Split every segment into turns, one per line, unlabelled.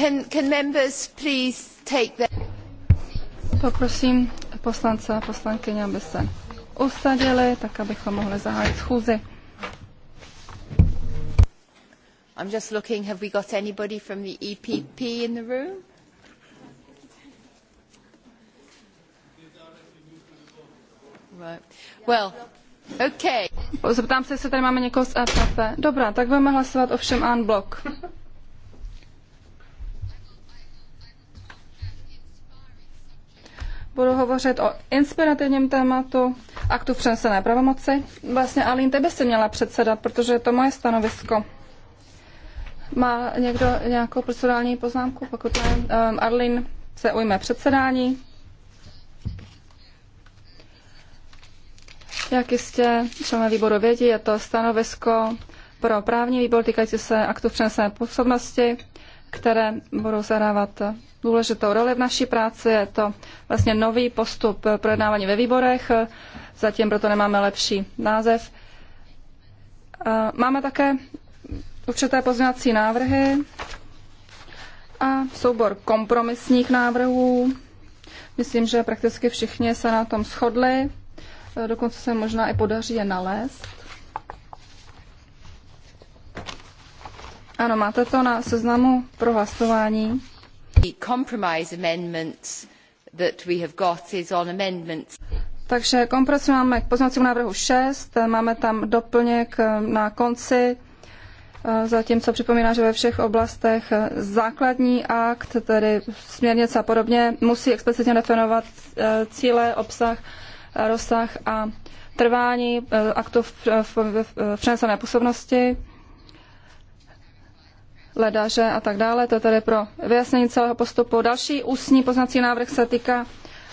Can, can members please take the... Poprosím poslance a poslankyně, aby se usadili, tak abychom mohli zahájit schůzi.
I'm just looking, have we got anybody from the EPP in the room?
Right. Well, okay. Zeptám se, jestli tady máme někoho z EPP. Dobrá, tak budeme hlasovat o všem en bloc. budu hovořit o inspirativním tématu aktu přenesené pravomoci. Vlastně Alín, tebe si měla předsedat, protože je to moje stanovisko. Má někdo nějakou procedurální poznámku? Pokud ne, um, Arlin se ujme předsedání. Jak jistě členové výboru vědí, je to stanovisko pro právní výbor týkající se aktu přenesené působnosti, které budou zahrávat důležitou roli v naší práci. Je to vlastně nový postup projednávání ve výborech, zatím proto nemáme lepší název. Máme také určité pozměňovací návrhy a soubor kompromisních návrhů. Myslím, že prakticky všichni se na tom shodli. Dokonce se možná i podaří je nalézt. Ano, máte to na seznamu pro hlasování. Takže kompromis máme k poznacímu návrhu 6, máme tam doplněk eh, na konci, eh, zatímco připomíná, že ve všech oblastech eh, základní akt, tedy směrnice a podobně, musí explicitně definovat cíle, obsah, rozsah a trvání aktu v, v, v přenesené působnosti ledaře a tak dále. To je tedy pro vyjasnění celého postupu. Další ústní poznací návrh se týká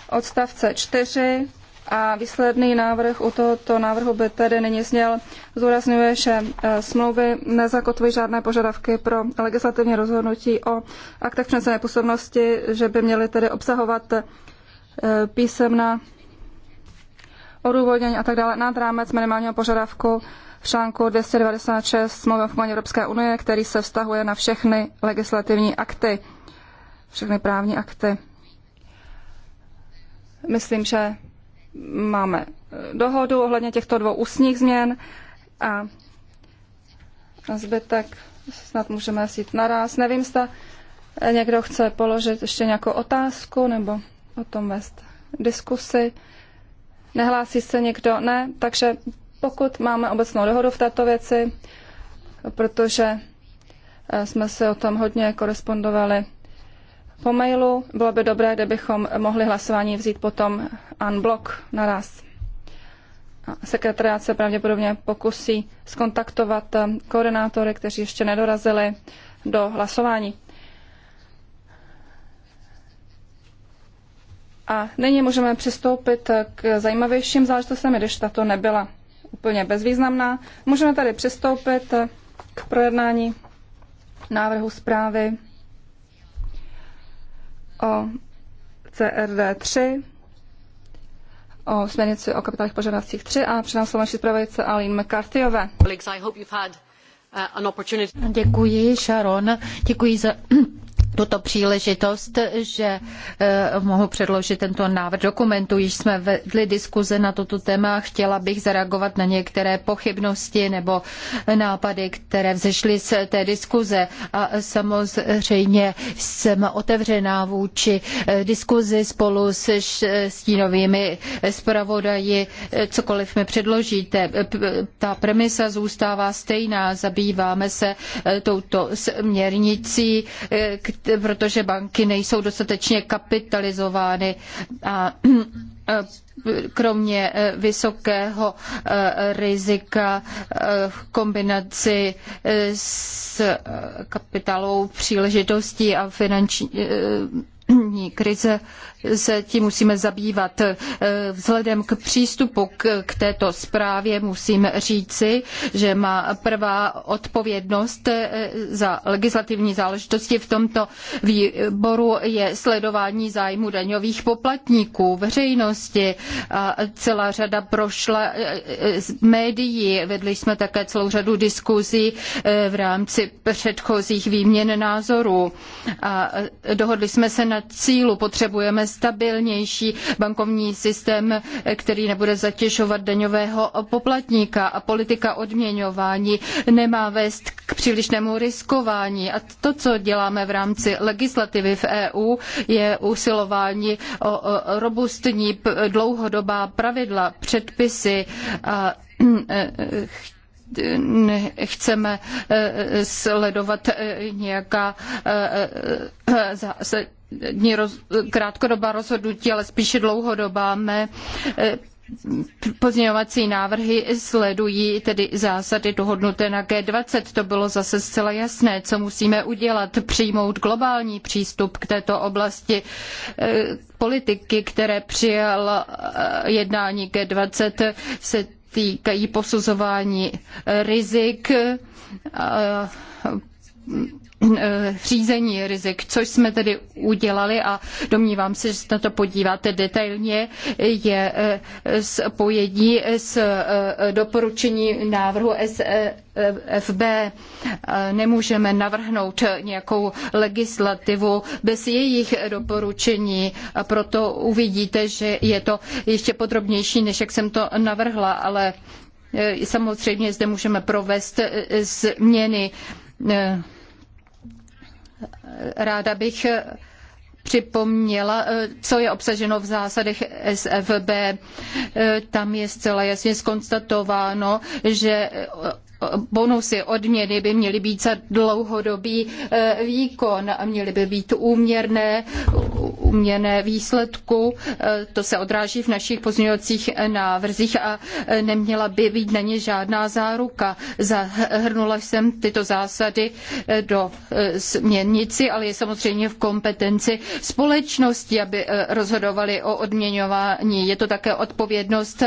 odstavce 4 a výsledný návrh u tohoto návrhu by tedy nyní zněl, zúraznuje, že eh, smlouvy nezakotvují žádné požadavky pro legislativní rozhodnutí o aktech přenesené působnosti, že by měly tedy obsahovat eh, písemná odůvodnění a tak dále nad rámec minimálního požadavku článku 296 smlouvy o fungování Evropské unie, který se vztahuje na všechny legislativní akty, všechny právní akty. Myslím, že máme dohodu ohledně těchto dvou ústních změn a zbytek snad můžeme vzít naraz. Nevím, zda někdo chce položit ještě nějakou otázku nebo o tom vést diskusy. Nehlásí se někdo? Ne, takže pokud máme obecnou dohodu v této věci, protože eh, jsme se o tom hodně korespondovali po mailu, bylo by dobré, kdybychom mohli hlasování vzít potom unblock naraz. Sekretariát se pravděpodobně pokusí skontaktovat eh, koordinátory, kteří ještě nedorazili do hlasování. A nyní můžeme přistoupit eh, k zajímavějším záležitostem, když tato nebyla úplně bezvýznamná. Můžeme tady přistoupit k projednání návrhu zprávy o CRD 3, o směrnici o kapitálech požadavcích 3 a předám slovo naší zpravodajce Aline McCarthyové.
Uh, Děkuji,
Sharon.
Děkuji za tuto příležitost, že eh, mohu předložit tento návrh dokumentu. Již jsme vedli diskuze na toto téma. Chtěla bych zareagovat na některé pochybnosti nebo nápady, které vzešly z té diskuze. A samozřejmě jsem otevřená vůči eh, diskuzi spolu s stínovými zpravodaji. Cokoliv mi předložíte, eh, ta premisa zůstává stejná. Zabýváme se touto směrnicí, která protože banky nejsou dostatečně kapitalizovány a kromě e, vysokého e, rizika e, v kombinaci s kapitálovou příležitostí a finanční krize se tím musíme zabývat. Eh, vzhledem k přístupu k, této zprávě musím říci, že má prvá odpovědnost eh, za legislativní záležitosti v tomto výboru je sledování zájmu daňových poplatníků, veřejnosti. A celá řada prošla eh, z médií. Vedli jsme také celou řadu diskuzí v rámci předchozích výměn názorů. A dohodli jsme se na na cílu. Potřebujeme stabilnější bankovní systém, který nebude zatěžovat daňového poplatníka a politika odměňování nemá vést k přílišnému riskování. A to, co děláme v rámci legislativy v EU, je usilování o robustní dlouhodobá pravidla, předpisy a eh, eh, chceme eh, sledovat nějaká zásadní není roz, krátkodobá rozhodnutí, ale spíše dlouhodobá. Mé eh, pozměňovací návrhy sledují tedy zásady dohodnuté na G20. To bylo zase zcela jasné, co musíme udělat, přijmout globální přístup k této oblasti eh, politiky, které přijal eh, jednání G20, se týkají posuzování rizik, Eh, řízení rizik, což jsme tedy udělali a domnívám se, že se na to podíváte detailně, je eh, spojení s eh, doporučení návrhu SFB. E nemůžeme navrhnout nějakou legislativu bez jejich doporučení, a proto uvidíte, že je to ještě podrobnější, než jak jsem to navrhla, ale samozřejmě zde můžeme provést změny ráda bych připomněla, eh, co je obsaženo v zásadech SFB. Eh, tam je zcela jasně skonstatováno, že bonusy, odměny by měly být za dlouhodobý výkon a měly by být úměrné, úměrné výsledku. To se odráží v našich pozměňovacích návrzích a neměla by být na ně žádná záruka. Zahrnula jsem tyto zásady do směrnici, ale je samozřejmě v kompetenci společnosti, aby rozhodovali o odměňování. Je to také odpovědnost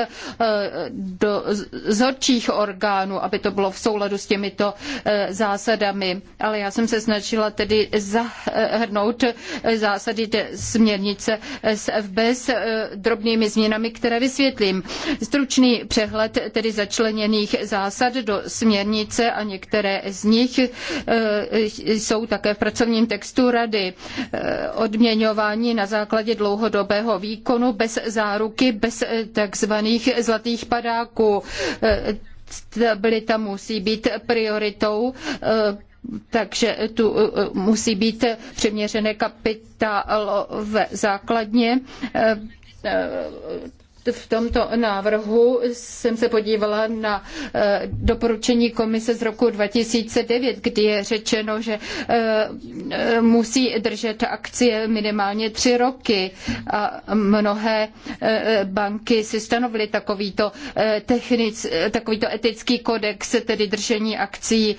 dozorčích orgánů, aby to bylo bylo v souladu s těmito eh, zásadami. Ale já jsem se snažila tedy zahrnout eh, zásady směrnice SFB s eh, drobnými změnami, které vysvětlím. Stručný přehled tedy začleněných zásad do směrnice a některé z nich jsou také v pracovním textu rady. Odměňování na základě dlouhodobého výkonu bez záruky, bez takzvaných zlatých padáků stabilita musí být prioritou eh, takže tu eh, musí být přiměřené kapitálové základně eh, v tomto návrhu jsem se podívala na eh, doporučení komise z roku 2009, kdy je řečeno, že eh, eh, musí držet akcie minimálně tři roky a mnohé banky si stanovily takovýto, technic, takovýto etický kodex, tedy držení akcí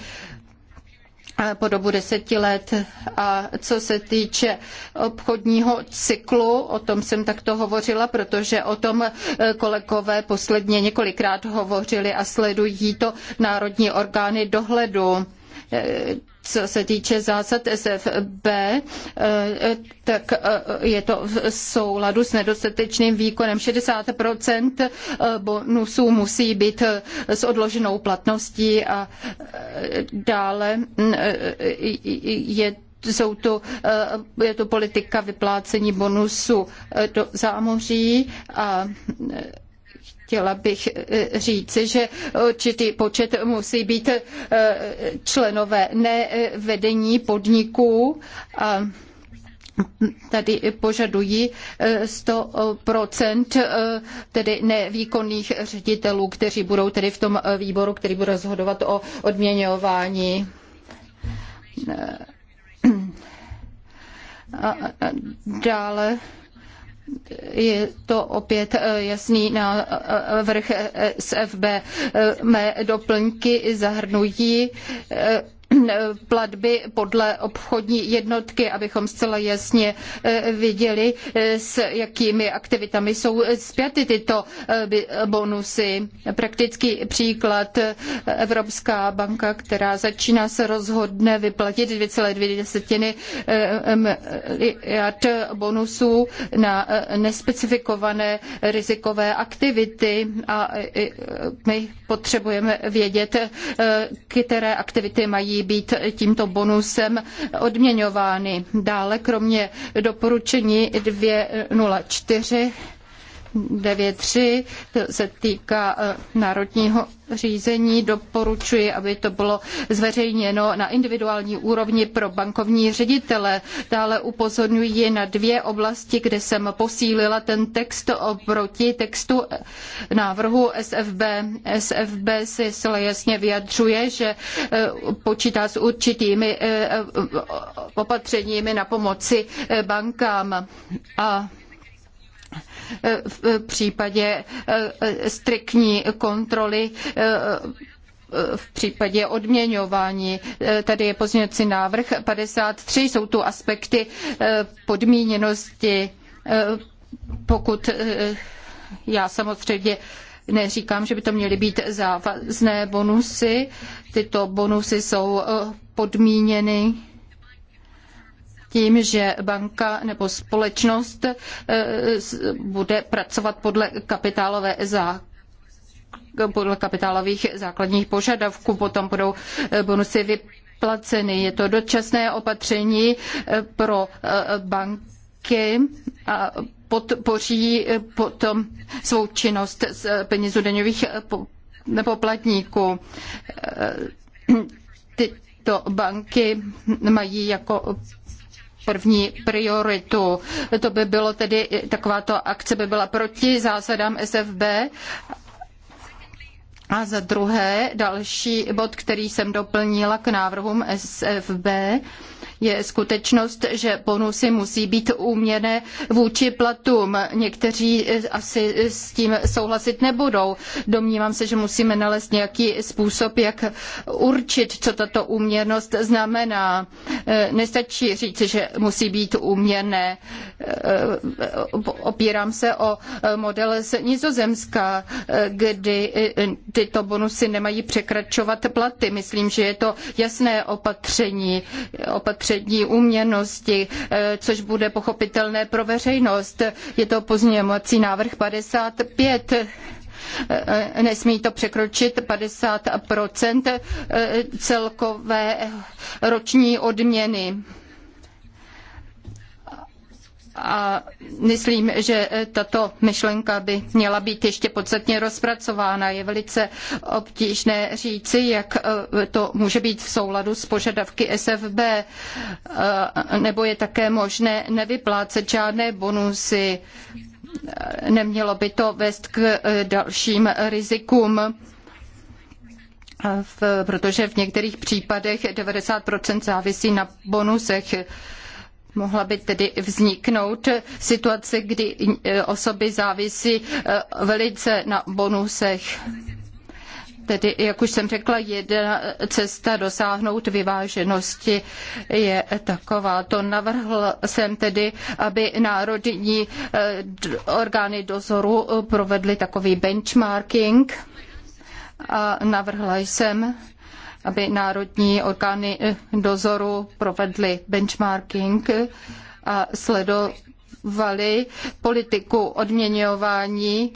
po dobu deseti let. A co se týče obchodního cyklu, o tom jsem takto hovořila, protože o tom eh, kolegové posledně několikrát hovořili a sledují to národní orgány dohledu Eh, co se týče zásad SFB, eh, tak eh, je to v souladu s nedostatečným výkonem. 60 bonusů musí být s odloženou platností a dále je jsou tu, je to politika vyplácení bonusu do zámoří a chtěla bych eh, říci, že určitý počet musí být eh, členové, ne vedení podniků. A tady požadují 100% eh, tedy nevýkonných ředitelů, kteří budou tedy v tom výboru, který bude rozhodovat o odměňování. A dále je to opět eh, jasný na vrch SFB. Eh, eh, mé doplňky zahrnují Eh, platby podle obchodní jednotky, abychom zcela jasně eh, viděli, eh, s jakými aktivitami jsou zpěty tyto bonusy. Praktický příklad Evropská banka, která začíná se rozhodne vyplatit 2,2 miliard bonusů na nespecifikované rizikové aktivity a my potřebujeme vědět, které aktivity mají být tímto bonusem odměňovány. Dále kromě doporučení 204 9.3 se týká e, národního řízení. Doporučuji, aby to bylo zveřejněno na individuální úrovni pro bankovní ředitele. Dále upozorňuji na dvě oblasti, kde jsem posílila ten text oproti textu e, návrhu SFB. SFB si zcela jasně vyjadřuje, že e, počítá s určitými opatřeními na pomoci bankám a v případě eh, striktní kontroly eh, v případě odměňování. Eh, tady je pozměňovací návrh 53, jsou tu aspekty podmíněnosti, pokud já samozřejmě neříkám, že by to měly být závazné bonusy, tyto bonusy jsou podmíněny tím, že banka nebo společnost eh, bude pracovat podle kapitálové zákony podle kapitálových základních požadavků, potom budou eh, bonusy vyplaceny. Je to dočasné opatření eh, pro banky a podpoří potom svou činnost z penězů daňových poplatníků. Tyto banky mají jako první prioritu. To by bylo tedy, takováto akce by byla proti zásadám SFB a za druhé, další bod, který jsem doplnila k návrhům SFB, je skutečnost, že bonusy musí být úměrné vůči platům. Někteří eh, asi s tím souhlasit nebudou. Domnívám se, že musíme nalézt nějaký způsob, jak určit, co tato úměrnost znamená. Eh, nestačí říct, že musí být úměrné. Eh, opírám se o model z Nizozemska, kdy tyto bonusy nemají překračovat platy. Myslím, že je to jasné opatření, opatření střední úměrnosti, eh, což bude pochopitelné pro veřejnost. Je to pozměňovací návrh 55 eh, nesmí to překročit 50 eh, celkové roční odměny a myslím, že tato myšlenka by měla být ještě podstatně rozpracována. Je velice obtížné říci, jak eh, to může být v souladu s požadavky SFB, eh, nebo je také možné nevyplácet žádné bonusy. Eh, nemělo by to vést k dalším rizikům. protože v některých případech 90% závisí na bonusech. Mohla by tedy vzniknout situace, kdy eh, osoby závisí eh, velice na bonusech. Tedy, jak už jsem řekla, jedna cesta dosáhnout vyváženosti je taková. To navrhl jsem tedy, aby národní eh, orgány dozoru provedly takový benchmarking a navrhla jsem, aby národní orgány eh, dozoru provedly benchmarking a sledovaly politiku odměňování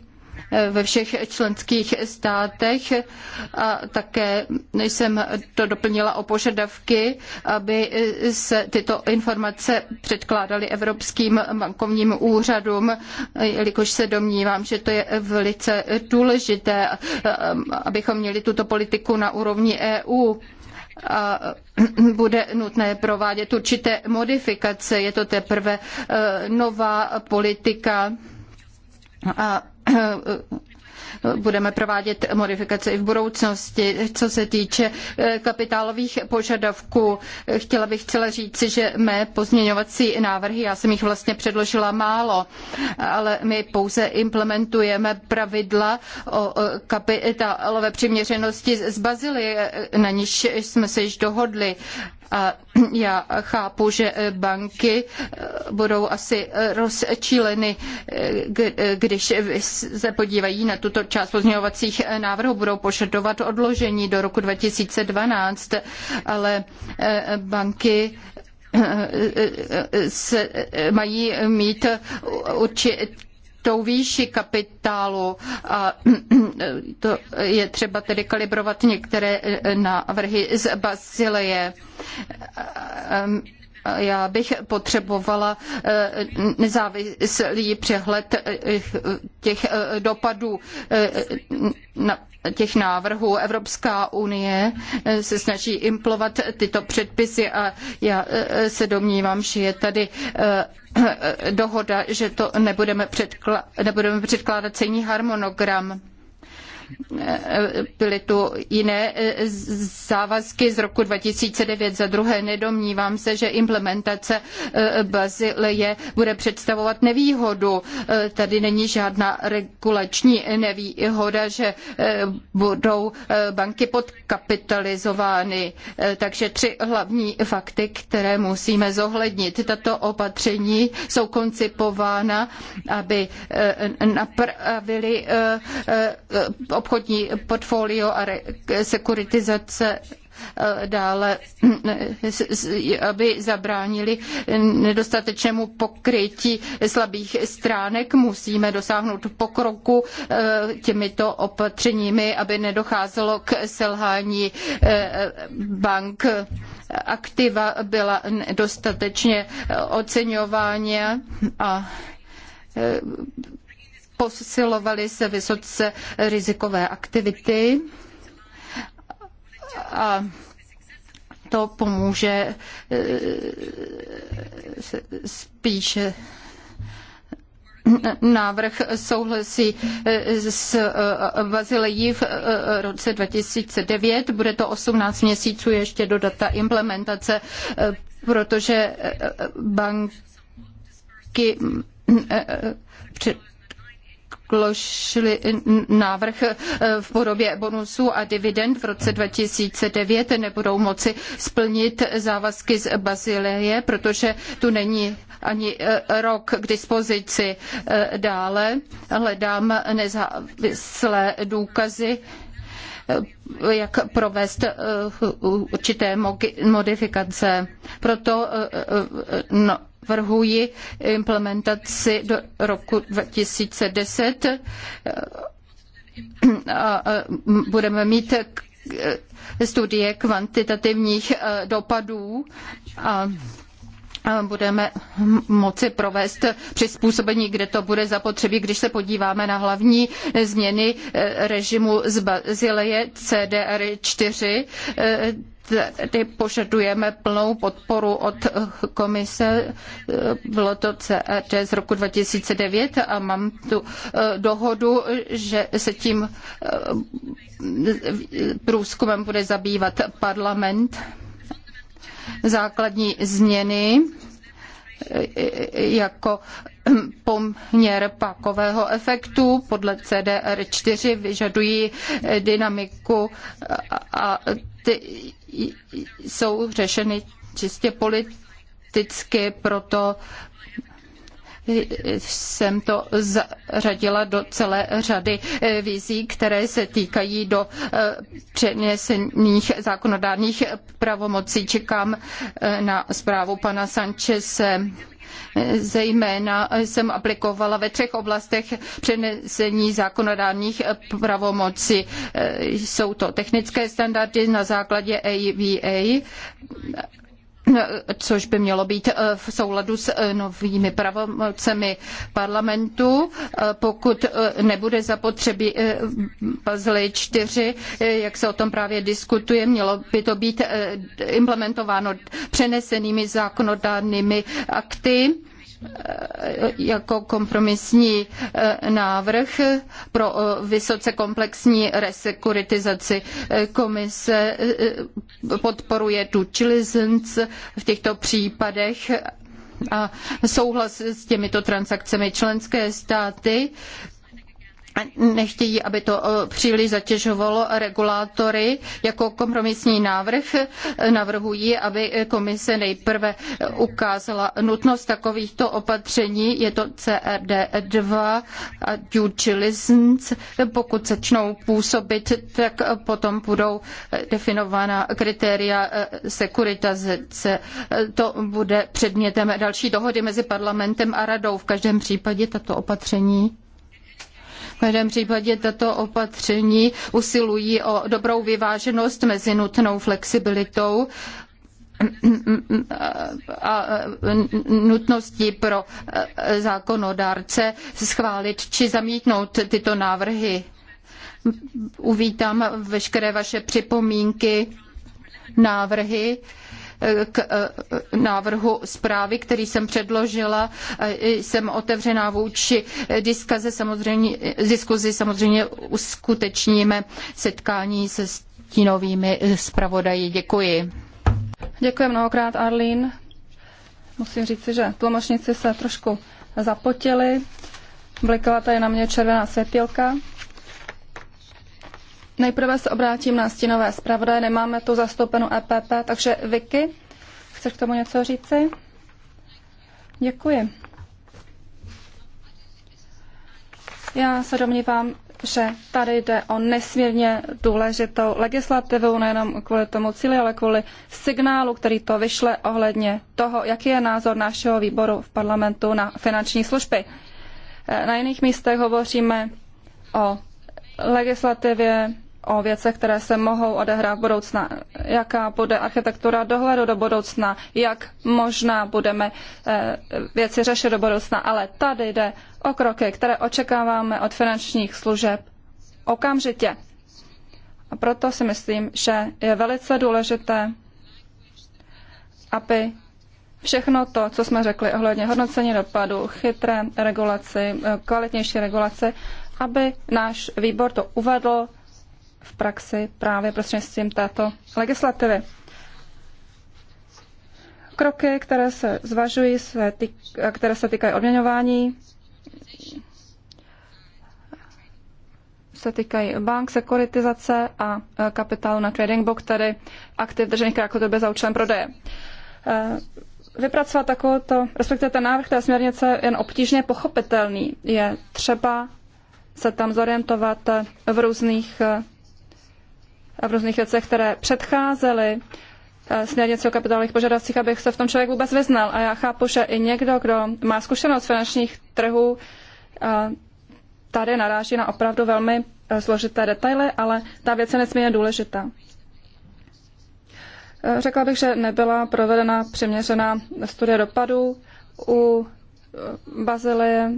ve všech členských státech a také jsem to doplnila o požadavky, aby se tyto informace předkládaly evropským bankovním úřadům, jelikož se domnívám, že to je velice důležité, abychom měli tuto politiku na úrovni EU a bude nutné provádět určité modifikace. Je to teprve eh, nová politika a budeme provádět modifikace i v budoucnosti. Co se týče eh, kapitálových požadavků, chtěla bych chtěla říci, že mé pozměňovací návrhy, já jsem jich vlastně předložila málo, ale my pouze implementujeme pravidla o eh, kapitálové přiměřenosti z Bazilie, eh, na níž jsme se již dohodli a já chápu, že banky eh, budou asi rozčíleny, eh, eh, když se podívají na tuto část pozměňovacích návrhů, budou požadovat odložení do roku 2012, ale banky mají mít určitě určitou výši kapitálu a to je třeba tedy kalibrovat některé eh, návrhy z Basileje já bych potřebovala eh, nezávislý přehled eh, těch eh, dopadů těch návrhů. Evropská unie se snaží implovat tyto předpisy a já se domnívám, že je tady dohoda, že to nebudeme, předkla- nebudeme předkládat cení harmonogram byly tu jiné e, závazky z roku 2009. Za druhé, nedomnívám se, že implementace e, Bazileje bude představovat nevýhodu. E, tady není žádná regulační nevýhoda, že budou banky podkapitalizovány. Takže tři hlavní fakty, které musíme zohlednit. Tato opatření jsou koncipována, aby napravili obchodní portfolio a sekuritizace eh, dále, eh, aby zabránili nedostatečnému pokrytí slabých stránek. Musíme dosáhnout pokroku eh, těmito opatřeními, aby nedocházelo k selhání bank. Aktiva byla dostatečně oceňována a posilovaly se vysoce rizikové aktivity a to pomůže e, spíše návrh souhlasí e, s e, Bazilejí v roce 2009. Bude to 18 měsíců ještě do data implementace, protože banky předložili návrh e, v podobě bonusů a dividend v roce 2009 nebudou moci splnit závazky z Bazileje, protože tu není ani e, rok k dispozici. E, dále hledám nezávislé důkazy jak provést určité modifikace. Proto no, navrhuji implementaci do roku 2010 a budeme mít e, studie kvantitativních e, dopadů a budeme moci provést přizpůsobení, kde to bude zapotřebí, když se podíváme na hlavní změny e, režimu z Bazileje CDR 4, tedy požadujeme plnou podporu od komise. Bylo to CET z roku 2009 a mám tu eh, dohodu, že se tím eh, průzkumem bude zabývat parlament. Základní změny eh, jako poměr pákového efektu podle CDR4 vyžadují dynamiku a ty jsou řešeny čistě politicky, proto jsem to zařadila do celé řady eh, vizí, které se týkají do eh, přenesených zákonodárných pravomocí. Čekám eh, na zprávu pana Sancheze. Zejména jsem aplikovala ve třech oblastech přenesení zákonodárných pravomocí. Jsou to technické standardy na základě AVA, což by mělo být eh, v souladu s eh, novými pravomocemi parlamentu, eh, pokud nebude zapotřebí Bazily 4, jak se o tom právě diskutuje, mělo by to být implementováno přenesenými zákonodárnými akty Eh, jako kompromisní eh, návrh pro eh, vysoce komplexní resekuritizaci. Komise podporuje due diligence v těchto případech a souhlas s těmito transakcemi členské státy nechtějí, aby to eh, příliš zatěžovalo regulátory. Jako kompromisní návrh eh, navrhují, aby eh, komise nejprve ukázala nutnost takovýchto opatření. Je to CRD2 a due diligence. Pokud začnou působit, tak potom budou definována kritéria sekuritizace. To bude předmětem další dohody mezi parlamentem a radou. V každém případě tato opatření v každém případě tato opatření usilují o dobrou vyváženost mezi nutnou flexibilitou a nutnosti pro zákonodárce schválit či zamítnout tyto návrhy. Uvítám veškeré vaše připomínky, návrhy k e, návrhu zprávy, který jsem předložila. E, jsem otevřená vůči diskaze, samozřejmě, diskuzi. Samozřejmě uskutečníme setkání se
stínovými zpravodaji. Děkuji. Děkuji mnohokrát, Arlín. Musím říct, že tlumočníci se trošku zapotili. Blikala tady na mě červená světilka. Nejprve se obrátím na stínové zpravodaje. Nemáme tu zastoupenou EPP, takže Vicky, chceš k tomu něco říci? Děkuji. Já se domnívám, že tady jde o nesmírně důležitou legislativu, nejenom kvůli tomu cíli, ale kvůli signálu, který to vyšle ohledně toho, jaký je názor našeho výboru v parlamentu na finanční služby. Na jiných místech hovoříme o legislativě o věcech, které se mohou odehrát v budoucna, jaká bude architektura dohledu do budoucna, jak možná budeme eh, věci řešit do budoucna, ale tady jde o kroky, které očekáváme od finančních služeb okamžitě. A proto si myslím, že je velice důležité, aby všechno to, co jsme řekli ohledně hodnocení dopadu, chytré regulaci, eh, kvalitnější regulaci, aby náš výbor to uvedl v praxi právě prostřednictvím této legislativy. Kroky, které se zvažují, se týk, které se týkají odměňování, se týkají bank, sekuritizace a e, kapitálu na trading book, tedy aktiv držených krátkodobě za účelem prodeje. E, vypracovat takovouto, respektive ten návrh té směrnice je jen obtížně pochopitelný. Je třeba se tam zorientovat v různých e, v různých věcech, které předcházely eh, směrnici o kapitálových požadavcích, abych se v tom člověk vůbec vyznal. A já chápu, že i někdo, kdo má zkušenost finančních trhů, eh, tady naráží na opravdu velmi eh, složité detaily, ale ta věc je nesmírně důležitá. Řekla bych, že nebyla provedena přiměřená studie dopadů u Bazilie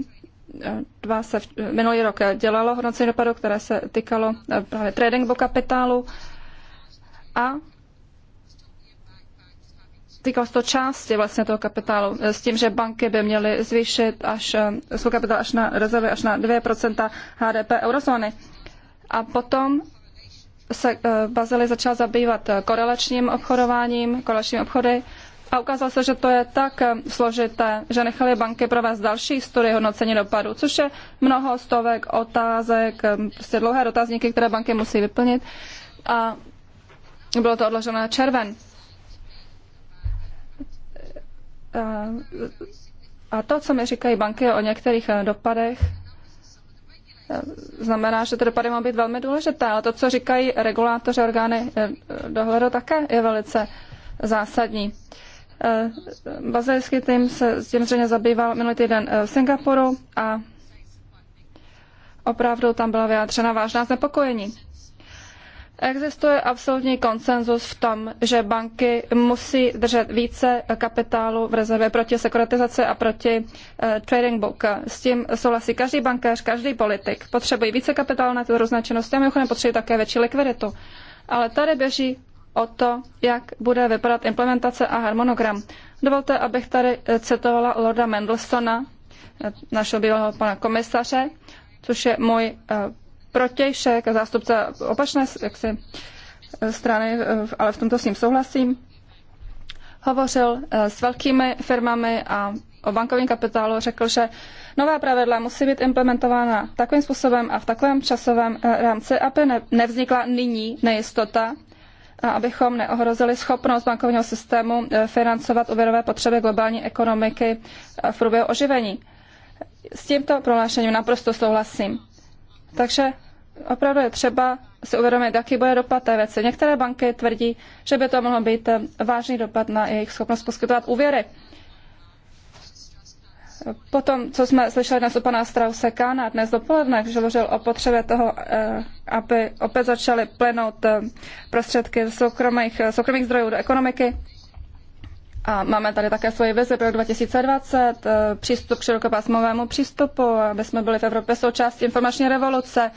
dva se v, minulý rok dělalo hodnocení dopadu, které se týkalo eh, právě tradingu kapitálu a týkalo se to části vlastně toho kapitálu eh, s tím, že banky by měly zvýšit až eh, svůj kapitál až na rezervy až na 2% HDP eurozóny. A potom se bazely začal zabývat korelačním obchodováním, korelačními obchody a ukázalo se, že to je tak složité, že nechali banky provést další studii hodnocení dopadu, což je mnoho stovek otázek, prostě dlouhé dotazníky, které banky musí vyplnit. A bylo to odloženo na červen. A to, co mi říkají banky o některých dopadech, znamená, že ty dopady mohou být velmi důležité, ale to, co říkají regulátoři orgány eh, dohledu, také je velice zásadní. Eh, bazilský tým se s tím zřejmě zabýval minulý týden eh, v Singapuru a opravdu tam byla vyjádřena vážná znepokojení. Existuje absolutní konsenzus v tom, že banky musí držet více kapitálu v rezervě proti sekuritizaci a proti eh, trading book. S tím souhlasí každý bankéř, každý politik. Potřebují více kapitálu na tyto různé činnosti a mimochodem potřebují také větší likviditu. Ale tady běží o to, jak bude vypadat implementace a harmonogram. Dovolte, abych tady eh, citovala Lorda Mendelsona, eh, našeho bývalého pana komisaře, což je můj eh, protějšek, zástupce opačné jaksi, strany, ale v tomto s ním souhlasím. Hovořil s velkými firmami a o bankovním kapitálu řekl, že nová pravidla musí být implementována takovým způsobem a v takovém časovém rámci, aby nevznikla nyní nejistota abychom neohrozili schopnost bankovního systému eh, financovat úvěrové potřeby globální ekonomiky eh, v průběhu oživení. S tímto prohlášením naprosto souhlasím. Takže opravdu je třeba si uvědomit, jaký bude dopad té věci. Některé banky tvrdí, že by to mohlo být eh, vážný dopad na jejich schopnost poskytovat úvěry. Potom, co jsme slyšeli dnes u pana Strause Kána dnes dopoledne, když hovořil o potřebě toho, eh, aby opět začaly plynout eh, prostředky z soukromých, eh, soukromých zdrojů do ekonomiky, a máme tady také svoji vizi pro 2020, přístup k širokopásmovému přístupu, aby jsme byli v Evropě součástí informační revoluce,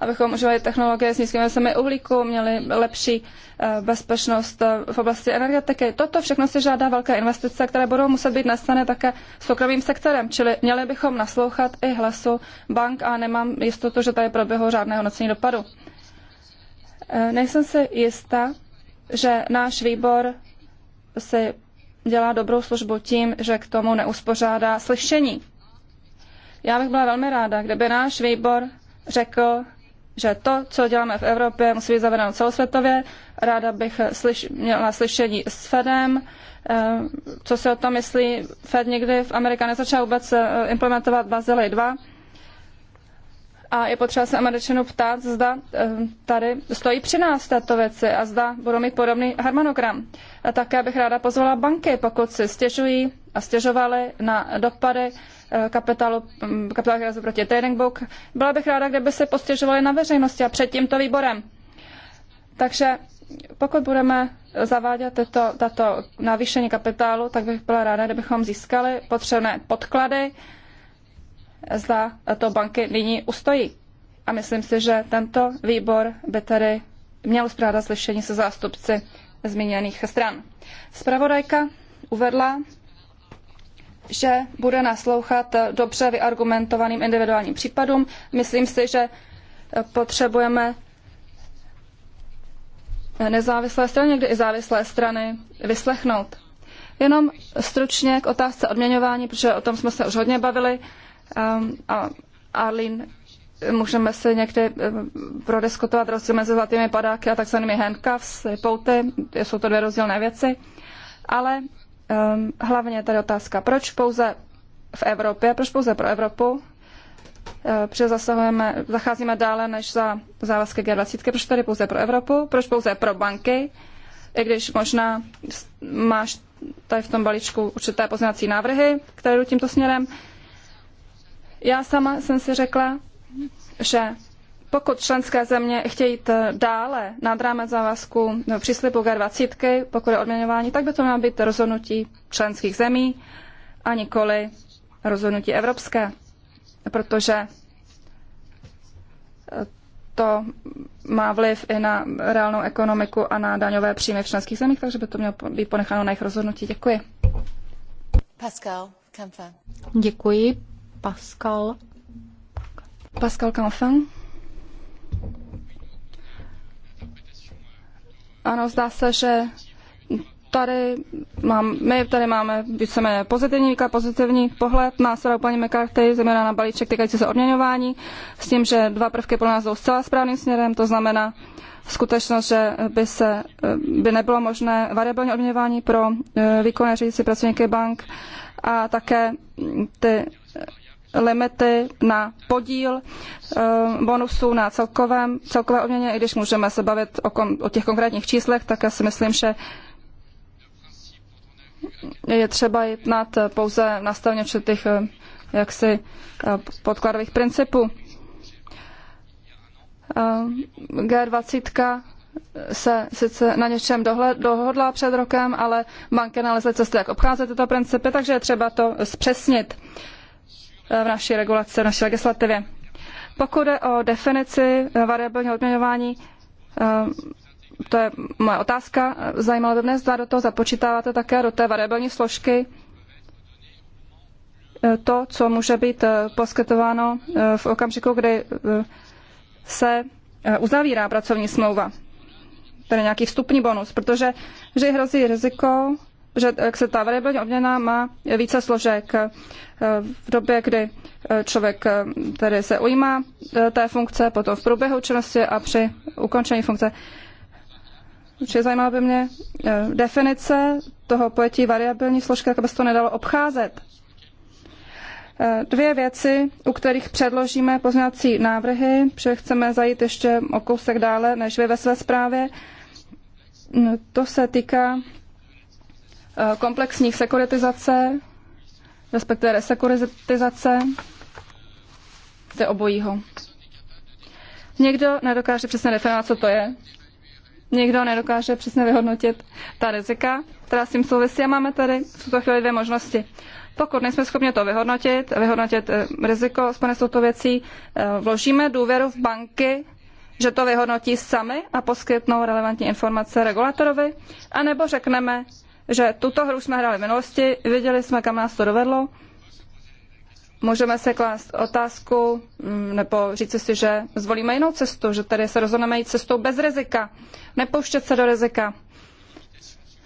abychom užívali technologie s nízkými emisemi uhlíku, měli lepší eh, bezpečnost eh, v oblasti energetiky. Toto všechno si žádá velké investice, které budou muset být nastavené také soukromým sektorem, čili měli bychom naslouchat i hlasu bank a nemám jistotu, že tady proběhlo žádné hodnocení dopadu. Eh, nejsem si jistá, že náš výbor si dělá dobrou službu tím, že k tomu neuspořádá slyšení. Já bych byla velmi ráda, kdyby náš výbor řekl že to, co děláme v Evropě, musí být zavedeno celosvětově. Ráda bych slyš- měla slyšení s Fedem, eh, co si o tom myslí. Fed někdy v Americe nezačal vůbec eh, implementovat Bazily 2. A je potřeba se Američanů ptát, zda eh, tady stojí při nás této věci a zda budou mít podobný harmonogram. A také bych ráda pozvala banky, pokud si stěžují a stěžovaly na dopady Eh, kapitálu, hm, kapitálu hrazu proti Trading Book. Byla bych ráda, kdyby se postěžovali na veřejnosti a před tímto výborem. Takže pokud budeme zavádět tato, tato navýšení kapitálu, tak bych byla ráda, kdybychom získali potřebné podklady, zda to banky nyní ustojí. A myslím si, že tento výbor by tedy měl zprávat slyšení se zástupci zmíněných stran. Spravodajka uvedla, že bude naslouchat dobře vyargumentovaným individuálním případům. Myslím si, že potřebujeme nezávislé strany, někdy i závislé strany vyslechnout. Jenom stručně k otázce odměňování, protože o tom jsme se už hodně bavili. Ehm, a Arlín, můžeme si někdy ehm, prodiskutovat rozdíl mezi zlatými padáky a takzvanými handcuffs, pouty, jsou to dvě rozdílné věci. Ale um, hlavně tady otázka, proč pouze v Evropě, proč pouze pro Evropu, ehm, protože zasahujeme, zacházíme dále než za závazky G20, proč tady pouze pro Evropu, proč pouze pro banky, i když možná máš tady v tom balíčku určité poznací návrhy, které jdou tímto směrem. Já sama jsem si řekla, že pokud členské země chtějí jít eh, dále nad rámec závazku no, příslibu G20, pokud je odměňování, tak by to mělo být rozhodnutí členských zemí a nikoli rozhodnutí evropské, protože eh, to má vliv i na reálnou ekonomiku a na daňové příjmy v členských zemích, takže by to mělo být ponecháno na jejich rozhodnutí. Děkuji.
Pascal Canfin.
Děkuji. Pascal. Pascal Canfin. Ano, zdá se, že tady, mám, my tady máme víceméně pozitivní výklad, pozitivní pohled na sadu paní McCarthy, zejména na balíček týkající se odměňování, s tím, že dva prvky pro nás jsou zcela správným směrem, to znamená skutečnost, že by, se, by nebylo možné variabilní odměňování pro eh, výkonné řídící pracovníky bank a také ty limity na podíl eh, bonusů na celkovém, celkové odměně, i když můžeme se bavit o, kom, o těch konkrétních číslech, tak já si myslím, že je třeba jednat pouze na straně těch eh, jaksi eh, podkladových principů. G20 se sice na něčem dohled, dohodla před rokem, ale banky nalezly cesty, jak obcházet tyto principy, takže je třeba to zpřesnit. Eh, v naší regulaci, v naší legislativě. Pokud jde o definici variabilního odměňování, eh, to je moje otázka. Zajímalo by mě, zda do toho započítáváte také do té variabilní složky eh, to, co může být poskytováno v okamžiku, kdy se uzavírá pracovní smlouva, tedy nějaký vstupní bonus, protože že hrozí riziko, že jak eh, se ta variabilní odměna má více složek eh, v době, kdy eh, člověk tedy se ujímá té funkce, potom v průběhu činnosti a při ukončení funkce. Určitě zajímala by mě definice toho pojetí variabilní složky, tak aby se to nedalo obcházet. Dvě věci, u kterých předložíme poznávací návrhy, protože chceme zajít ještě o kousek dále, než vy ve své zprávě. Hm, to se týká Eh, komplexních sekuritizace, respektive resekuritizace, to obojího. Někdo nedokáže přesně definovat, co to je. Někdo nedokáže přesně vyhodnotit ta rizika, která s tím souvisí. A máme tady v tuto chvíli dvě možnosti. Pokud nejsme schopni to vyhodnotit, vyhodnotit eh, riziko spojené s touto věcí, eh, vložíme důvěru v banky, že to vyhodnotí sami a poskytnou relevantní informace regulatorovi, anebo řekneme, že tuto hru jsme hráli v minulosti, viděli jsme, kam nás to dovedlo. Můžeme se klást otázku mm, nebo říci si, že zvolíme jinou cestu, že tady se rozhodneme jít cestou bez rizika, nepouštět se do rizika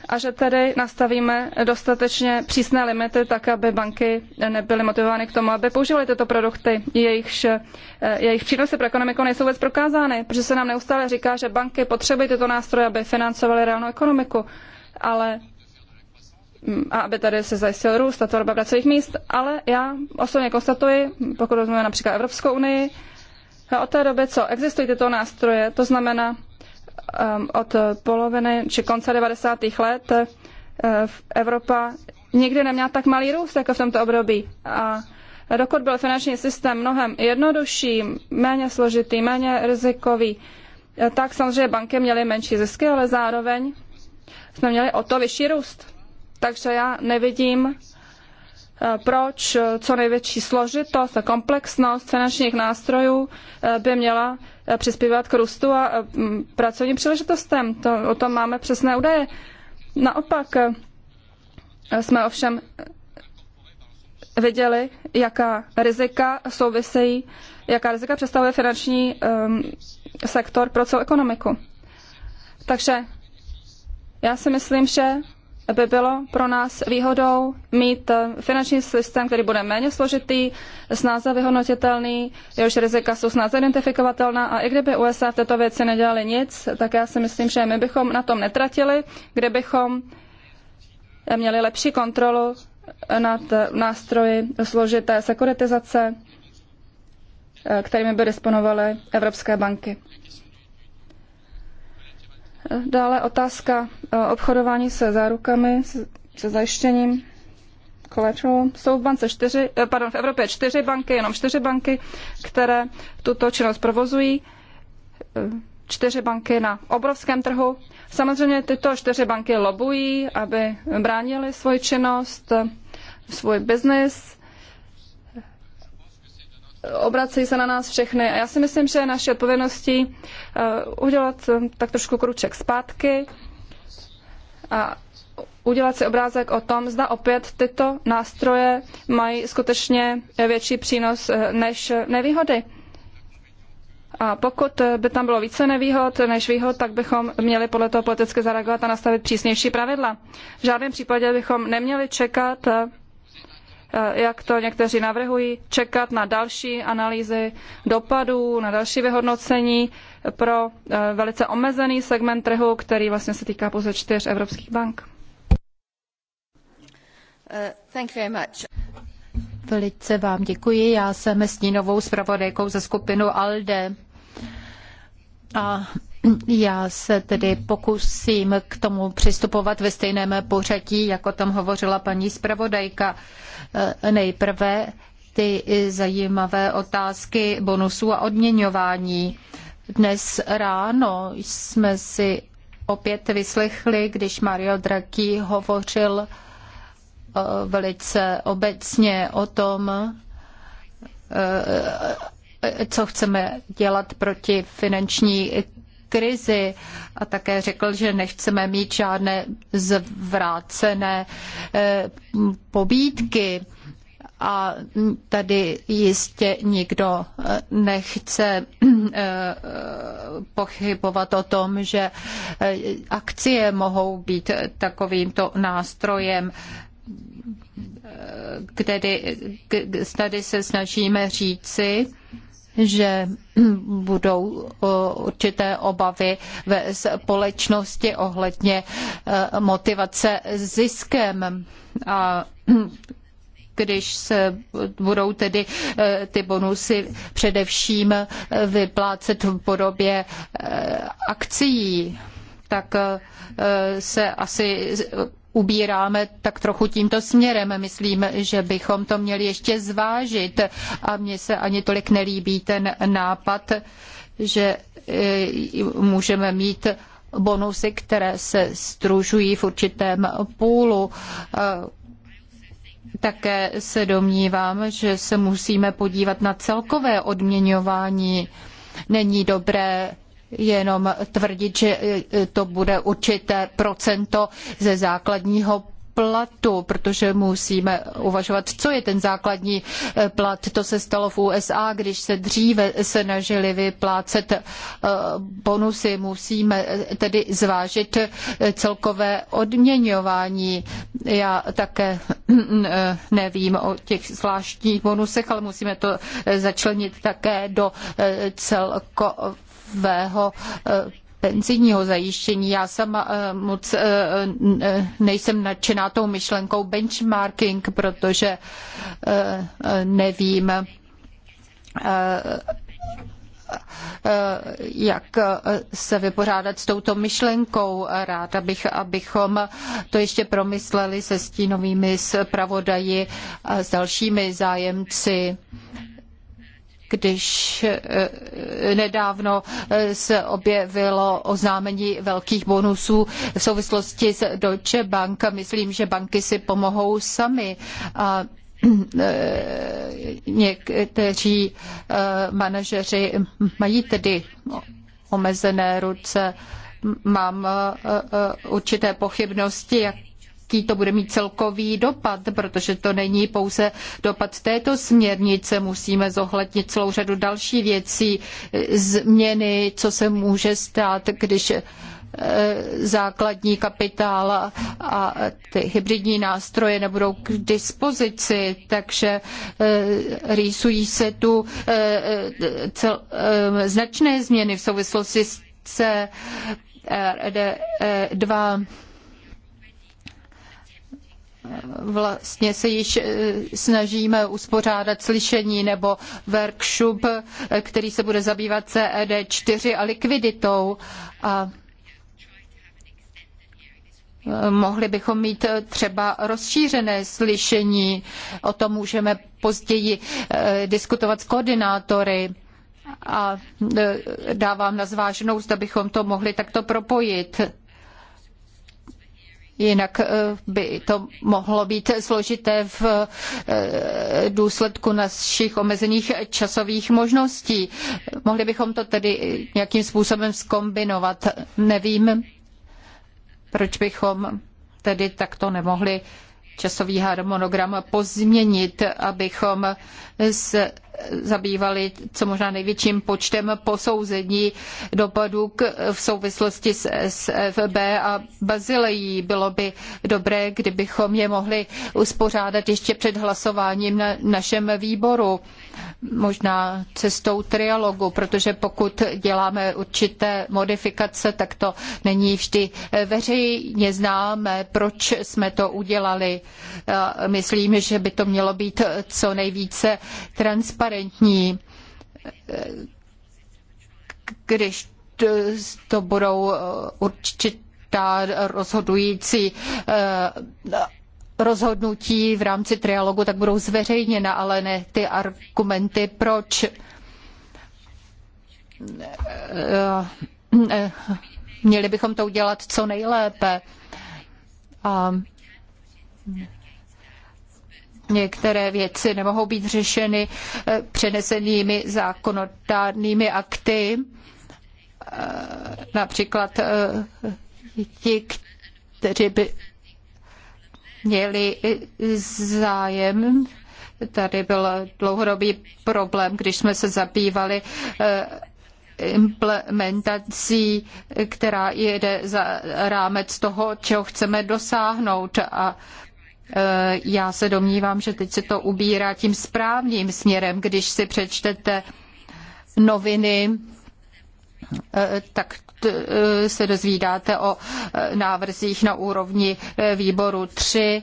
a že tedy nastavíme dostatečně přísné limity, tak aby banky nebyly motivovány k tomu, aby používaly tyto produkty. Jejichž, eh, jejich přínosy pro ekonomiku nejsou vůbec prokázány, protože se nám neustále říká, že banky potřebují tyto nástroje, aby financovaly reálnou ekonomiku. Ale a aby tady se zajistil růst a tvorba pracovních míst, ale já osobně konstatuji, pokud rozumíme například Evropskou unii, a od té doby, co existují tyto nástroje, to znamená um, od poloviny či konce 90. let, uh, Evropa nikdy neměla tak malý růst jako v tomto období. A dokud byl finanční systém mnohem jednodušší, méně složitý, méně rizikový, eh, tak samozřejmě banky měly menší zisky, ale zároveň jsme měli o to vyšší růst. Takže já nevidím, eh, proč co největší složitost a komplexnost finančních nástrojů eh, by měla eh, přispívat k růstu a pracovním příležitostem. To, o tom máme přesné údaje. Naopak jsme ovšem viděli, jaká rizika souvisejí, jaká rizika představuje finanční um, sektor pro celou ekonomiku. Takže já si myslím, že by bylo pro nás výhodou mít eh, finanční systém, který bude méně složitý, snáze vyhodnotitelný, jehož rizika jsou snáze identifikovatelná a i kdyby USA v této věci nedělali nic, tak já si myslím, že my bychom na tom netratili, kdybychom měli lepší kontrolu nad eh, nástroji složité sekuritizace, eh, kterými by disponovaly evropské banky. Dále otázka e, obchodování se zárukami, se zajištěním collateral. Jsou v, bance čtyři, e, pardon, v Evropě čtyři banky, jenom čtyři banky, které tuto činnost provozují. E, čtyři banky na obrovském trhu. Samozřejmě tyto čtyři banky lobují, aby bránili svoji činnost, svůj biznis obracejí se na nás všechny. A já si myslím, že je naší odpovědností eh, udělat eh, tak trošku kruček zpátky a udělat si obrázek o tom, zda opět tyto nástroje mají skutečně větší přínos eh, než nevýhody. A pokud by tam bylo více nevýhod než výhod, tak bychom měli podle toho politicky zareagovat a nastavit přísnější pravidla. V žádném případě bychom neměli čekat Eh, jak to někteří navrhují, čekat na další analýzy dopadů, na další vyhodnocení pro eh, velice omezený segment trhu, který vlastně se týká pouze čtyř evropských bank.
Uh, Velice vám děkuji. Já jsem stínovou zpravodajkou za skupinu ALDE. A já se tedy pokusím k tomu přistupovat ve stejném pořadí, jako tam hovořila paní zpravodajka. E, nejprve ty zajímavé otázky bonusů a odměňování. Dnes ráno jsme si opět vyslechli, když Mario Draghi hovořil e, velice obecně o tom, e, co chceme dělat proti finanční krizi a také řekl, že nechceme mít žádné zvrácené eh, pobídky a tady jistě nikdo eh, nechce eh, pochybovat o tom, že akcie mohou být takovýmto nástrojem kde tady se snažíme říci, že budou eh, určité obavy ve společnosti ohledně eh, motivace ziskem. A když se budou tedy eh, ty bonusy především vyplácet v podobě akcií, tak se asi ubíráme tak trochu tímto směrem. Myslím, že bychom to měli ještě zvážit a mně se ani tolik nelíbí ten nápad, že eh, můžeme mít bonusy, které se stružují v určitém půlu. Také se domnívám, že se musíme podívat na celkové odměňování. Není dobré jenom tvrdit, že e, e, to bude určité procento ze základního platu, protože musíme uvažovat, co je ten základní e, plat. To se stalo v USA, když se dříve snažili vyplácet bonusy. Musíme tedy zvážit celkové odměňování. Já také mm, nevím o těch zvláštních bonusech, ale musíme to začlenit také do celkového svého eh, penzijního zajištění. Já sama eh, moc eh, nejsem nadšená tou myšlenkou benchmarking, protože nevím, jak se vypořádat s touto myšlenkou. Rád abych, abychom to ještě promysleli se stínovými zpravodaji a s dalšími zájemci když eh, nedávno eh, se objevilo oznámení velkých bonusů v souvislosti s Deutsche Bank. Myslím, že banky si pomohou sami. A eh, někteří manažeři mají tedy omezené ruce. Mám určité pochybnosti, jak jaký to bude mít celkový dopad, protože to není pouze dopad této směrnice, musíme zohlednit celou řadu další věcí, změny, co se může stát, když eh, základní kapitál a ty hybridní nástroje nebudou k dispozici, takže eh, rýsují se tu eh, cel, značné změny v souvislosti s CRD 2 e vlastně se již eh, snažíme uspořádat slyšení nebo workshop, eh, který se bude zabývat CED4 a likviditou. A eh, mohli bychom mít třeba rozšířené slyšení. O tom můžeme později diskutovat s koordinátory a dávám na zváženou, zda bychom to mohli takto propojit. Jinak eh, by to mohlo být složité v eh, důsledku našich omezených časových možností. Mohli bychom to tedy nějakým způsobem skombinovat. Nevím, proč bychom tedy takto nemohli časový harmonogram pozměnit, abychom se zabývali co možná největším počtem posouzení dopadů v souvislosti s SFB a Bazilejí. Bylo by dobré, kdybychom je mohli uspořádat ještě před hlasováním na našem výboru možná cestou trialogu, protože pokud děláme určité modifikace, tak to není vždy eh, veřejně známé, proč jsme to udělali. Myslím, že by to mělo být eh, co nejvíce transparentní, eh, když to budou určitá rozhodující rozhodnutí v rámci trialogu, tak budou zveřejněna, ale ne ty argumenty, proč eh, eh, měli bychom to udělat co nejlépe. A některé věci nemohou být řešeny eh, přenesenými zákonodárnými akty, například ti, kteří by měli zájem. Tady byl dlouhodobý problém, když jsme se zabývali eh, implementací, která jede za rámec toho, čeho chceme dosáhnout. A eh, já se domnívám, že teď se to ubírá tím správným směrem, když si přečtete noviny Eh, tak eh, se dozvídáte o eh, návrzích na úrovni výboru 3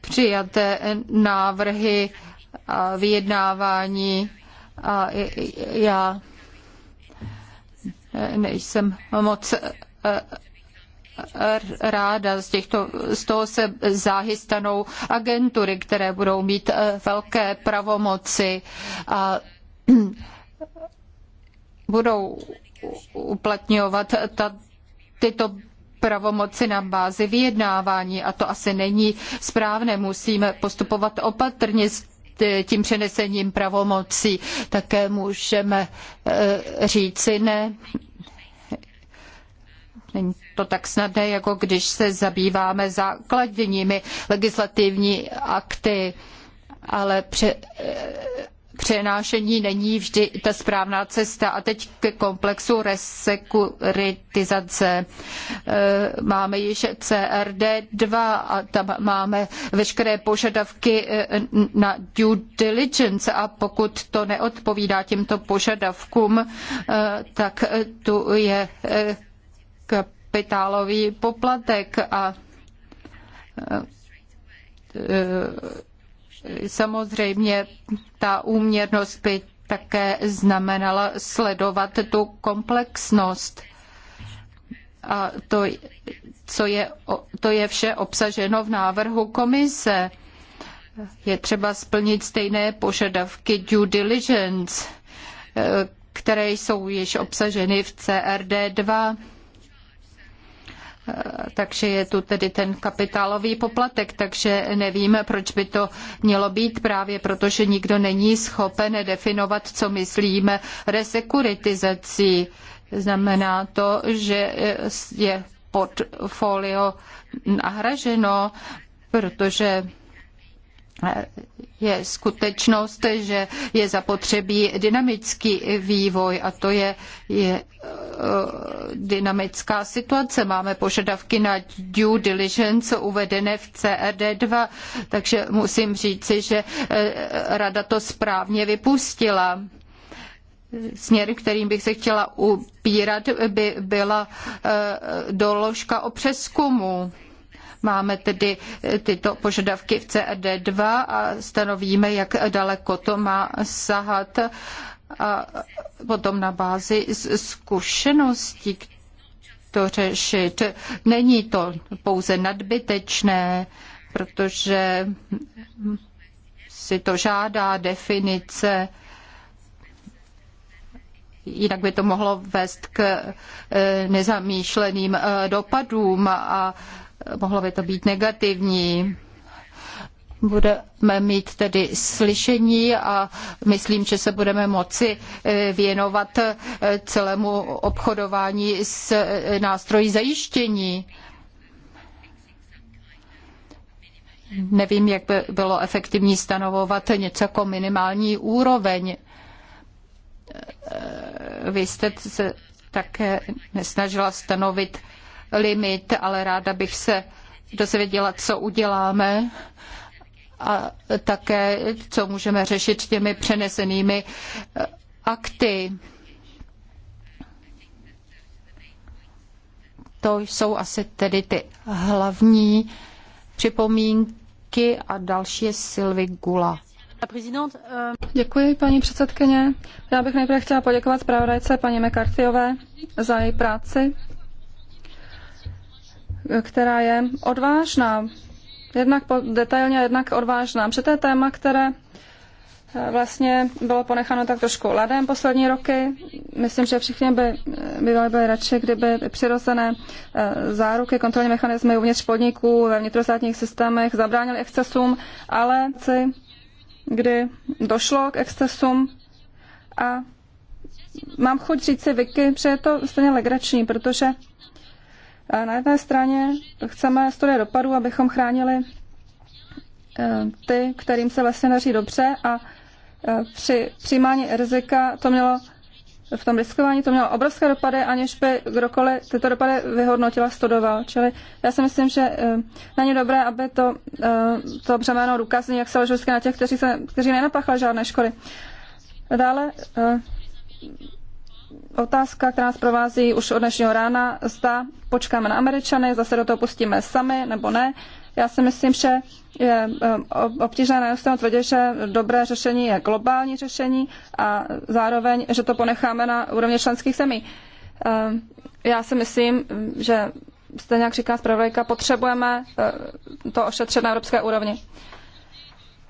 přijaté návrhy a vyjednávání a já nejsem moc ráda z, těchto, z toho se záhy stanou agentury, které budou mít velké pravomoci a budou uplatňovat ta, tyto pravomoci na bázi vyjednávání a to asi není správné. Musíme postupovat opatrně s tím přenesením pravomocí. Také můžeme e, říci ne. Není to tak snadné, jako když se zabýváme základními legislativní akty ale pře, e, přenášení není vždy ta správná cesta. A teď ke komplexu resekuritizace. E, máme již CRD2 a tam máme veškeré požadavky e, na due diligence a pokud to neodpovídá těmto požadavkům, e, tak tu je kapitálový poplatek a Samozřejmě ta úměrnost by také znamenala sledovat tu komplexnost. A to, co je, to je vše obsaženo v návrhu komise. Je třeba splnit stejné požadavky due diligence, eh, které jsou již obsaženy v CRD 2 Eh, takže je tu tedy ten kapitálový poplatek, takže nevím, proč by to mělo být právě proto, že nikdo není schopen definovat, co myslíme resekuritizací. Znamená to, že eh, je portfolio nahraženo, protože je skutečnost, že je zapotřebí dynamický vývoj a to je, je eh, dynamická situace. Máme požadavky na due diligence uvedené v CRD2, takže musím říci, že eh, rada to správně vypustila. Směr, kterým bych se chtěla upírat, by byla eh, doložka o přeskumu Máme tedy eh, tyto požadavky v CRD2 a stanovíme, jak daleko to má sahat a potom na bázi zkušeností to řešit. Není to pouze nadbytečné, protože si to žádá definice, jinak by to mohlo vést k eh, nezamýšleným eh, dopadům a mohlo by to být negativní. Budeme mít tedy slyšení a myslím, že se budeme moci eh, věnovat eh, celému obchodování s eh, nástroji zajištění. Nevím, jak by bylo efektivní stanovovat něco jako minimální úroveň. Vy jste se také nesnažila stanovit limit, ale ráda bych se dozvěděla, co uděláme a také, co můžeme řešit těmi přenesenými eh, akty. To jsou asi tedy ty hlavní připomínky
a další je Sylvie Gula. Děkuji, paní předsedkyně. Já bych nejprve chtěla poděkovat zpravodajce paní McCarthyové za její práci která je odvážná. Jednak detailně, jednak odvážná. Protože to je téma, které eh, vlastně bylo ponecháno tak trošku ladem poslední roky. Myslím, že všichni by eh, by byli radši, kdyby přirozené eh, záruky, kontrolní mechanismy uvnitř podniků, ve vnitrostátních systémech zabránili excesům, ale kdy došlo k excesům a mám chuť říct si Vicky, že je to stejně legrační, protože na jedné straně chceme studie dopadů, abychom chránili eh, ty, kterým se vlastně daří dobře a eh, při přijímání rizika to mělo v tom riskování to mělo obrovské dopady, aniž by kdokoliv tyto dopady vyhodnotil studoval. Čili já si myslím, že e, není dobré, aby to, e, to břemeno důkazní, jak se leží na těch, kteří, se, kteří nenapáchali žádné škody. Dále e, otázka, která nás provází už od dnešního rána, zda počkáme na Američany, zase do toho pustíme sami nebo ne. Já si myslím, že je eh, obtížné na jednu tvrdit, že dobré řešení je globální řešení a zároveň, že to ponecháme na úrovni členských zemí. Eh, já si myslím, že stejně jak říká zpravodajka, potřebujeme eh, to ošetřit na evropské úrovni.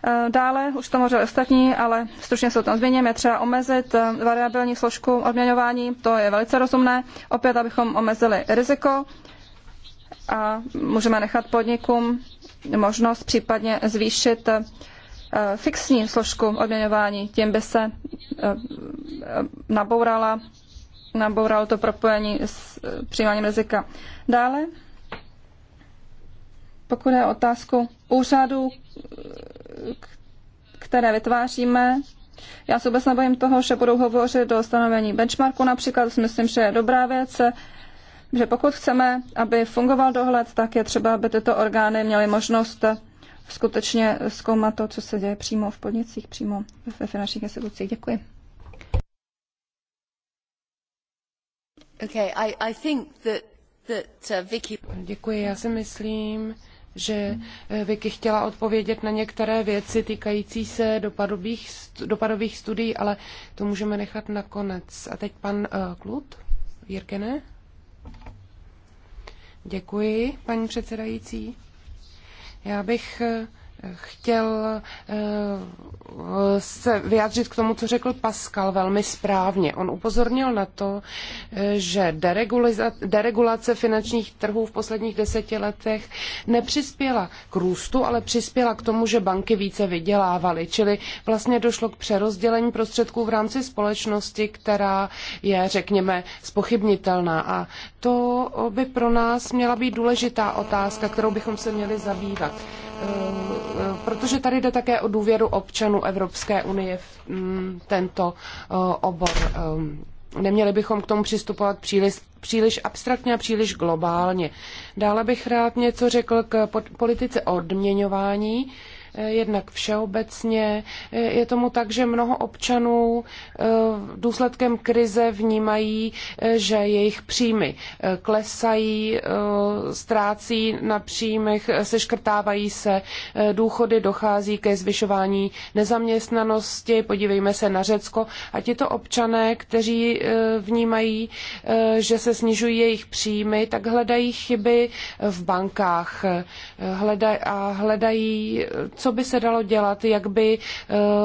Eh, dále, už to možná ostatní, ale stručně se o tom zmíním, je třeba omezit eh, variabilní složku odměňování, to je velice rozumné, opět, abychom omezili riziko a můžeme nechat podnikům možnost případně zvýšit eh, fixní složku odměňování, tím by se nabourala, nabouralo to propojení s přijímáním rizika. Dále, pokud je otázku úřadu, které vytváříme. Já se vůbec nebojím toho, že budou hovořit do stanovení benchmarku například, myslím, že je dobrá věc, že pokud chceme, aby fungoval dohled, tak je třeba, aby tyto orgány měly možnost skutečně zkoumat to, co se děje přímo v podnicích, přímo ve finančních institucích. Děkuji.
Okay, I, I think that, that, uh, Vicky... Děkuji, já si myslím, že eh, Vicky chtěla odpovědět na některé věci týkající se dopadových, dopadových studií, ale to můžeme nechat na konec. A teď pan uh, Klut, Jirkene. Děkuji, paní předsedající. Já bych uh, chtěl eh, se vyjádřit k tomu, co řekl Pascal velmi správně. On upozornil na to, eh, že deregulace finančních trhů v posledních deseti letech nepřispěla k růstu, ale přispěla k tomu, že banky více vydělávaly. Čili vlastně došlo k přerozdělení prostředků v rámci společnosti, která je, řekněme, spochybnitelná. A to by pro nás měla být důležitá otázka, kterou bychom se měli zabývat. Ehm, e, protože tady jde také o důvěru občanů Evropské unie v mm, tento e, obor. Ehm, neměli bychom k tomu přistupovat příliš, příliš abstraktně a příliš globálně. Dále bych rád něco řekl k politice odměňování Eh, jednak všeobecně. Eh, je tomu tak, že mnoho občanů eh, důsledkem krize vnímají, že jejich příjmy klesají, ztrácí na příjmech, seškrtávají se důchody, dochází ke zvyšování nezaměstnanosti. Podívejme se na Řecko. A tito občané, kteří vnímají, že se snižují jejich příjmy, tak hledají chyby v bankách a hledají co by se dalo dělat, jak by eh,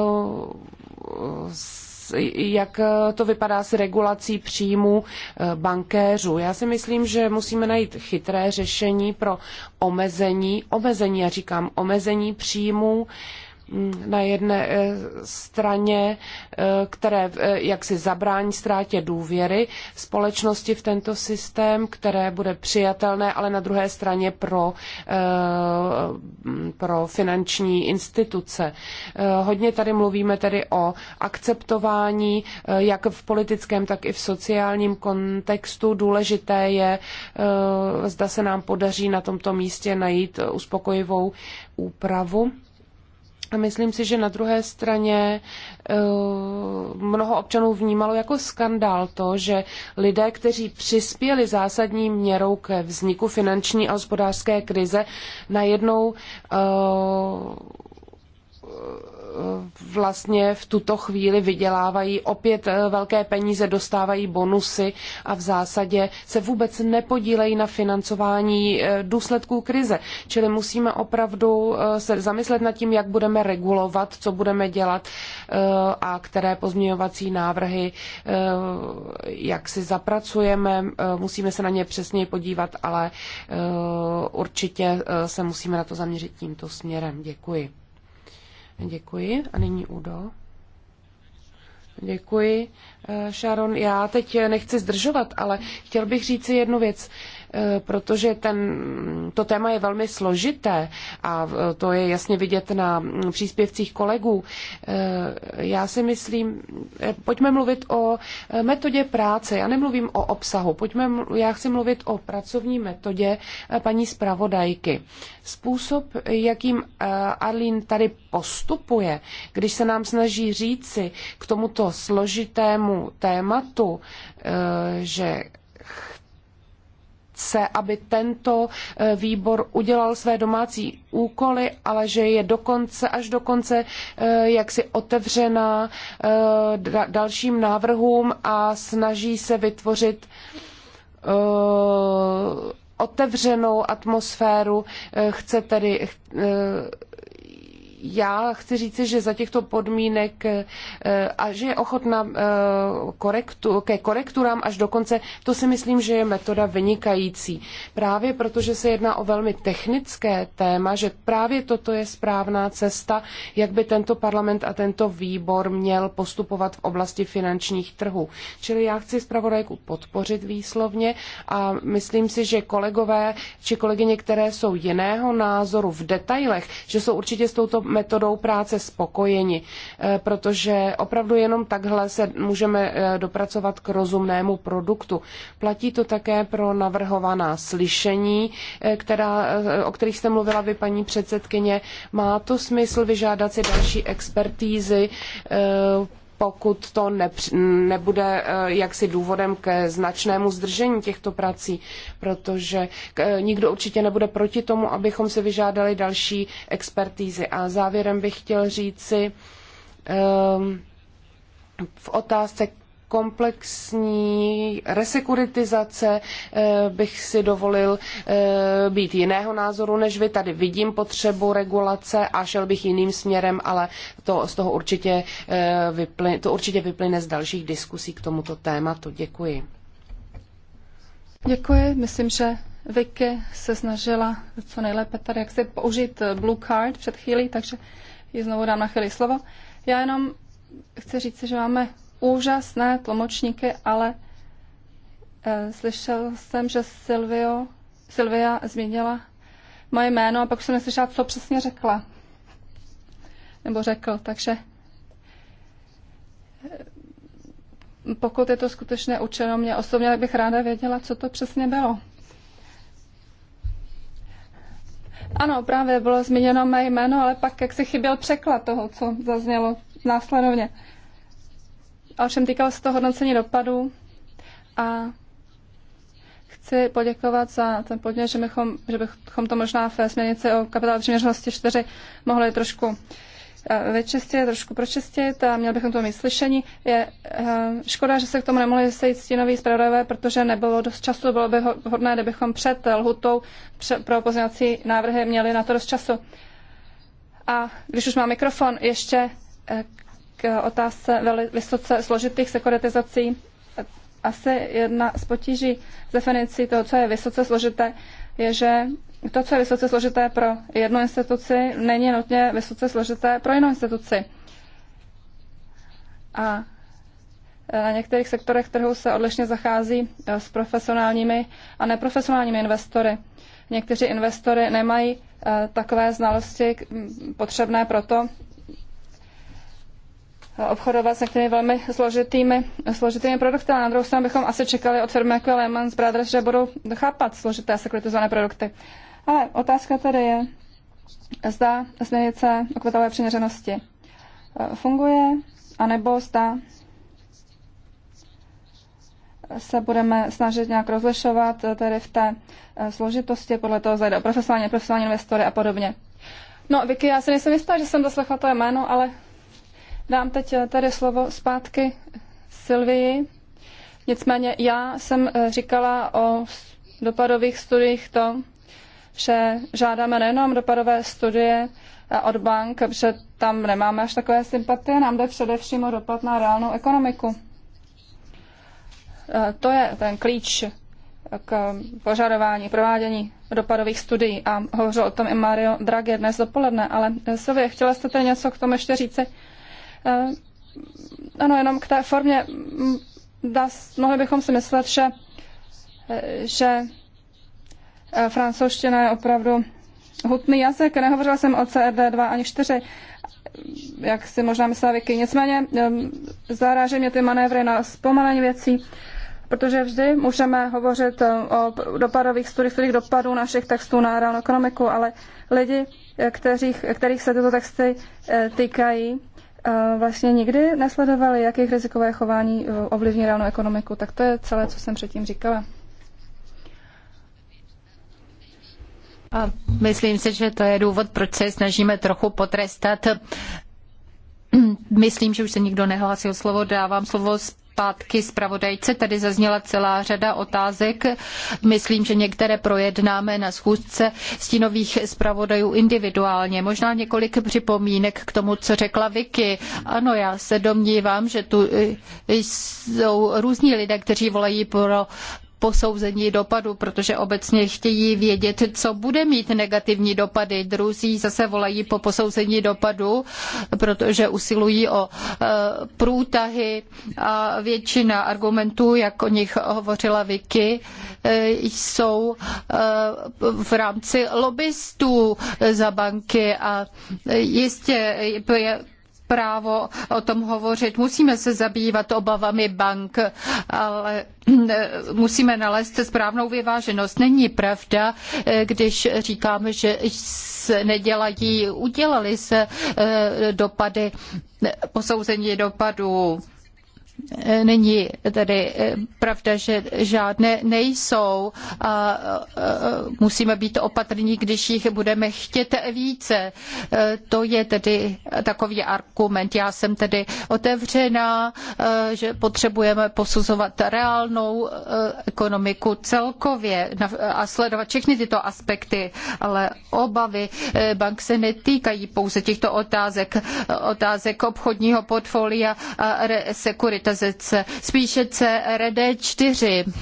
jak eh, to vypadá s regulací příjmu eh, bankéřů. Já si myslím, že musíme najít chytré řešení pro omezení, omezení, já říkám omezení příjmů na jedné eh, straně, eh, které eh, jaksi zabrání ztrátě důvěry společnosti v tento systém, které bude přijatelné, ale na druhé straně pro, pro finanční instituce. Hodně tady mluvíme tedy o akceptování, jak v politickém, tak i v sociálním kontextu. Důležité je, zda se nám podaří na tomto místě najít uspokojivou úpravu a myslím si, že na druhé straně eh, mnoho občanů vnímalo jako skandál to, že lidé, kteří přispěli zásadní měrou ke vzniku finanční a hospodářské krize, najednou eh, Eh, vlastně v tuto chvíli vydělávají opět eh, velké peníze, dostávají bonusy a v zásadě se vůbec nepodílejí na financování eh, důsledků krize. Čili musíme opravdu se zamyslet nad tím, jak budeme regulovat, co budeme dělat a které pozměňovací návrhy, jak si zapracujeme. Musíme se na ně přesněji podívat, ale určitě se musíme na to zaměřit tímto směrem. Děkuji. Děkuji. A nyní Udo. Děkuji, eh, Sharon. Já teď nechci zdržovat, ale chtěl bych říci jednu věc. Eh, protože ten, to téma je velmi složité a eh, to je jasně vidět na mm, příspěvcích kolegů. Eh, já si myslím, pojďme mluvit o metodě práce. Já nemluvím o obsahu. Pojďme, já chci mluvit o pracovní metodě paní zpravodajky. Způsob, jakým Arlín tady postupuje, když se nám snaží říci k tomuto složitému tématu, že chce, aby tento eh, výbor udělal své domácí úkoly, ale že je dokonce až dokonce eh, jaksi otevřená eh, dalším návrhům a snaží se vytvořit otevřenou atmosféru, chce tedy já chci říci, že za těchto podmínek eh, a že je ochotná eh, korektu, ke korekturám až do konce, to si myslím, že je metoda vynikající. Právě protože se jedná o velmi technické téma, že právě toto je správná cesta, jak by tento parlament a tento výbor měl postupovat v oblasti finančních trhů. Čili já chci zpravodajku podpořit výslovně a myslím si, že kolegové či kolegyně, které jsou jiného názoru v detailech, že jsou určitě s touto metodou práce spokojeni, eh, protože opravdu jenom takhle se můžeme eh, dopracovat k rozumnému produktu. Platí to také pro navrhovaná slyšení, eh, která, o kterých jste mluvila vy, paní předsedkyně. Má to smysl vyžádat si další expertízy pokud to nebude eh, jaksi důvodem ke značnému zdržení těchto prací, protože eh, nikdo určitě nebude proti tomu, abychom si vyžádali další expertízy. A závěrem bych chtěl říci ehm, v otázce komplexní resekuritizace eh, bych si dovolil eh, být jiného názoru než vy. Tady vidím potřebu regulace a šel bych jiným směrem, ale to, z toho určitě eh, vyplyne, to určitě vyplyne z dalších diskusí k tomuto tématu. Děkuji.
Děkuji. Myslím, že Vicky se snažila co nejlépe tady, jak se použít blue card před chvílí, takže ji znovu dám na chvíli slovo. Já jenom chci říct, že máme úžasné tlumočníky, ale e, slyšel jsem, že Silvio, Silvia změnila moje jméno a pak jsem neslyšela, co přesně řekla. Nebo řekl, takže
eh,
pokud je to skutečně učeno mě osobně, tak bych ráda věděla, co to přesně bylo. Ano, právě bylo zmíněno mé jméno, ale pak jak se chyběl překlad toho, co zaznělo následovně ovšem týkalo se to hodnocení dopadů a chci poděkovat za ten podnět, že bychom, že bychom to možná v směrnici o kapitálové přiměřenosti 4 mohli trošku eh, vyčistit, trošku pročistit a měli bychom to mít slyšení. Je eh, škoda, že se k tomu nemohli sejít stínoví zpravodajové, protože nebylo dost času. Bylo by hodné, kdybychom před lhutou pro pozměňovací návrhy měli na to dost času. A když už má mikrofon, ještě eh, k otázce vysoce složitých sekuritizací. Asi jedna z potíží z definicí toho, co je vysoce složité, je, že to, co je vysoce složité pro jednu instituci, není nutně vysoce složité pro jinou instituci. A e, na některých sektorech trhu se odlišně zachází e, s profesionálními a neprofesionálními investory. Někteří investory nemají e, takové znalosti potřebné pro to, obchodovat s některými velmi složitými, složitými produkty, ale na druhou stranu bychom asi čekali od firmy jako Lehman Brothers, že budou chápat složité sekuritizované produkty. Ale otázka tady je, zda směrnice o květové přiměřenosti eh, funguje, anebo zda se budeme snažit nějak rozlišovat eh, tedy v té eh, složitosti podle toho, zda jde o profesionální, profesionální investory a podobně. No, Vicky, já si nejsem jistá, že jsem zaslechla to jméno, ale Dám teď eh, tady slovo zpátky Silvii. Nicméně já jsem eh, říkala o dopadových studiích to, že žádáme nejenom dopadové studie eh, od bank, protože tam nemáme až takové sympatie, nám jde především o dopad na reálnou ekonomiku. To je ten klíč k požadování, provádění dopadových studií a hovořil o tom i Mario Draghi dnes dopoledne, ale Silvie, chtěla jste tady něco k tomu ještě říci? Eh, ano, jenom k té formě mm, dá, mohli bychom si myslet, že, eh, že eh, francouzština je opravdu hutný jazyk. Nehovořila jsem o CRD 2 ani 4, jak si možná myslela Vicky. Nicméně zaráží mě ty manévry na zpomalení věcí, protože vždy můžeme hovořit o dopadových studiích, studiích dopadů našich textů na reálnou ekonomiku, ale lidi, kterých, kterých se tyto texty týkají, vlastně nikdy nesledovali, jak jejich rizikové chování eh, ovlivní reálnou ekonomiku. Tak to je celé, co jsem předtím říkala.
A myslím si, že to je důvod, proč se snažíme trochu potrestat. Myslím, že už se nikdo nehlásil slovo. Dávám slovo zpátky zpravodajce. Tady zazněla celá řada otázek. Myslím, že některé projednáme na schůzce stínových zpravodajů individuálně. Možná několik připomínek k tomu, co řekla Vicky. Ano, já se domnívám, že tu jsou různí lidé, kteří volají pro posouzení dopadu, protože obecně chtějí vědět, co bude mít negativní dopady. Druzí zase volají po posouzení dopadu, protože usilují o e, průtahy a většina argumentů, jak o nich hovořila Vicky, e, jsou e, v rámci lobbystů za banky a jistě právo o tom hovořit. Musíme se zabývat obavami bank, ale musíme nalézt správnou vyváženost. Není pravda, když říkáme, že se nedělají, udělali se eh, dopady, posouzení dopadů Eh, není tedy eh, pravda, že žádné nejsou a eh, musíme být opatrní, když jich budeme chtět více. To je tedy takový argument. Já jsem tedy otevřená, že potřebujeme posuzovat reálnou ekonomiku celkově a sledovat všechny tyto aspekty, ale obavy bank se netýkají pouze těchto otázek, otázek obchodního portfolia a sekurity řetězec, spíše CRD4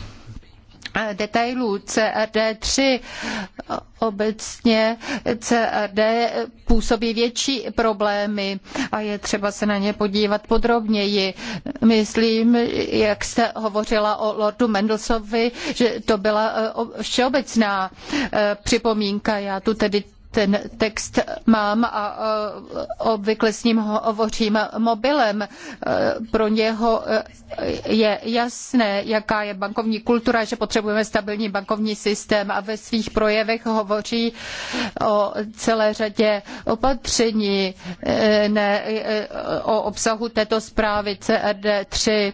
detailů CRD3. Obecně CRD působí větší problémy a je třeba se na ně podívat podrobněji. Myslím, jak jste hovořila o Lordu Mendelsovi, že to byla eh, všeobecná eh, připomínka. Já tu tedy ten text mám a obvykle s ním hovořím mobilem. E, pro něho e, je jasné, jaká je bankovní kultura, že potřebujeme stabilní bankovní systém a ve svých projevech hovoří o celé řadě opatření, e, ne o obsahu této zprávy CRD 3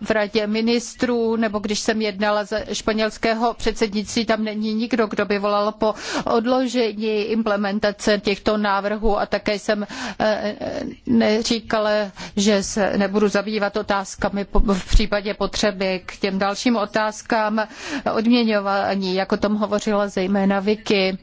v radě ministrů, nebo když jsem jednala za španělského předsednictví, tam není nikdo, kdo by volal po odložení implementace těchto návrhů a také jsem eh, neříkala, že se nebudu zabývat otázkami v případě potřeby k těm dalším otázkám odměňování, jako tom hovořila zejména Vicky.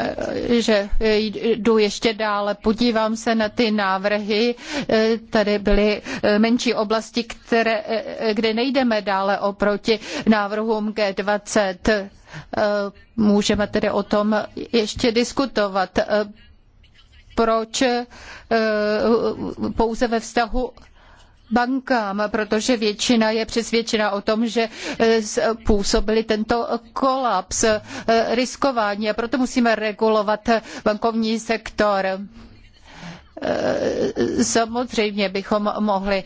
Eh, že eh, jdu ještě dále, podívám se na ty návrhy. Eh, tady byly menší oblasti, které, kde nejdeme dále oproti návrhům G20. Můžeme tedy o tom ještě diskutovat proč pouze ve vztahu bankám, protože většina je přesvědčena o tom, že způsobili eh, tento kolaps eh, riskování a proto musíme regulovat eh, bankovní sektor. Samozřejmě bychom mohli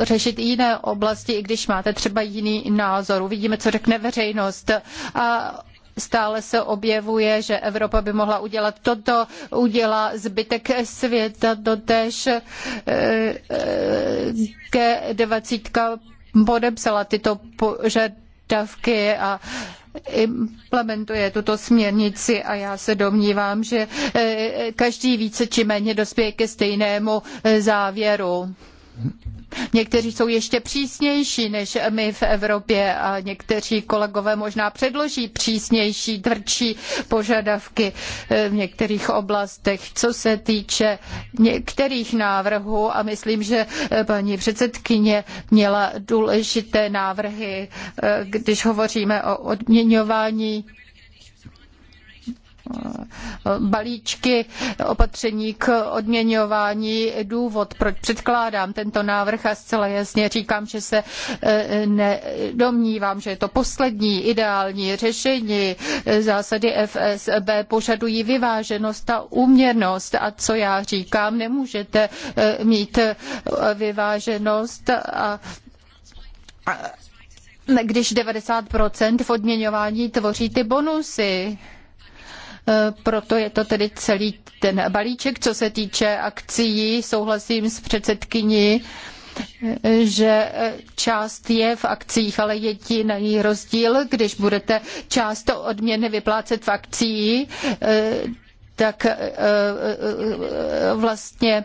řešit jiné oblasti, i když máte třeba jiný názor. Uvidíme, co řekne veřejnost. A stále se objevuje, že Evropa by mohla udělat toto, udělá zbytek světa, totež eh, eh, G20 podepsala tyto požadavky a implementuje tuto směrnici a já se domnívám, že eh, každý více či méně dospěje ke stejnému závěru. Někteří jsou ještě přísnější než my v Evropě a někteří kolegové možná předloží přísnější, tvrdší požadavky eh, v některých oblastech, co se týče některých návrhů a myslím, že eh, paní předsedkyně měla důležité návrhy, eh, když hovoříme o odměňování balíčky opatření k odměňování důvod, proč předkládám tento návrh a zcela jasně říkám, že se e, nedomnívám, že je to poslední ideální řešení. Zásady FSB požadují vyváženost a úměrnost a co já říkám, nemůžete e, mít e, vyváženost a když 90% v odměňování tvoří ty bonusy. Eh, proto je to tedy celý ten balíček, co se týče akcí. Souhlasím s předsedkyní, eh, že eh, část je v akcích, ale jediný rozdíl, když budete část odměny vyplácet v akcích, tak eh, eh, vlastně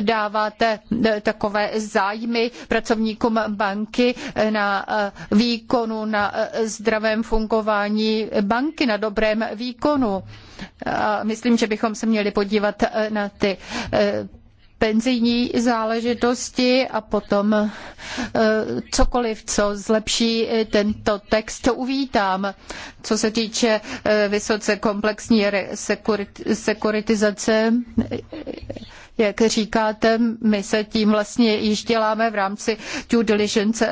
dáváte eh, takové zájmy pracovníkům banky na výkonu, na zdravém fungování banky, na dobrém výkonu. A myslím, že bychom se měli podívat na ty penzijní záležitosti a potom eh, cokoliv, co zlepší eh, tento text, to uvítám. Co se týče eh, vysoce komplexní sekuritizace, jak říkáte, my se tím vlastně již děláme v rámci due diligence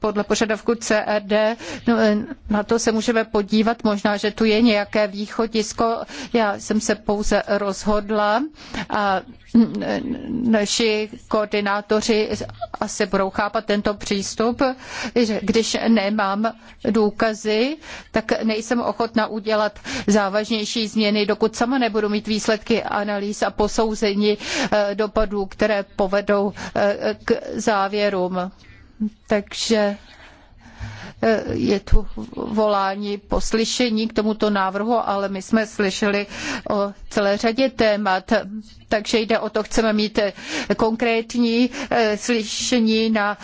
podle požadavku CRD. E no, e, na to se můžeme podívat, možná, že tu je nějaké východisko. Já jsem se pouze rozhodla a naši koordinátoři asi budou chápat tento přístup, že když nemám důkazy, tak nejsem ochotna udělat závažnější změny, dokud sama nebudu mít výsledky analýz a posouzení e, dopadů, které povedou k závěrům. Takže e, je tu volání po slyšení k tomuto návrhu, ale my jsme slyšeli o celé řadě témat, takže jde o to, chceme mít e, konkrétní e, slyšení na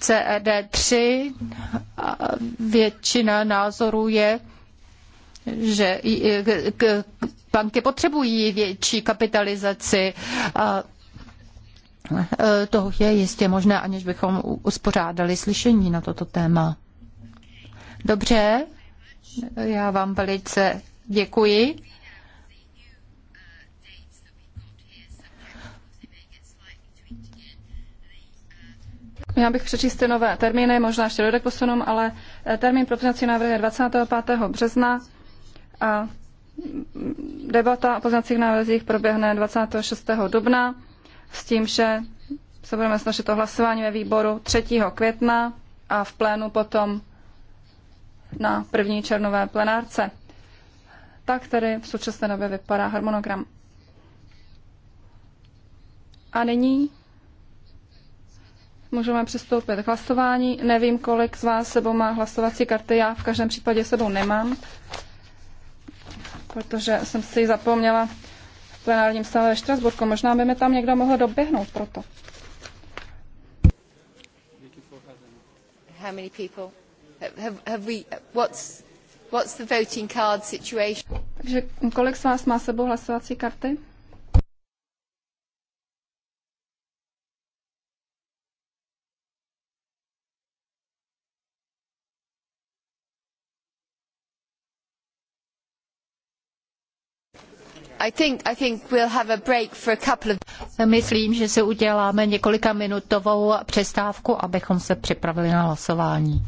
CED3. Většina názorů je, že banky potřebují větší kapitalizaci a Eh, to je jistě možné, aniž bychom uspořádali slyšení na toto téma. Dobře, já vám velice děkuji.
Já bych přečíst nové termíny, možná ještě dojde k posunům, ale eh, termín pro poznací návrh je 25. března a mm, debata o poznacích návrzích proběhne 26. dubna s tím, že se budeme snažit o hlasování ve výboru 3. května a v plénu potom na první černové plenárce. Tak tedy v současné době vypadá harmonogram. A nyní můžeme přistoupit k hlasování. Nevím, kolik z vás sebou má hlasovací karty, já v každém případě sebou nemám, protože jsem si ji zapomněla plenárním sále ve Štrasburku. Možná by mi tam někdo mohl doběhnout proto.
How many people? Have, have we, what's, what's the voting card
situation? Takže kolik z vás má sebou hlasovací karty?
Myslím, že si uděláme několika minutovou přestávku, abychom se připravili na hlasování.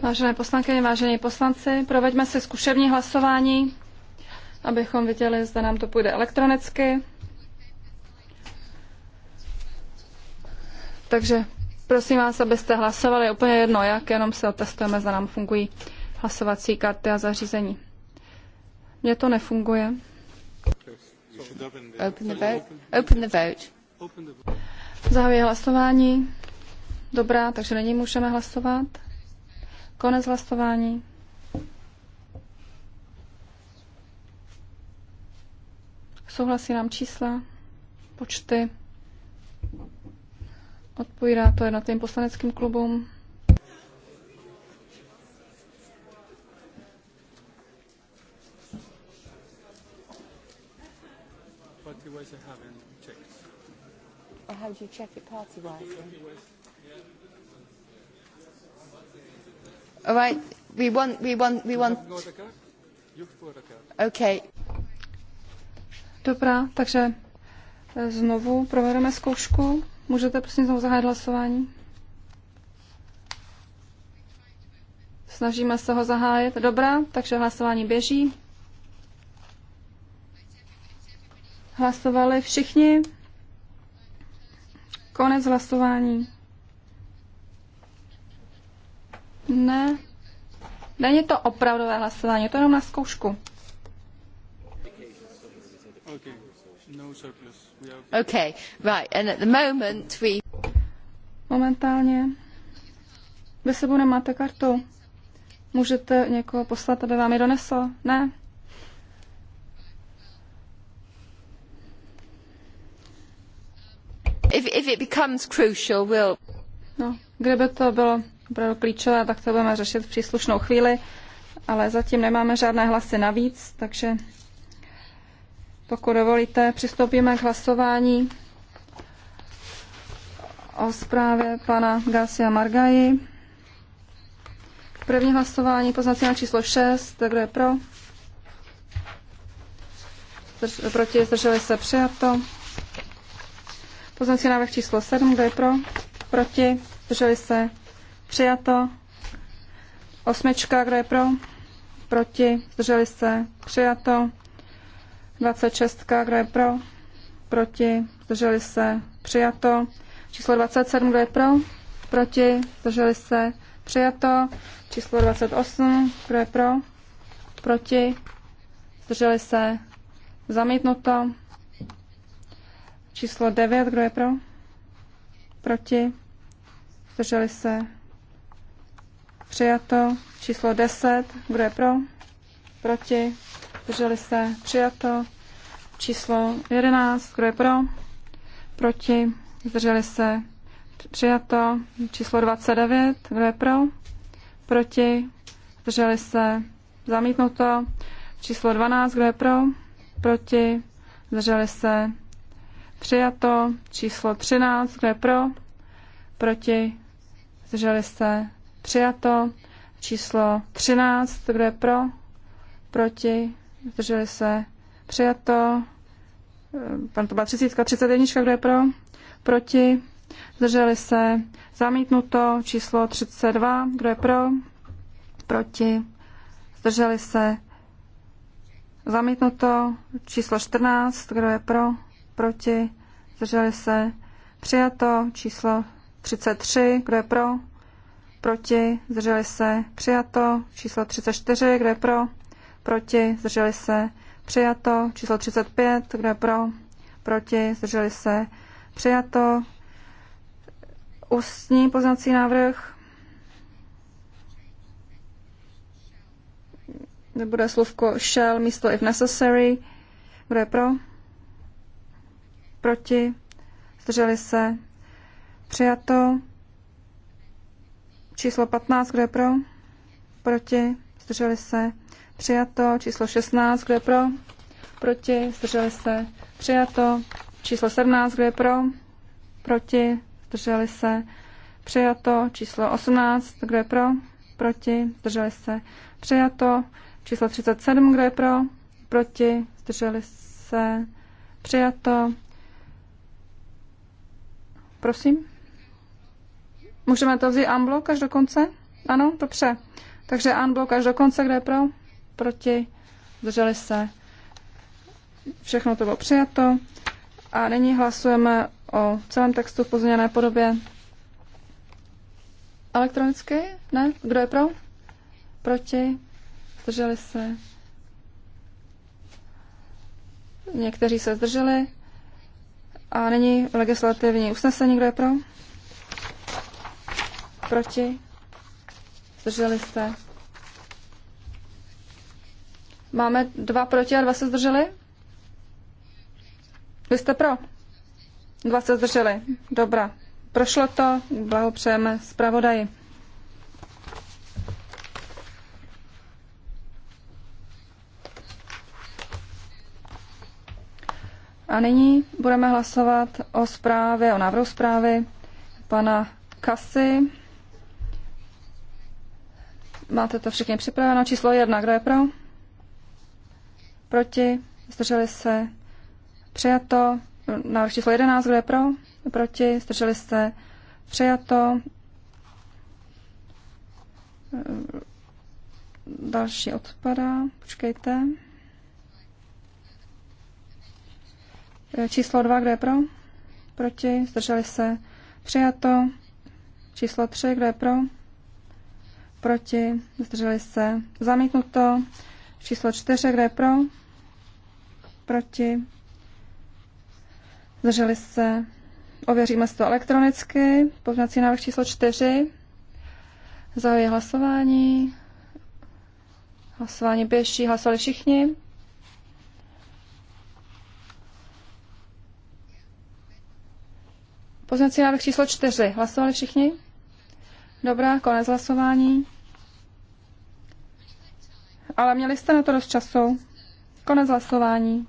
Vážené poslankyně, vážení poslanci, proveďme si zkušební hlasování, abychom viděli, zda nám to půjde elektronicky. Takže prosím vás, abyste hlasovali úplně jedno jak, jenom se otestujeme, zda nám fungují hlasovací karty a zařízení. Mně to nefunguje. Open the vote. Open the vote. Zahajuji hlasování. Dobrá, takže není můžeme hlasovat. Konec hlasování. Souhlasí nám čísla, počty. Odpovídá to jednotlivým poslaneckým klubům. Party-wise
I haven't checked. Or how do you check it party-wise? All right. We want, we want, we want... Okay.
Dobrá, takže eh, znovu provedeme zkoušku. Můžete prosím znovu zahájit hlasování? Snažíme se ho zahájit. Dobrá, takže hlasování běží. Hlasovali všichni. Konec hlasování. Ne. Není to opravdové hlasování, je to jenom na zkoušku. Okay. No Okay. right. And at the moment we... Momentálně. Vy sebou nemáte kartu. Můžete někoho poslat, aby vám ji donesl? Ne? If,
if it becomes crucial, we'll...
No, kdyby to bylo opravdu klíčové, tak to budeme řešit v příslušnou chvíli, ale zatím nemáme žádné hlasy navíc, takže pokud dovolíte, přistoupíme k hlasování o zprávě pana Garcia Margai. První hlasování, poznací na číslo 6, kdo je pro? Zdrž, proti, zdrželi se, přijato. Poznací návrh číslo 7, kdo je pro? Proti, zdrželi se, Přijato. Osmička, kdo je pro? Proti. Zdrželi se. Přijato. 26, kdo je pro? Proti. Zdrželi se. Přijato. Číslo 27, kdo je pro? Proti. Zdrželi se. Přijato. Číslo 28, kdo je pro? Proti. Zdrželi se. Zamítnuto. Číslo 9, kdo je pro? Proti. Zdrželi se. Přijato. Číslo 10. Kdo je pro? Proti? drželi se? Přijato. Číslo 11. Kdo je pro? Proti? Zdrželi se? Přijato. Číslo 29. Kdo je pro? Proti? Zdrželi se? Zamítnuto. Číslo 12. Kdo je pro? Proti? Zdrželi se? Přijato. Číslo 13. Kdo je pro? Proti? Zdrželi se? Přijato. Číslo 13. to bude pro? Proti? Zdrželi se? Přijato. Pan to byla 30. 31. Kdo je pro? Proti? Zdrželi se? Zamítnuto. Číslo 32. Kdo je pro? Proti? Zdrželi se? Zamítnuto. Číslo 14. Kdo je pro? Proti? Zdrželi se? Přijato. Číslo 33. Kdo je pro? proti, zdrželi se, přijato. Číslo 34, kdo je pro, proti, zdrželi se, přijato. Číslo 35, kdo je pro, proti, zdrželi se, přijato. Ústní poznací návrh. Nebude slovko shall místo if necessary. Kdo je pro? Proti? Zdrželi se? Přijato. Číslo 15, kdo je pro? Proti? Zdrželi se? Přijato. Číslo 16, kdo je pro? Proti? Zdrželi se? Přijato. Číslo 17, kdo je pro? Proti? Zdrželi se? Přijato. Číslo 18, kdo je pro? Proti? Zdrželi se? Přijato. Číslo 37, kdo je pro? Proti? Zdrželi se? Přijato. Prosím. Můžeme to vzít unblock až do konce? Ano, dobře. Takže unblock až do konce, kde je pro? Proti. Zdrželi se. Všechno to bylo přijato. A nyní hlasujeme o celém textu v pozměněné podobě. Elektronicky? Ne? Kdo je pro? Proti? Zdrželi se? Někteří se zdrželi. A nyní legislativní usnesení. Kdo je pro? Proti? Zdrželi jste? Máme dva proti a dva se zdrželi? Vy jste pro? Dva se zdrželi. Dobrá. Prošlo to. Blahopřejeme zpravodaji. A nyní budeme hlasovat o zprávě, o návrhu zprávy pana Kasy. Máte to všichni připraveno. Číslo jedna, kdo je pro? Proti? Zdrželi se? Přijato. Návrh číslo 11, kdo je pro? Proti? Zdrželi se? Přijato. Další odpadá. Počkejte. Číslo 2, kdo je pro? Proti? Zdrželi se? Přijato. Číslo 3, kdo je pro? proti, zdrželi se, zamítnuto. Číslo 4, kde je pro, proti, zdrželi se, ověříme to elektronicky, poznací návrh číslo 4, zahajuji hlasování, hlasování běží, hlasovali všichni. Poznací návrh číslo 4. Hlasovali všichni? Dobrá, konec hlasování ale měli jste na to dost času. Konec hlasování.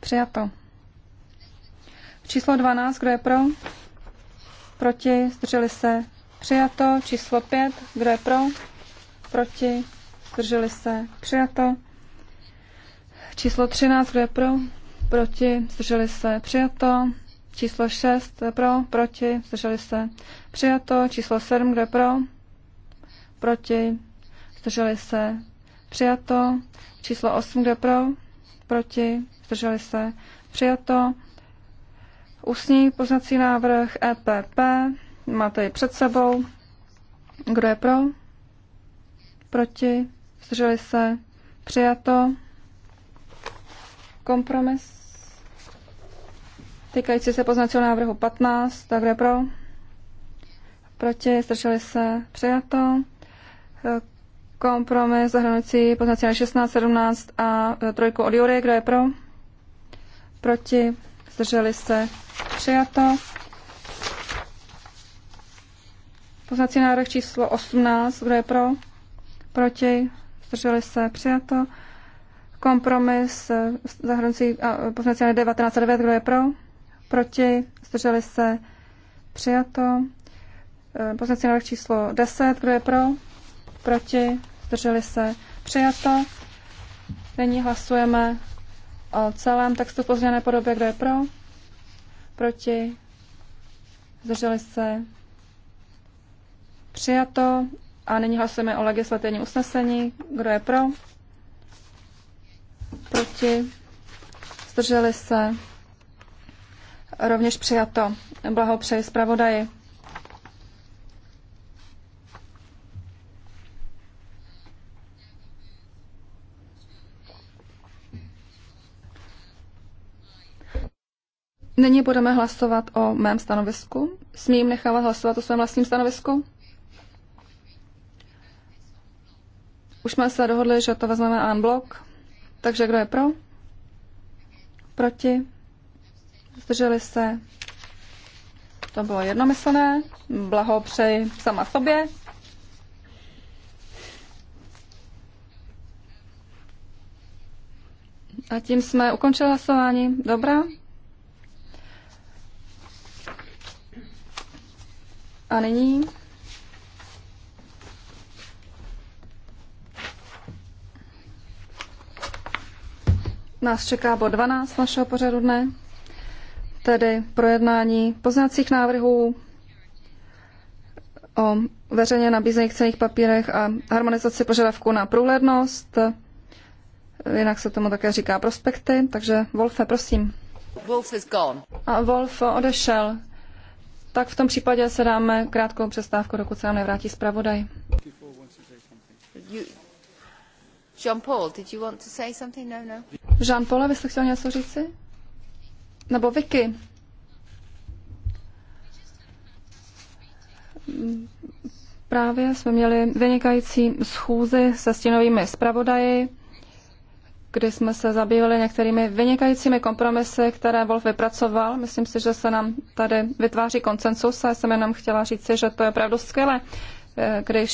Přijato. Číslo 12, kdo je pro? Proti, zdrželi se. Přijato. Číslo 5, kdo je pro? Proti, zdrželi se. Přijato. Číslo 13, kdo je pro? Proti, zdrželi se. Přijato. Číslo 6 pro, proti, zdrželi se. Přijato. Číslo 7, kde pro, proti, zdrželi se. Přijato. Číslo 8, kde pro, proti, zdrželi se. Přijato. Ústní poznací návrh EPP. Máte ji před sebou. Kdo je pro? Proti? Zdrželi se? Přijato? Kompromis? týkající se poznacího návrhu 15, tak kde pro? Proti, zdrželi se, přijato. Kompromis zahrnující poznací 16, 17 a e, trojku od Jury, kdo je pro? Proti, zdrželi se, přijato. Poznací návrh číslo 18, kdo je pro? Proti, zdrželi se, přijato. Kompromis e, zahrnující e, poznací návrh 19, 9, kdo je pro? proti, zdrželi se, přijato. E, Poznací návrh číslo 10, kdo je pro, proti, zdrželi se, přijato. Nyní hlasujeme o celém textu v pozměněné podobě, kdo je pro, proti, zdrželi se, přijato. A nyní hlasujeme o legislativním usnesení, kdo je pro, proti, zdrželi se, rovněž přijato. Blahopřeji zpravodaji. Nyní budeme hlasovat o mém stanovisku. Smím nechávat hlasovat o svém vlastním stanovisku? Už jsme se dohodli, že to vezmeme en Takže kdo je pro? Proti? zdrželi se. To bylo jednomyslné. Blahopřeji sama sobě. A tím jsme ukončili hlasování. Dobrá. A nyní nás čeká bod 12 našeho pořadu dne tedy projednání poznacích návrhů o veřejně nabízených cených papírech a harmonizaci požadavků na průhlednost. Jinak se tomu také říká prospekty, takže Wolfe, prosím.
Wolf is gone.
A Wolf odešel. Tak v tom případě se dáme krátkou přestávku, dokud se nám nevrátí zpravodaj.
Jean-Paul, did you want to say something? No, no.
Jean-Paul, vy jste chtěl něco říci? nebo Vicky. Právě jsme měli vynikající schůzi se stínovými zpravodaji, kdy jsme se zabývali některými vynikajícími kompromisy, které Wolf vypracoval. Myslím si, že se nám tady vytváří koncensus a jsem jenom chtěla říct, že to je opravdu skvělé když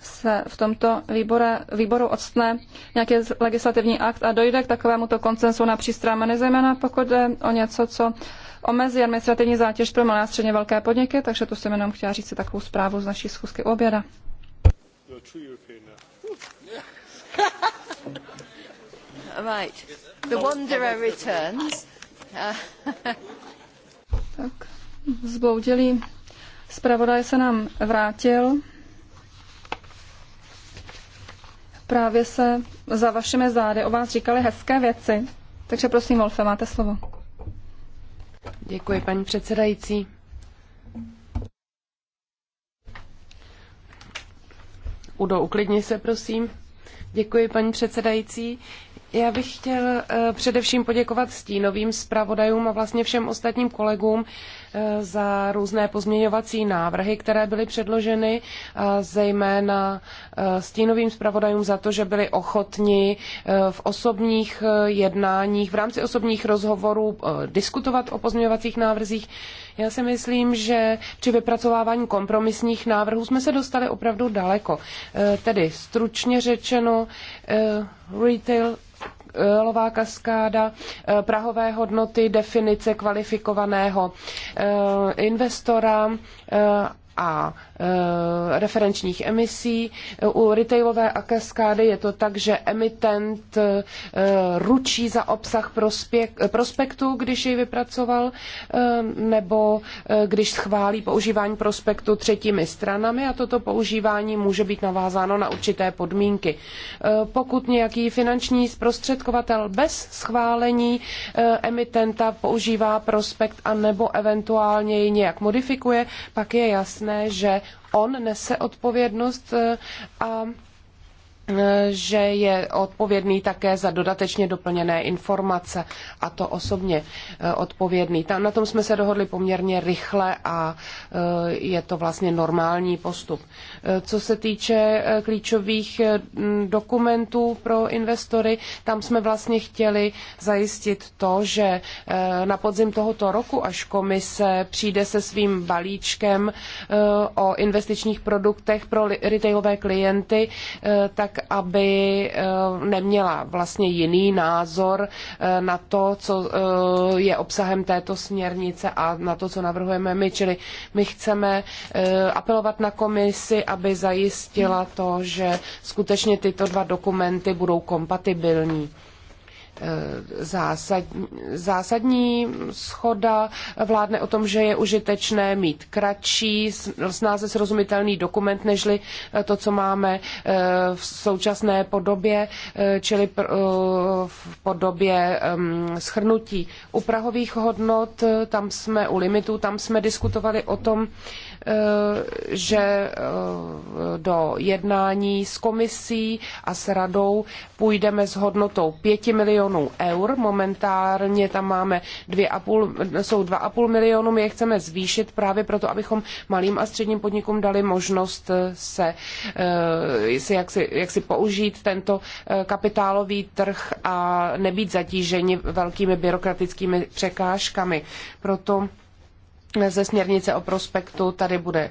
se v tomto výbore, výboru odstne nějaký legislativní akt a dojde k takovému to koncensu na přístrámeny, zejména pokud jde o něco, co omezí administrativní zátěž pro malé a středně velké podniky, takže to jsem jenom chtěla říct si takovou zprávu z naší schůzky u oběda.
right. The wanderer returns.
tak, zbloudilý zpravodaj se nám vrátil. právě se za vašimi zády o vás říkali hezké věci. Takže prosím, Wolfe, máte slovo.
Děkuji, paní předsedající. Udo, uklidni se, prosím. Děkuji, paní předsedající. Já bych chtěl eh, především poděkovat stínovým zpravodajům a vlastně všem ostatním kolegům Eh, za různé pozměňovací návrhy, které byly předloženy, eh, zejména eh, stínovým zpravodajům za to, že byli ochotni v osobních jednáních, v rámci osobních rozhovorů diskutovat o pozměňovacích návrzích. Já si myslím, že při vypracovávání kompromisních návrhů jsme se dostali opravdu daleko. Tedy stručně řečeno, retail lová kaskáda, eh, prahové hodnoty, definice kvalifikovaného eh, investora eh, a e, referenčních emisí. U retailové kaskády je to tak, že emitent e, ručí za obsah prospěk, prospektu, když jej vypracoval, e, nebo e, když schválí používání prospektu třetími stranami a toto používání může být navázáno na určité podmínky. E, pokud nějaký finanční zprostředkovatel bez schválení e, emitenta používá prospekt a nebo eventuálně ji nějak modifikuje, pak je jasné, jasné, že on nese odpovědnost eh, a eh, že je odpovědný také za dodatečně doplněné informace a to osobně eh, odpovědný. Tam, na tom jsme se dohodli poměrně rychle a je to vlastně normální postup. Co se týče eh, klíčových eh, dokumentů pro investory, tam jsme vlastně chtěli zajistit to, že eh, na podzim tohoto roku, až komise přijde se svým balíčkem o investičních produktech pro retailové klienty, tak aby neměla vlastně jiný názor na to, co je obsahem této směrnice a na to, co navrhujeme my. Čili my chceme apelovat na komisi, aby aby zajistila to, že skutečně tyto dva dokumenty budou kompatibilní. E, zásadní, zásadní schoda vládne o tom, že je užitečné mít kratší, snáze srozumitelný dokument, nežli e, to, co máme e, v současné podobě, čili v podobě schrnutí. U prahových hodnot, tam jsme u limitů, tam jsme diskutovali o tom, že eh, do jednání s komisí a s radou půjdeme s hodnotou 5 milionů eur. Momentálně tam máme 2,5, jsou 2,5 milionu, my je chceme zvýšit právě proto, abychom malým a středním podnikům dali možnost eh, se, eh, se jak, si, jak si použít tento kapitálový trh a nebýt zatíženi velkými byrokratickými překážkami. Proto ze směrnice o prospektu tady bude e,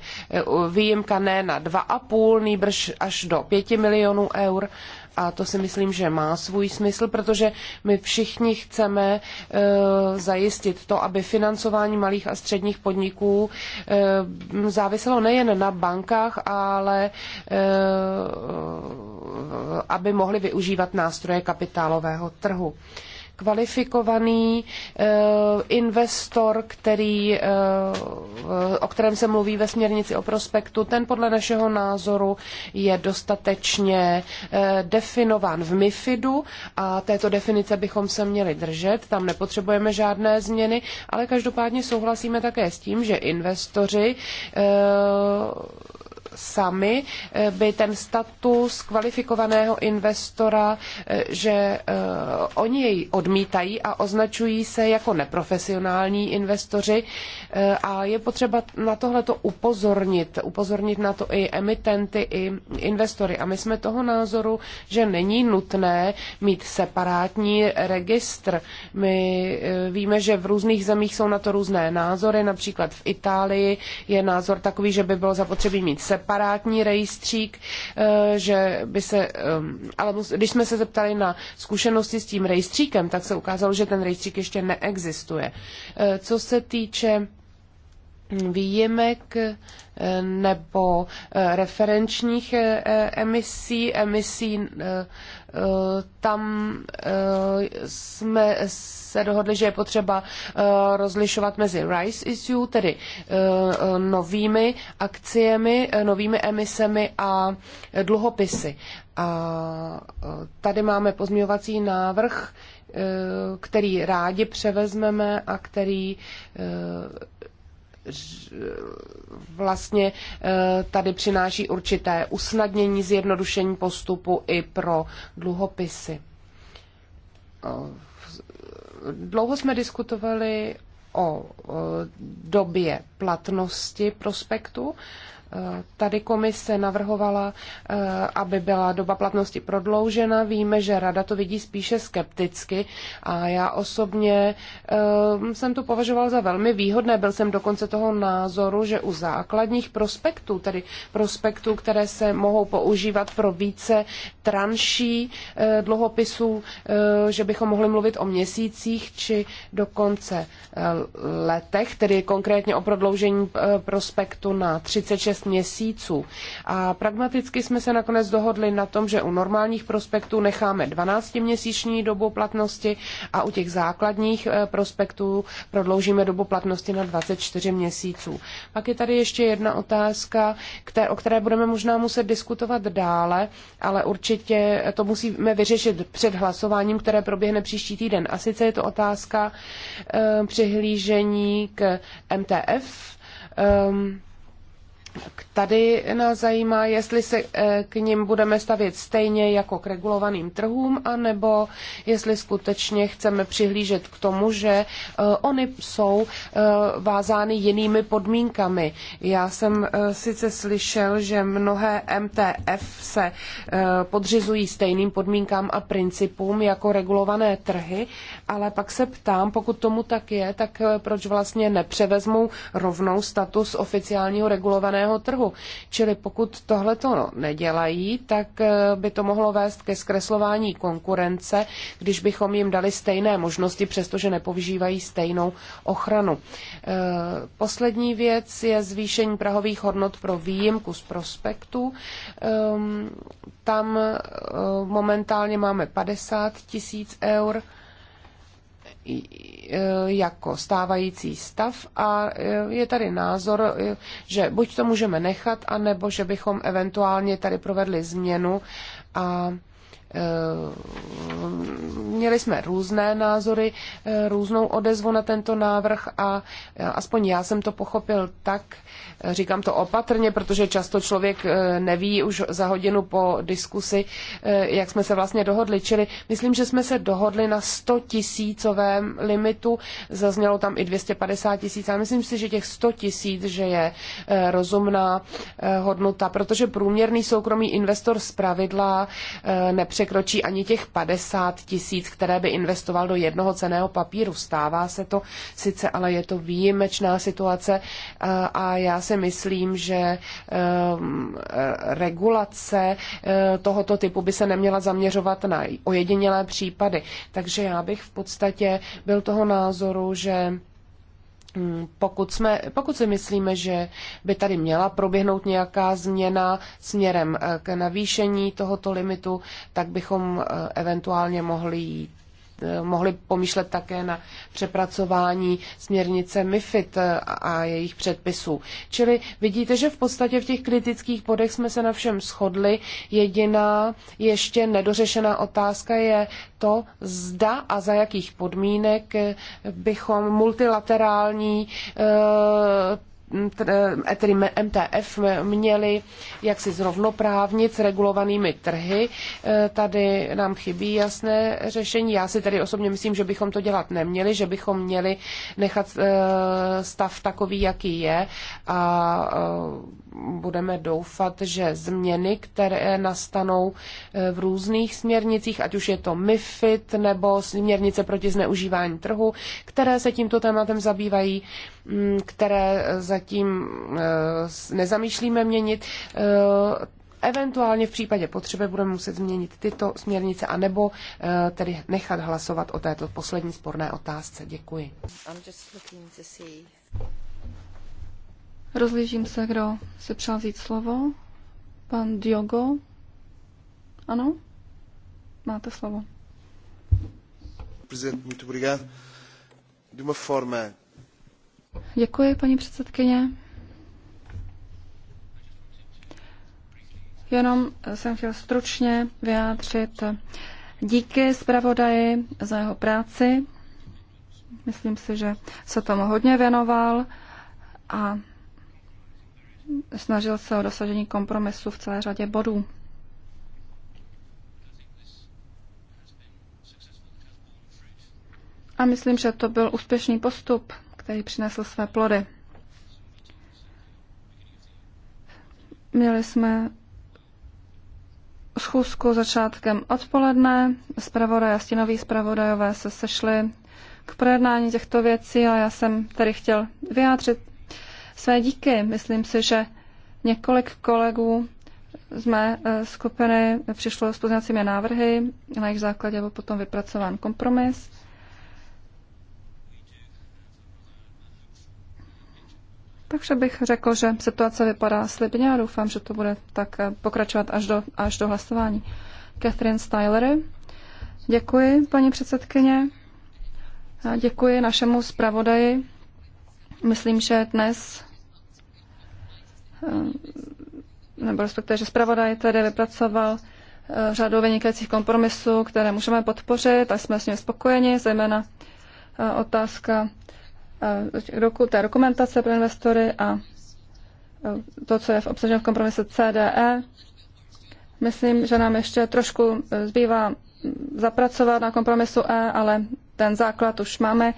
výjimka ne na 2,5, nýbrž až do 5 milionů eur. A to si myslím, že má svůj smysl, protože my všichni chceme e, zajistit to, aby financování malých a středních podniků e, záviselo nejen na bankách, ale e, aby mohli využívat nástroje kapitálového trhu. E, kvalifikovaný eh, investor, který, eh, o kterém se mluví ve směrnici o prospektu, ten podle našeho názoru je dostatečně eh, definován v MIFIDu a této definice bychom se měli držet. Tam nepotřebujeme žádné změny, ale každopádně souhlasíme také s tím, že investoři sami, eh, by ten status kvalifikovaného investora, eh, že eh, oni jej odmítají a označují se jako neprofesionální investoři a je potřeba na tohle to upozornit, upozornit na to i emitenty, i investory. A my jsme toho názoru, že není nutné mít separátní registr. My víme, že v různých zemích jsou na to různé názory, například v Itálii je názor takový, že by bylo zapotřebí mít separátní separátní rejstřík, eh, že by se, ehm, ale když jsme se zeptali na zkušenosti s tím rejstříkem, tak se ukázalo, že ten rejstřík ještě neexistuje. Eh, co se týče výjimek eh, nebo referenčních emisí, emisí Eh, tam eh, jsme se dohodli, že je potřeba eh, rozlišovat mezi rice issue, tedy novými akciemi, novými emisemi a dluhopisy. A tady máme pozměňovací návrh, který rádi převezmeme a který E, vlastně e, tady přináší určité usnadnění, zjednodušení postupu i pro dluhopisy. E, dlouho jsme diskutovali o době platnosti prospektu Tady komise navrhovala, eh, aby byla doba platnosti prodloužena. Víme, že rada to vidí spíše skepticky a já osobně eh, jsem to považoval za velmi výhodné. Byl jsem dokonce toho názoru, že u základních prospektů, tedy prospektů, které se mohou používat pro více tranší eh, dluhopisů, že bychom mohli mluvit o měsících či dokonce letech, tedy konkrétně o prodloužení prospektu na 36 měsíců. A pragmaticky jsme se nakonec dohodli na tom, že u normálních prospektů necháme 12-měsíční dobu platnosti a u těch základních eh, prospektů prodloužíme dobu platnosti na 24 měsíců. Pak je tady ještě jedna otázka, které, o které budeme možná muset diskutovat dále, ale určitě to musíme vyřešit před hlasováním, které proběhne příští týden. A sice je to otázka e, přihlížení k MTF. E, ehm, Tady nás zajímá, jestli se eh, k ním budeme stavět stejně jako k regulovaným trhům, anebo jestli skutečně chceme přihlížet k tomu, že eh, oni jsou eh, vázány jinými podmínkami. Já jsem sice slyšel, že mnohé MTF se podřizují stejným podmínkám a principům jako regulované trhy, ale pak se ptám, pokud tomu tak je, tak proč vlastně nepřevezmou rovnou status oficiálního regulovaného jednotného trhu. Čili pokud tohle to nedělají, tak eh, by to mohlo vést ke zkreslování konkurence, když bychom jim dali stejné možnosti, přestože nepovyžívají stejnou ochranu. Eh, poslední věc je zvýšení prahových hodnot pro výjimku z prospektu. Ehm, tam eh, momentálně máme 50 tisíc eur E, jako stávající stav a e, je tady názor, e, že buď to můžeme nechat, anebo že bychom eventuálně tady provedli změnu a Eh, měli jsme různé názory, eh, různou odezvu na tento návrh a eh, aspoň já jsem to pochopil tak, říkám to opatrně, protože často člověk neví už za hodinu po diskusi, jak jsme se vlastně dohodli. Čili myslím, že jsme se dohodli na 100 tisícovém limitu, zaznělo tam i 250 tisíc, ale myslím si, že těch 100 tisíc, že je rozumná hodnota, protože průměrný soukromý investor pravidla nepřekvapí nepřekročí ani těch 50 tisíc, které by investoval do jednoho ceného papíru. Stává se to sice, ale je to výjimečná situace eh, a já si myslím, že eh, regulace eh, tohoto typu by se neměla zaměřovat na ojedinělé případy. Takže já bych v podstatě byl toho názoru, že Mm, pokud, jsme, pokud si myslíme, že by tady měla proběhnout nějaká změna směrem eh, k navýšení tohoto limitu, tak bychom eh, eventuálně mohli jít Eh, mohli pomýšlet také na přepracování směrnice MIFID eh, a jejich předpisů. Čili vidíte, že v podstatě v těch kritických bodech jsme se na všem shodli. Jediná ještě nedořešená otázka je to, zda a za jakých podmínek eh, bychom multilaterální tedy MTF měli jaksi zrovnoprávnit s regulovanými trhy. E, tady nám chybí jasné řešení. Já si tedy osobně myslím, že bychom to dělat neměli, že bychom měli nechat e, stav takový, jaký je a e, budeme doufat, že změny, které nastanou e, v různých směrnicích, ať už je to MIFID nebo směrnice proti zneužívání trhu, které se tímto tématem zabývají, které zatím e, nezamýšlíme měnit, e, Eventuálně v případě potřeby budeme muset změnit tyto směrnice, anebo tedy nechat hlasovat o této poslední sporné otázce. Děkuji. Rozlížím se, kdo si přál vzít slovo.
Pan Diogo. Ano? Máte slovo.
Prezident, muito obrigado. De uma forma...
Děkuji, paní předsedkyně. Jenom jsem chtěl stručně vyjádřit díky zpravodaji za jeho práci. Myslím si, že se tomu hodně věnoval a snažil se o dosažení kompromisu v celé řadě bodů. A myslím, že to byl úspěšný postup, který přinesl své plody. Měli jsme schůzku začátkem odpoledne. Spravodaj a stinoví spravodajové se sešli k projednání těchto věcí a já jsem tady chtěl vyjádřit své díky. Myslím si, že několik kolegů z mé eh, skupiny přišlo s pozněcími návrhy, na jejich základě byl potom vypracován kompromis. Takže bych řekl, že situace vypadá slibně a doufám, že to bude tak eh, pokračovat až do, až do hlasování. Catherine Stylery. Děkuji, paní předsedkyně. děkuji našemu zpravodaji. Myslím, že dnes Ehm, nebo respektive, že zpravodaj tedy vypracoval eh, řadu vynikajících kompromisů, které můžeme podpořit a jsme s nimi spokojeni, zejména eh, otázka roku, eh, té dokumentace pro investory a to, co je v obsaženo v kompromisu CDE. Myslím, že nám ještě trošku zbývá hm, zapracovat na kompromisu E, ale ten základ už máme.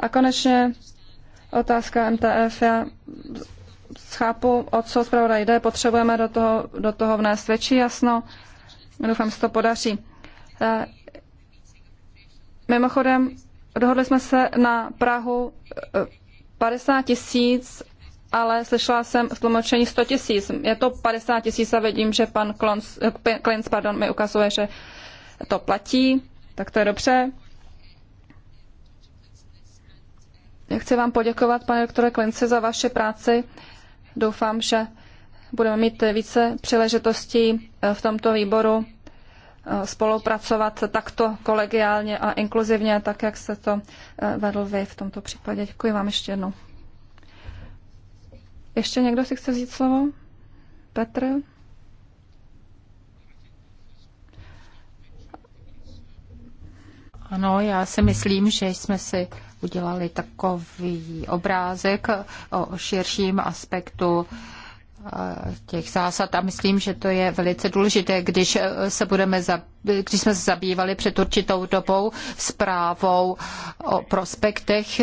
A konečně otázka MTF. Já chápu, o co zpravodaj jde, potřebujeme do toho, do toho vnést větší jasno. Doufám, že se to podaří. Eh, mimochodem, dohodli jsme se na Prahu 50 eh, tisíc, ale slyšela jsem v tlumočení 100 tisíc. Je to 50 tisíc a vidím, že pan eh, Klinc pardon, mi ukazuje, že to platí, tak to je dobře. Chci vám poděkovat, pane doktore Klinci, za vaši práci. Doufám, že budeme mít více příležitostí eh, v tomto výboru eh, spolupracovat takto kolegiálně a inkluzivně, tak jak se to eh, vedl vy v tomto případě. Děkuji vám ještě jednou. Ještě někdo si chce vzít slovo? Petr?
Ano, já si myslím, že jsme si udělali takový obrázek o širším aspektu eh, těch zásad a myslím, že to je velice důležité, když eh, se budeme když jsme se zabývali před určitou dobou zprávou o prospektech,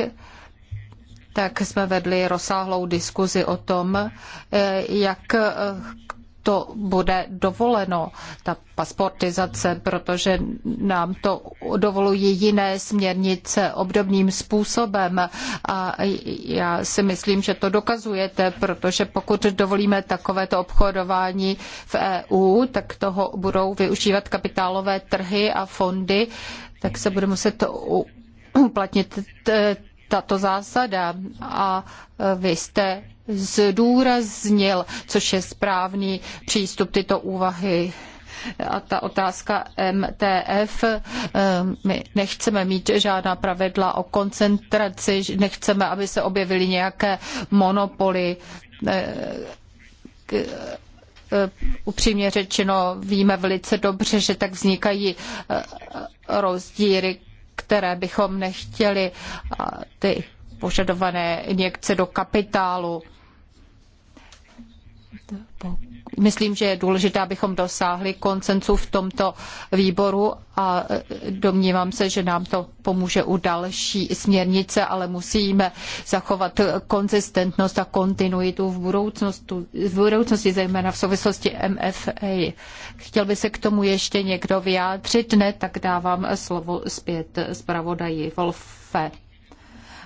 tak jsme vedli rozsáhlou diskuzi o tom, eh, jak to bude dovoleno, ta pasportizace, protože nám to dovolují jiné směrnice obdobným způsobem. A já si myslím, že to dokazujete, protože pokud dovolíme takovéto obchodování v EU, tak toho budou využívat kapitálové trhy a fondy, tak se bude muset uplatnit tato zásada a e, vy jste zdůraznil, což je správný přístup tyto úvahy. A ta otázka MTF, e, my nechceme mít žádná pravidla o koncentraci, nechceme, aby se objevily nějaké monopoly. E, upřímně řečeno, víme velice dobře, že tak vznikají rozdíly které bychom nechtěli, ty požadované injekce do kapitálu Myslím, že je důležité, abychom dosáhli koncensu v tomto výboru a e, domnívám se, že nám to pomůže u další směrnice, ale musíme zachovat konzistentnost a kontinuitu v budoucnosti, v budoucnosti zejména v souvislosti MFA. Chtěl by se k tomu ještě někdo vyjádřit? Ne, tak dávám slovo zpět zpravodaji Wolfe.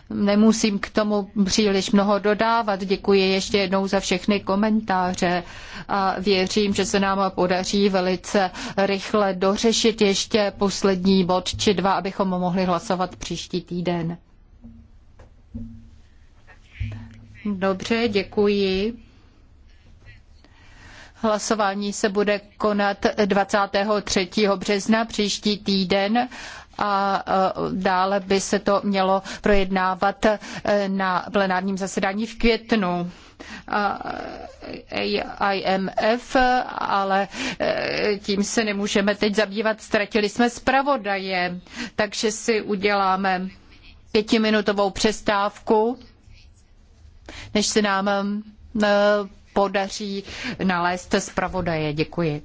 Nemusím k tomu příliš mnoho dodávat. Děkuji ještě jednou za všechny komentáře a věřím, že se nám podaří velice rychle dořešit ještě poslední bod či dva, abychom mohli hlasovat příští týden. Dobře, děkuji. Hlasování se bude konat 23. března příští týden a e, dále by se to mělo projednávat e, na plenárním zasedání v květnu. E, IMF, ale tím se nemůžeme teď zabývat. Ztratili jsme zpravodaje, takže si uděláme pětiminutovou přestávku, než se nám podaří nalézt zpravodaje. Děkuji.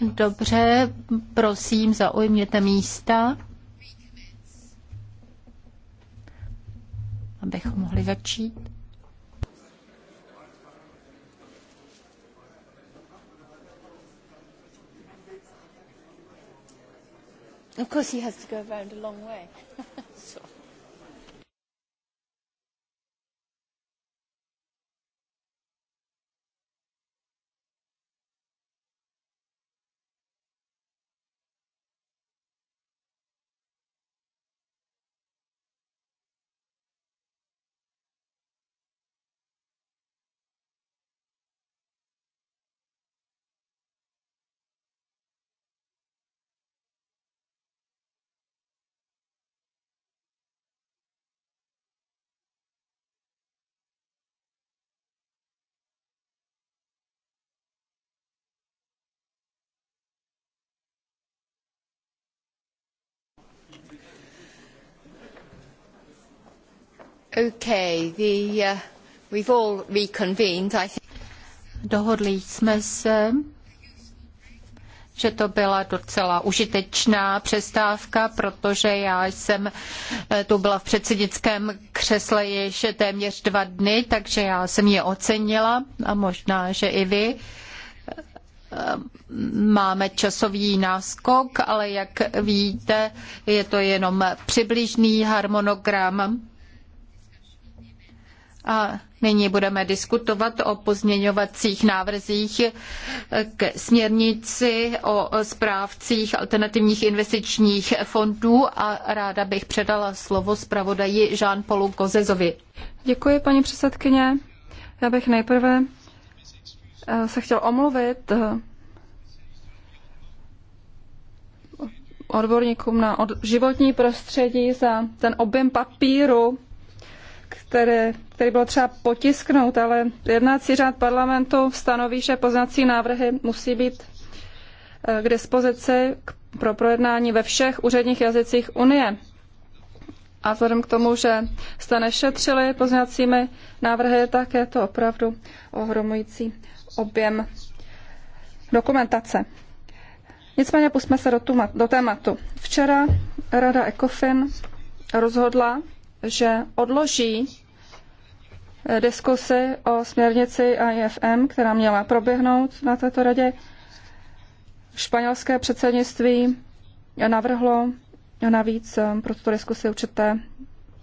Dobře, prosím, zaujměte místa, abychom mohli začít. Of course he has to go around a long way. Uh, Dohodli jsme se, že to byla docela užitečná přestávka, protože já jsem eh, tu byla v předsednickém křesle již téměř dva dny, takže já jsem ji ocenila a možná, že i vy. Eh, máme časový náskok, ale jak víte, je to jenom přibližný harmonogram a nyní budeme diskutovat o pozměňovacích návrzích k směrnici o správcích alternativních investičních fondů a ráda bych předala slovo zpravodaji Jean-Paulu Kozezovi. Děkuji,
paní předsedkyně. Já bych nejprve eh, se chtěl omluvit eh, odborníkům na životní prostředí za ten objem papíru, které, který bylo třeba potisknout, ale jednací řád parlamentu stanoví, že poznací návrhy musí být eh, k dispozici pro projednání ve všech úředních jazycích Unie. A vzhledem k tomu, že jste nešetřili pozněcími návrhy, tak je to opravdu ohromující objem dokumentace. Nicméně pusme se do, tuma, do tématu. Včera Rada ECOFIN rozhodla že odloží eh, diskusy o směrnici IFM, která měla proběhnout na této radě. Španělské předsednictví navrhlo navíc eh, pro tuto diskusi určité,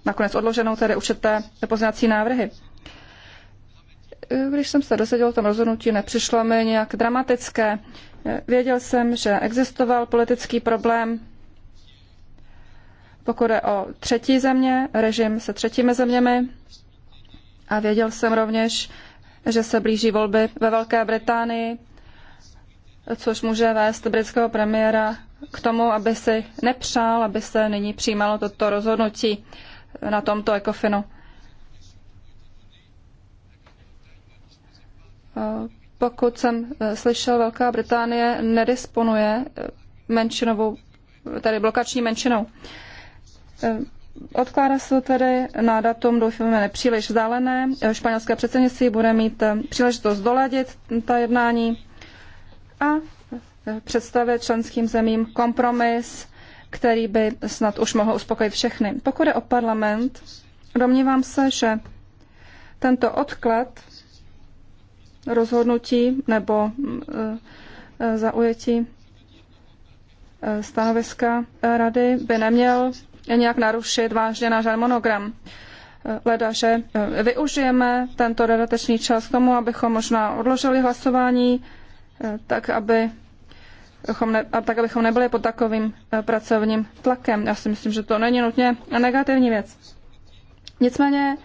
nakonec odloženou tedy určité poznací návrhy. Eh, když jsem se dozvěděl o tom rozhodnutí, nepřišlo mi nějak dramatické. Věděl jsem, že existoval politický problém pokud je o třetí země, režim se třetími zeměmi, a věděl jsem rovněž, že se blíží volby ve Velké Británii, což může vést britského premiéra k tomu, aby si nepřál, aby se nyní přijímalo toto rozhodnutí na tomto ekofinu. Pokud jsem eh, slyšel, Velká Británie nedisponuje eh, menšinovou, tady blokační menšinou. Eh, odkládá se to tedy na datum, doufáme, nepříliš vzdálené. Eh, španělské předsednictví bude mít eh, příležitost doladit ta jednání a představit členským zemím kompromis, který by snad už mohl uspokojit všechny. Pokud je o parlament, domnívám se, že tento odklad rozhodnutí nebo zaujetí stanoviska rady by neměl nějak narušit vážně náš harmonogram. Leda, že eh, využijeme tento dodatečný čas k tomu, abychom možná odložili hlasování, eh, tak aby ne, tak abychom nebyli pod takovým eh, pracovním tlakem. Já si myslím, že to není nutně negativní věc. Nicméně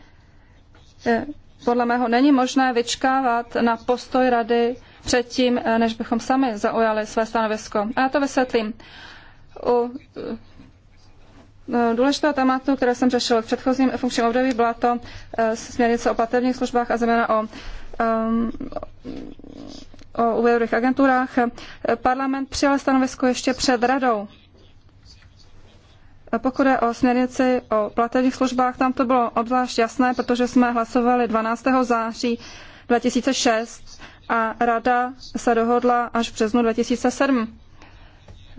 podle mého není možné vyčkávat na postoj rady předtím, než bychom sami zaujali své stanovisko. A já to vysvětlím. U Eh, důležitého tématu, které jsem řešil v předchozím funkčním období, byla to eh, směrnice o platebních službách a zejména o, ehm, o úvěrových agenturách. Eh, Parlament přijal stanovisko ještě před radou. Pokud je o směrnici o platebních službách, tam to bylo obzvlášť jasné, protože jsme hlasovali 12. září 2006 a rada se dohodla až v březnu 2007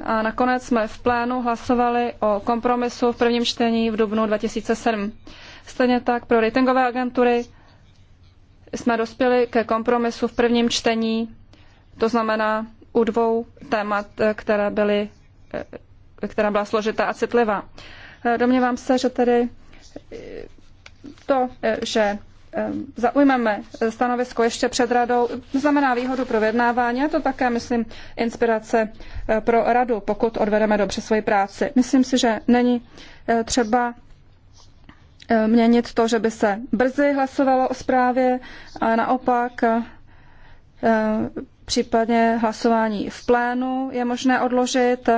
a nakonec jsme v plénu hlasovali o kompromisu v prvním čtení v dubnu 2007. Stejně tak pro ratingové agentury jsme dospěli ke kompromisu v prvním čtení, to znamená u dvou témat, která, byly, eh, která byla složitá a citlivá. Eh, domnívám se, že tedy eh, to, že Ehm, zaujmeme stanovisko ještě před radou, znamená výhodu pro vyjednávání a to také, myslím, inspirace eh, pro radu, pokud odvedeme dobře svoji práci. Myslím si, že není eh, třeba eh, měnit to, že by se brzy hlasovalo o zprávě, ale naopak případně hlasování v plénu je možné odložit.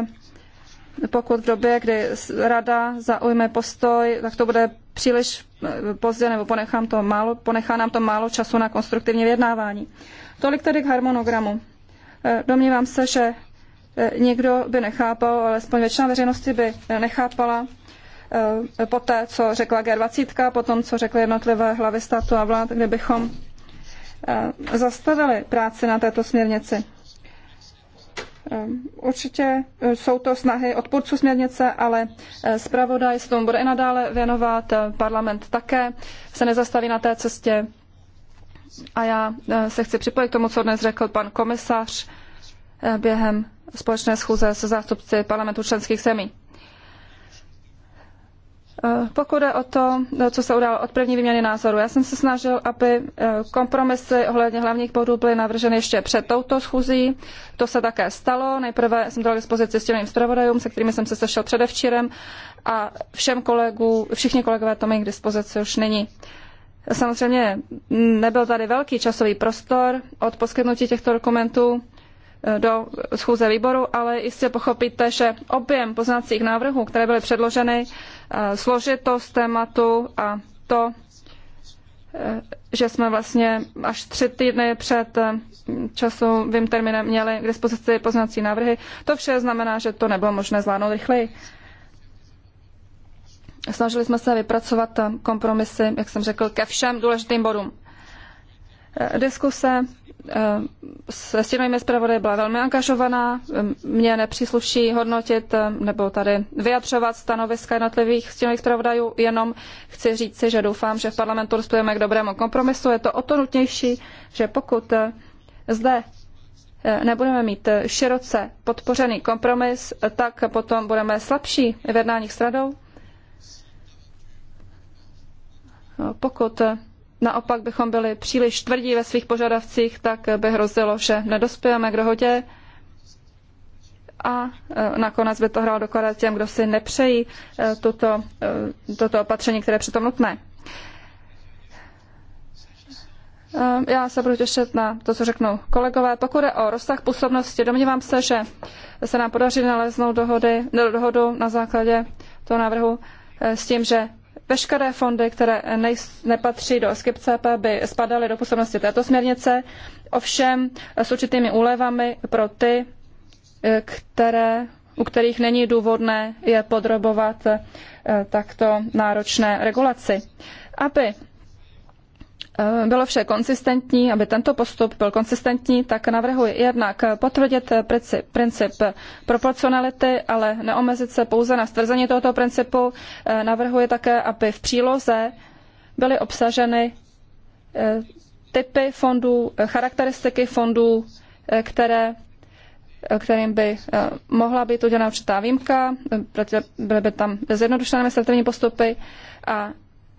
Pokud v době, kdy rada zaujme postoj, tak to bude příliš pozdě nebo ponechám to málo, ponechá nám to málo času na konstruktivní vyjednávání. Tolik tedy k harmonogramu. E, domnívám se, že e, někdo by nechápal, alespoň většina veřejnosti by nechápala e, po té, co řekla G20, po tom, co řekly jednotlivé hlavy státu a vlád, kde bychom zastavili práci na této směrnici. Ehm, určitě e, jsou to snahy odpůrců směrnice, ale e, zpravodaj se tomu bude i nadále věnovat, e, parlament také se nezastaví na té cestě. A já se chci připojit k tomu, co dnes řekl pan komisař během společné schůze se zástupci parlamentu členských zemí. Eh, pokud jde o to, eh, co se událo od první výměny názoru, já jsem se snažil, aby eh, kompromisy ohledně hlavních bodů byly navrženy ještě před touto schůzí. To se také stalo. Nejprve jsem dal dispozici s těmi zpravodajům, se kterými jsem se sešel předevčírem a všem kolegů, všichni kolegové to mají k dispozici už nyní. Samozřejmě nebyl tady velký časový prostor od poskytnutí těchto dokumentů do schůze výboru, ale jistě pochopíte, že objem poznacích návrhů, které byly předloženy, eh, složitost tématu a to, eh, že jsme vlastně až tři týdny před eh, časovým termínem měli k dispozici poznací návrhy. To vše znamená, že to nebylo možné zvládnout rychleji. Snažili jsme se vypracovat kompromisy, jak jsem řekl, ke všem důležitým bodům. Diskuse Eh, se stěnujeme zpravodaj byla velmi angažovaná. Mně nepřísluší hodnotit nebo tady vyjadřovat stanoviska jednotlivých stěnových zpravodajů, jenom chci říci, že doufám, že v parlamentu dospějeme k dobrému kompromisu. Je to o to nutnější, že pokud eh, zde eh, nebudeme mít široce podpořený kompromis, tak potom budeme slabší v jednáních s radou. Pokud naopak bychom byli příliš tvrdí ve svých požadavcích, tak by hrozilo, že nedospějeme k dohodě a e, nakonec by to hrál do koret těm, kdo si nepřejí e, toto, e, toto opatření, které je přitom nutné. Já se budu těšit na to, co řeknou kolegové. Pokud je o rozsah působnosti, domnívám se, že se nám podaří naleznout dohody, dohodu na základě toho návrhu s tím, že veškeré fondy, které nepatří do SKIP-CP, by spadaly do působnosti této směrnice, ovšem s určitými úlevami pro ty, eh, které, u kterých není důvodné je podrobovat eh, takto náročné regulaci. Aby Eh, bylo vše konsistentní, aby tento postup byl konsistentní, tak navrhuji jednak potvrdit eh, princip, princip proporcionality, ale neomezit se pouze na stvrzení tohoto principu. Eh, navrhuji také, aby v příloze byly obsaženy typy fondů, charakteristiky fondů, které kterým by mohla být udělena určitá výjimka, protože byly by tam zjednodušené administrativní postupy a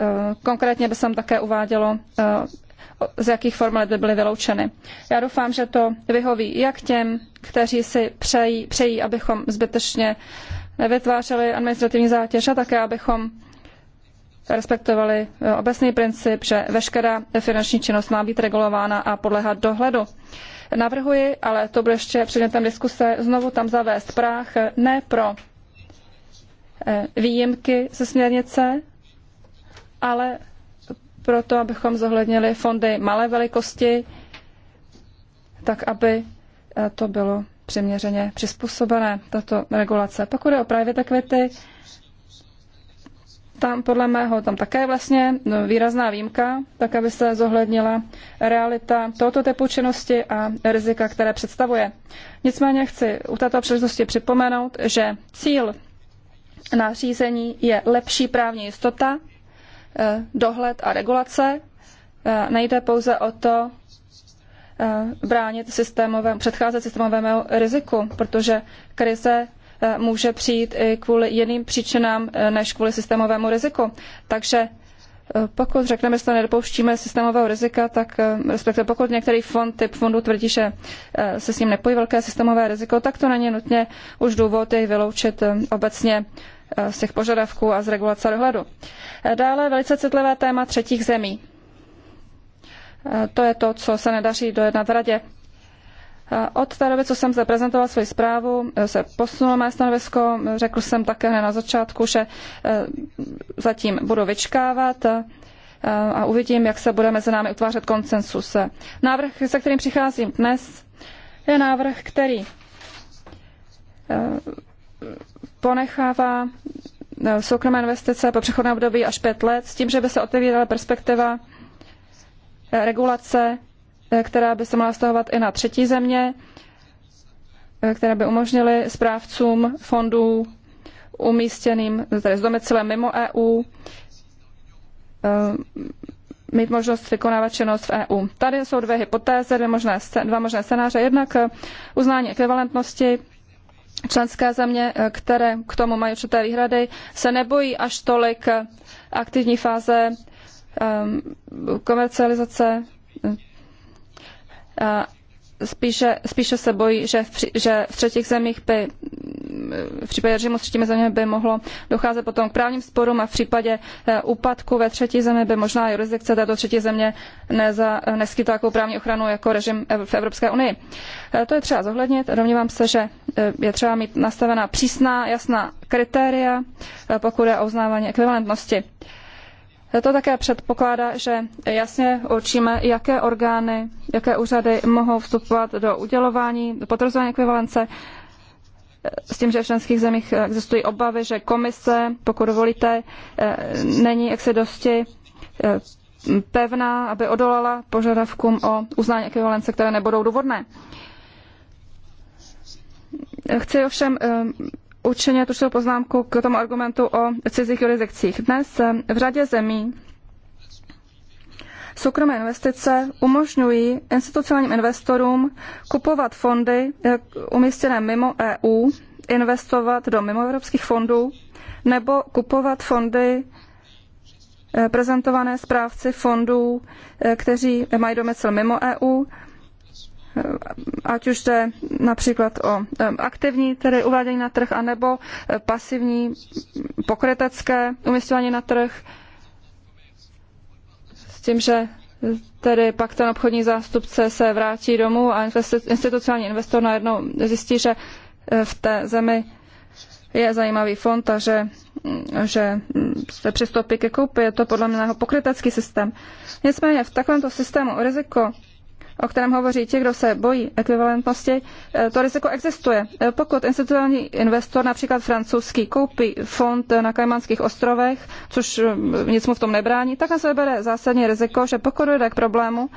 Eh, konkrétně by se také uvádělo, eh, z jakých formalit by byly vyloučeny. Já doufám, že to vyhoví jak těm, kteří si přejí, přejí abychom zbytečně nevytvářeli administrativní zátěž a také, abychom respektovali eh, obecný princip, že veškerá finanční činnost má být regulována a podléhat dohledu. Navrhuji, ale to bude ještě předmětem diskuse, znovu tam zavést práh ne pro výjimky ze směrnice, ale proto, abychom zohlednili fondy malé velikosti, tak aby eh, to bylo přiměřeně přizpůsobené, tato regulace. Pokud je o private equity, tam podle mého tam také vlastně no, výrazná výjimka, tak aby se zohlednila realita tohoto typu činnosti a rizika, které představuje. Nicméně chci u této příležitosti připomenout, že cíl nařízení je lepší právní jistota Eh, dohled a regulace. Eh, nejde pouze o to eh, bránit systémovému předcházet systémovému riziku, protože krize může přijít i kvůli jiným příčinám než kvůli systémovému riziku. Takže pokud řekneme, že to nedopouštíme systémového rizika, tak respektive pokud některý fond, typ fondu tvrdí, že se s ním nepojí velké systémové riziko, tak to není nutně už důvod jej vyloučit obecně Eh, z těch požadavků a z regulace dohledu. Eh, dále velice citlivé téma třetích zemí. Eh, to je to, co se nedaří dojednat v radě. Od té doby, co jsem zde prezentoval svoji zprávu, se posunulo mé stanovisko. Řekl jsem také hned na začátku, že zatím budu vyčkávat a uvidím, jak se bude mezi námi utvářet konsensus. Návrh, se kterým přicházím dnes, je návrh, který ponechává eh, soukromé investice po přechodné období až pět let s tím, že by se otevírala perspektiva eh, regulace, eh, která by se mohla stahovat i na třetí země, které by umožnily správcům fondů umístěným, tedy s domicilem mimo EU, mít možnost vykonávat činnost v EU. Tady jsou dvě hypotézy, dvě možné, dva možné scénáře. Jednak uznání ekvivalentnosti členské země, eh, které k tomu mají určité výhrady, se nebojí až tolik eh, aktivní fáze ehm, komercializace. Eh, spíše, spíše se bojí, že v, že v třetích zemích by v případě režimu s třetími zeměmi by mohlo docházet potom k právním sporům a v případě eh, úpadku ve třetí zemi by možná jurisdikce této třetí země neza, neskytla takovou právní ochranu jako režim v Evropské unii. Eh, to je třeba zohlednit. Domnívám se, že eh, je třeba mít nastavená přísná, jasná kritéria, pokud je o uznávání ekvivalentnosti. To také předpokládá, že jasně určíme, jaké orgány, jaké úřady mohou vstupovat do udělování, do potvrzování ekvivalence s tím, že v členských zemích existují obavy, že komise, pokud dovolíte, není jaksi dosti eh, pevná, aby odolala požadavkům o uznání ekvivalence, které nebudou důvodné. Chci ovšem eh, učinit určitou poznámku k tomu argumentu o cizích jurisdikcích. Dnes eh, v řadě zemí Soukromé investice umožňují institucionálním investorům kupovat fondy eh, umístěné mimo EU, investovat do mimoevropských fondů nebo kupovat fondy eh, prezentované správci fondů, eh, kteří mají domicil mimo EU, ať už jde například o aktivní, tedy uvádění na trh, anebo pasivní pokrytecké umístění na trh tím, že tedy pak ten obchodní zástupce se vrátí domů a institucionální investor najednou zjistí, že eh, v té zemi je zajímavý fond a že, mm, že mm, se přistoupí ke koupi. Je to podle mého pokrytecký systém. Nicméně v takovémto systému riziko o kterém hovoří ti, kdo se bojí ekvivalentnosti, e, to riziko existuje. E, pokud institucionální investor, například francouzský, koupí fond na Kajmanských ostrovech, což e, nic mu v tom nebrání, tak na sebe bere zásadní riziko, že pokud dojde k problému,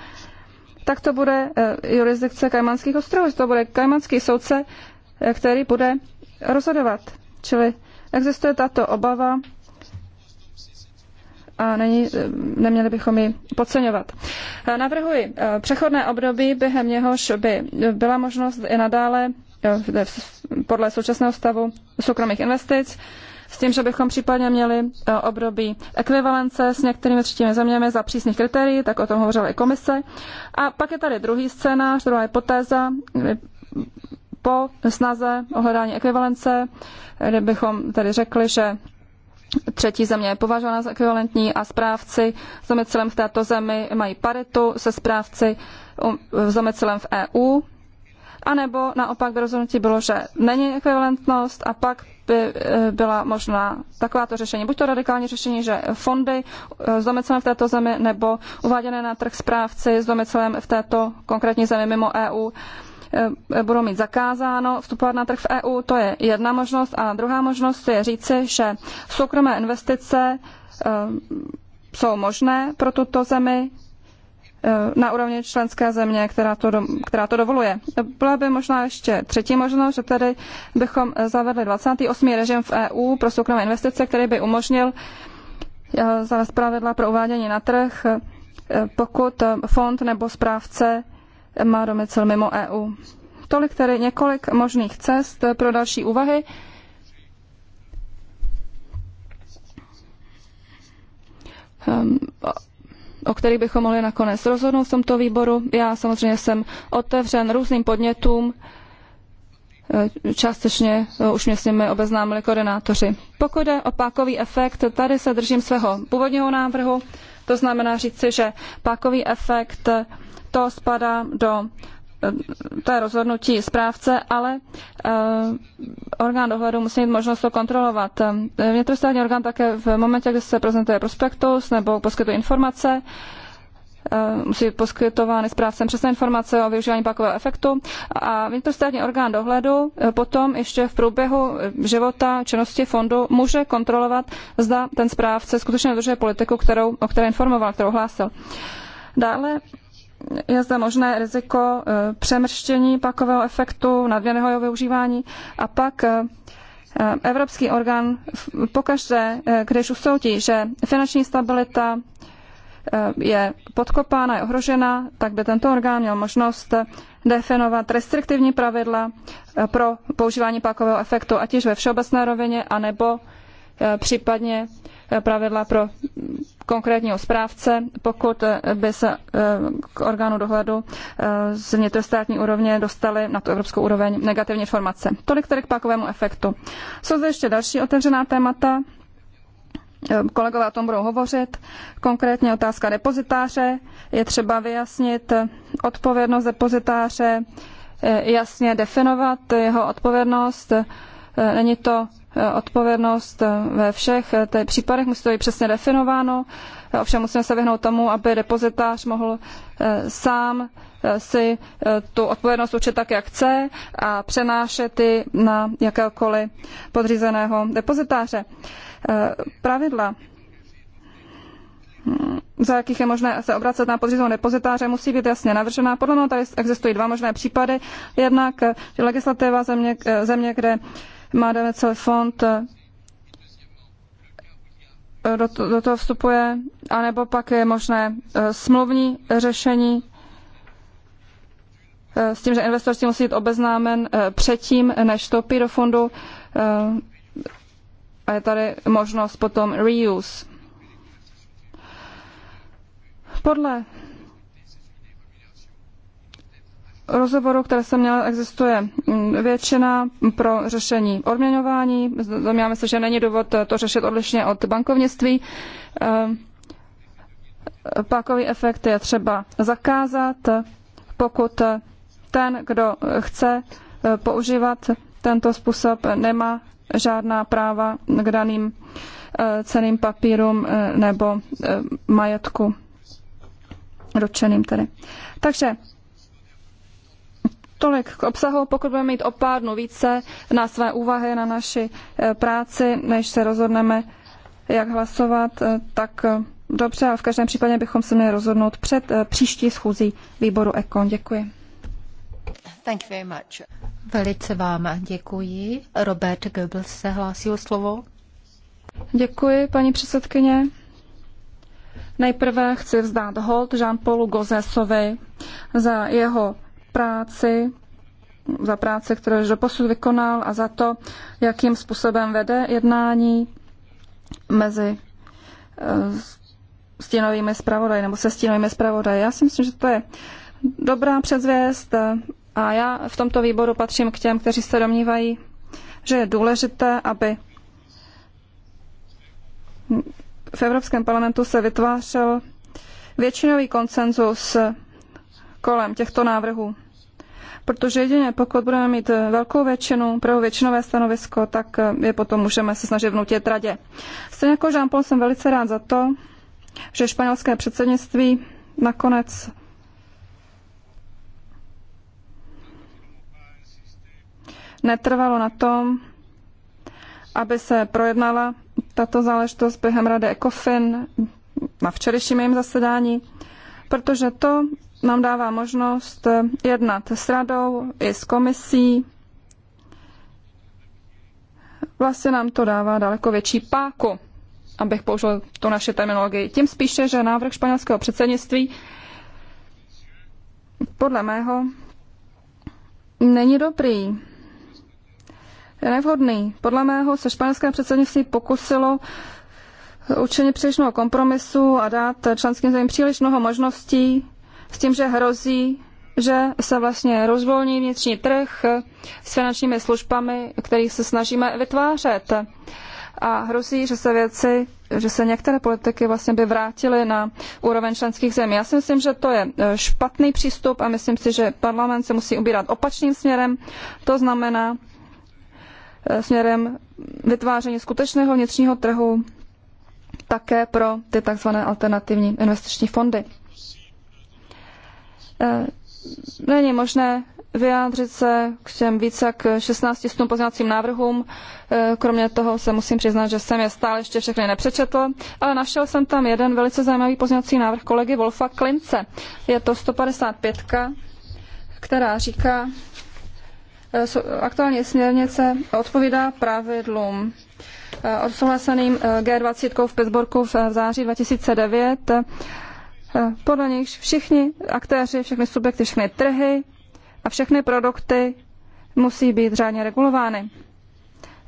tak to bude jurisdikce Kajmanských ostrovů, to bude kajmanský soudce, který bude rozhodovat. Čili existuje tato obava a není, neměli bychom ji podceňovat. Eh, navrhuji eh, přechodné období, během něhož by byla možnost i nadále eh, podle současného stavu soukromých investic, s tím, že bychom případně měli období ekvivalence s některými třetími zeměmi za přísných kritérií, tak o tom hovořila i komise. A pak je tady druhý scénář, druhá hypotéza, kdy po snaze o hledání ekvivalence, kdybychom tady řekli, že třetí země je považována za ekvivalentní a správci zemecilem v této zemi mají paritu se správci zemecilem v EU, e a nebo naopak by rozhodnutí bylo, že není ekvivalentnost a pak by eh, byla možná takováto řešení. Buď to radikální řešení, že fondy s eh, domicilem v této zemi nebo uváděné na trh správci s domicilem v této konkrétní zemi mimo EU Eh, budou mít zakázáno vstupovat na trh v EU. To je jedna možnost. A druhá možnost je říci, že soukromé investice eh, jsou možné pro tuto zemi eh, na úrovni členské země, která to, do, která to dovoluje. Byla by možná ještě třetí možnost, že tedy bychom zavedli 28. režim v EU pro soukromé investice, který by umožnil zavést pravidla pro uvádění na trh, pokud fond nebo správce má domicil mimo EU. Tolik tedy několik možných cest pro další úvahy. Ehm, o kterých bychom mohli nakonec rozhodnout v tomto výboru. Já samozřejmě jsem otevřen různým podnětům, ehm, částečně eh, už mě s nimi obeznámili koordinátoři. Pokud je o pákový efekt, tady se držím svého původního návrhu, to znamená říci, že pákový efekt to spadá do eh, to je rozhodnutí správce, ale eh, orgán dohledu musí mít možnost to kontrolovat. Eh, vnitrostátní orgán také v momentě, kdy se prezentuje prospektus nebo poskytuje informace, musí být poskytovány správcem přesné informace o využívání pakového efektu a vnitrostátní orgán dohledu potom ještě v průběhu života činnosti fondu může kontrolovat, zda ten správce skutečně dodržuje politiku, kterou, o které informoval, kterou hlásil. Dále je zde možné riziko e, přemrštění pakového efektu, nadměrného jeho využívání a pak e, e, Evropský orgán pokaždé, když usoudí, že finanční stabilita je podkopána, je ohrožena, tak by tento orgán měl možnost definovat restriktivní pravidla pro používání pákového efektu, ať již ve všeobecné rovině, anebo případně pravidla pro konkrétního správce, pokud by se eh, k orgánu dohledu eh, z vnitrostátní úrovně dostaly na tu evropskou úroveň negativní informace. Tolik tedy k pakovému efektu. Jsou zde ještě další otevřená témata, eh, kolegové o tom budou hovořit. Konkrétně otázka depozitáře. Je třeba vyjasnit odpovědnost depozitáře, jasně definovat jeho odpovědnost. Není to odpovědnost ve všech těch eh, případech, musí to být přesně definováno. Eh, ovšem musíme se vyhnout tomu, aby depozitář mohl eh, sám si tu odpovědnost učit tak, jak chce a přenášet ji na jakéhokoliv podřízeného depozitáře. Pravidla hm, za jakých je možné se obracet na podřízenou depozitáře, musí být jasně navržená. Podle mě tady existují dva možné případy. Jednak legislativa země, země kde Máme celý fond, eh, do, do toho vstupuje, anebo pak je možné eh, smluvní řešení eh, s tím, že investor si musí být obeznámen předtím, než vstoupí do fondu a je tady možnost potom reuse. Podle rozhovoru, které jsem měla, existuje mm, většina pro řešení odměňování. Domníváme se, že není důvod to řešit odlišně od bankovnictví. Eh, pákový efekt je třeba zakázat, pokud ten, kdo chce eh, používat tento způsob, nemá žádná práva k daným eh, ceným papírům nebo majetku dotčeným tedy. Takže Tolik k obsahu, pokud budeme mít o pár dnů více na své úvahy, na naši eh, práci, než se rozhodneme, jak hlasovat, eh, tak eh, dobře, ale v každém případě bychom se měli rozhodnout před příští schůzí výboru EKON. Děkuji.
Thank you very much. Velice vám děkuji. Robert Goebbels se hlásí o slovo.
Děkuji, paní předsedkyně. Nejprve chci vzdát hold Jean-Paulu Gozesovi za jeho práci, za práci, kterou už doposud vykonal a za to, jakým způsobem vede jednání mezi eh, stínovými zpravodaji nebo se stínovými zpravodaji. Já si myslím, že to je dobrá předzvěst a já v tomto výboru patřím k těm, kteří se domnívají, že je důležité, aby v Evropském parlamentu se vytvářel většinový konsenzus kolem těchto návrhů protože jedině pokud budeme mít eh, velkou většinu, pro většinové stanovisko, tak eh, je potom můžeme se snažit vnutit radě. Stejně jako Jean-Paul jsem velice rád za to, že španělské předsednictví nakonec netrvalo na tom, aby se projednala tato záležitost během rady ECOFIN na včerejším jejím zasedání, protože to nám dává možnost eh, jednat s radou i s komisí. Vlastně nám to dává daleko větší páku, abych použil tu naše terminologii. Tím spíše, že návrh španělského předsednictví podle mého není dobrý. Je nevhodný. Podle mého se španělské předsednictví pokusilo učinit přílišného kompromisu a dát členským zemím příliš mnoho možností s tím, že hrozí, že se vlastně rozvolní vnitřní trh s finančními službami, kterých se snažíme vytvářet. A hrozí, že se věci, že se některé politiky vlastně by vrátily na úroveň členských zemí. Já si myslím, že to je e, špatný přístup a myslím si, že parlament se musí ubírat opačným směrem. To znamená e, směrem vytváření skutečného vnitřního trhu také pro ty tzv. alternativní investiční fondy. Eh, není možné vyjádřit se k těm více jak 16 stům pozměňovacím návrhům. Eh, kromě toho se musím přiznat, že jsem je stále ještě všechny nepřečetl, ale našel jsem tam jeden velice zajímavý pozměňovací návrh kolegy Wolfa Klince. Je to 155, která říká, eh, aktuální směrnice odpovídá pravidlům odsouhlaseným G20 v Pittsburghu v září 2009 Eh, podle nich všichni aktéři, všechny subjekty, všechny trhy a všechny produkty musí být řádně regulovány.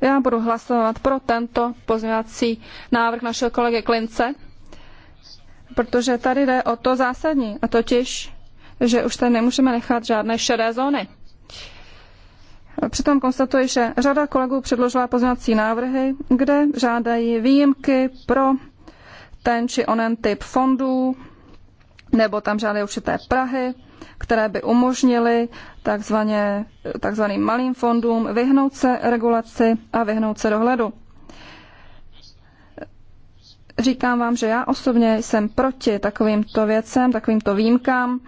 Já budu hlasovat pro tento pozměňovací návrh našeho kolegy Klince, protože tady jde o to zásadní, a totiž, že už tady nemůžeme nechat žádné šedé zóny. Přitom konstatuji, že řada kolegů předložila pozměňovací návrhy, kde žádají výjimky pro ten či onen typ fondů, nebo tam žádné určité Prahy, které by umožnily takzvaně, takzvaným malým fondům vyhnout se regulaci a vyhnout se dohledu. Říkám vám, že já osobně jsem proti takovýmto věcem, takovýmto výjimkám,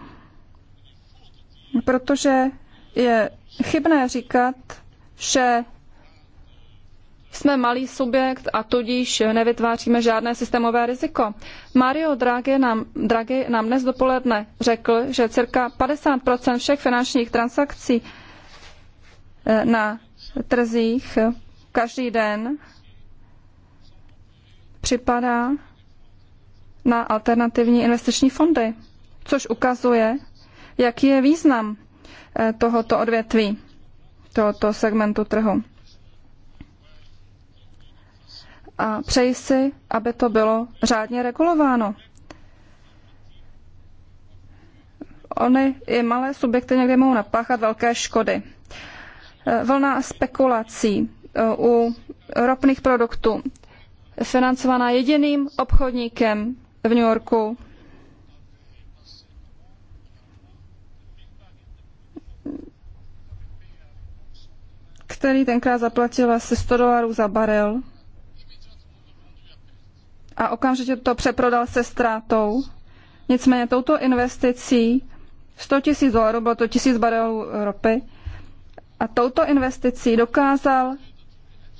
protože je chybné říkat, že jsme malý subjekt a tudíž nevytváříme žádné systémové riziko. Mario Draghi nám, Draghi nám dnes dopoledne řekl, že cirka 50 všech finančních transakcí eh, na trzích každý den připadá na alternativní investiční fondy, což ukazuje, jaký je význam eh, tohoto odvětví, tohoto segmentu trhu a přeji si, aby to bylo řádně regulováno. Ony i malé subjekty někdy mohou napáchat velké škody. Vlna spekulací eh, u ropných produktů, financovaná jediným obchodníkem v New Yorku, který tenkrát zaplatil asi 100 dolarů za barel a okamžitě to přeprodal se ztrátou. Nicméně touto investicí 100 tisíc dolarů, bylo to tisíc barelů ropy, a touto investicí dokázal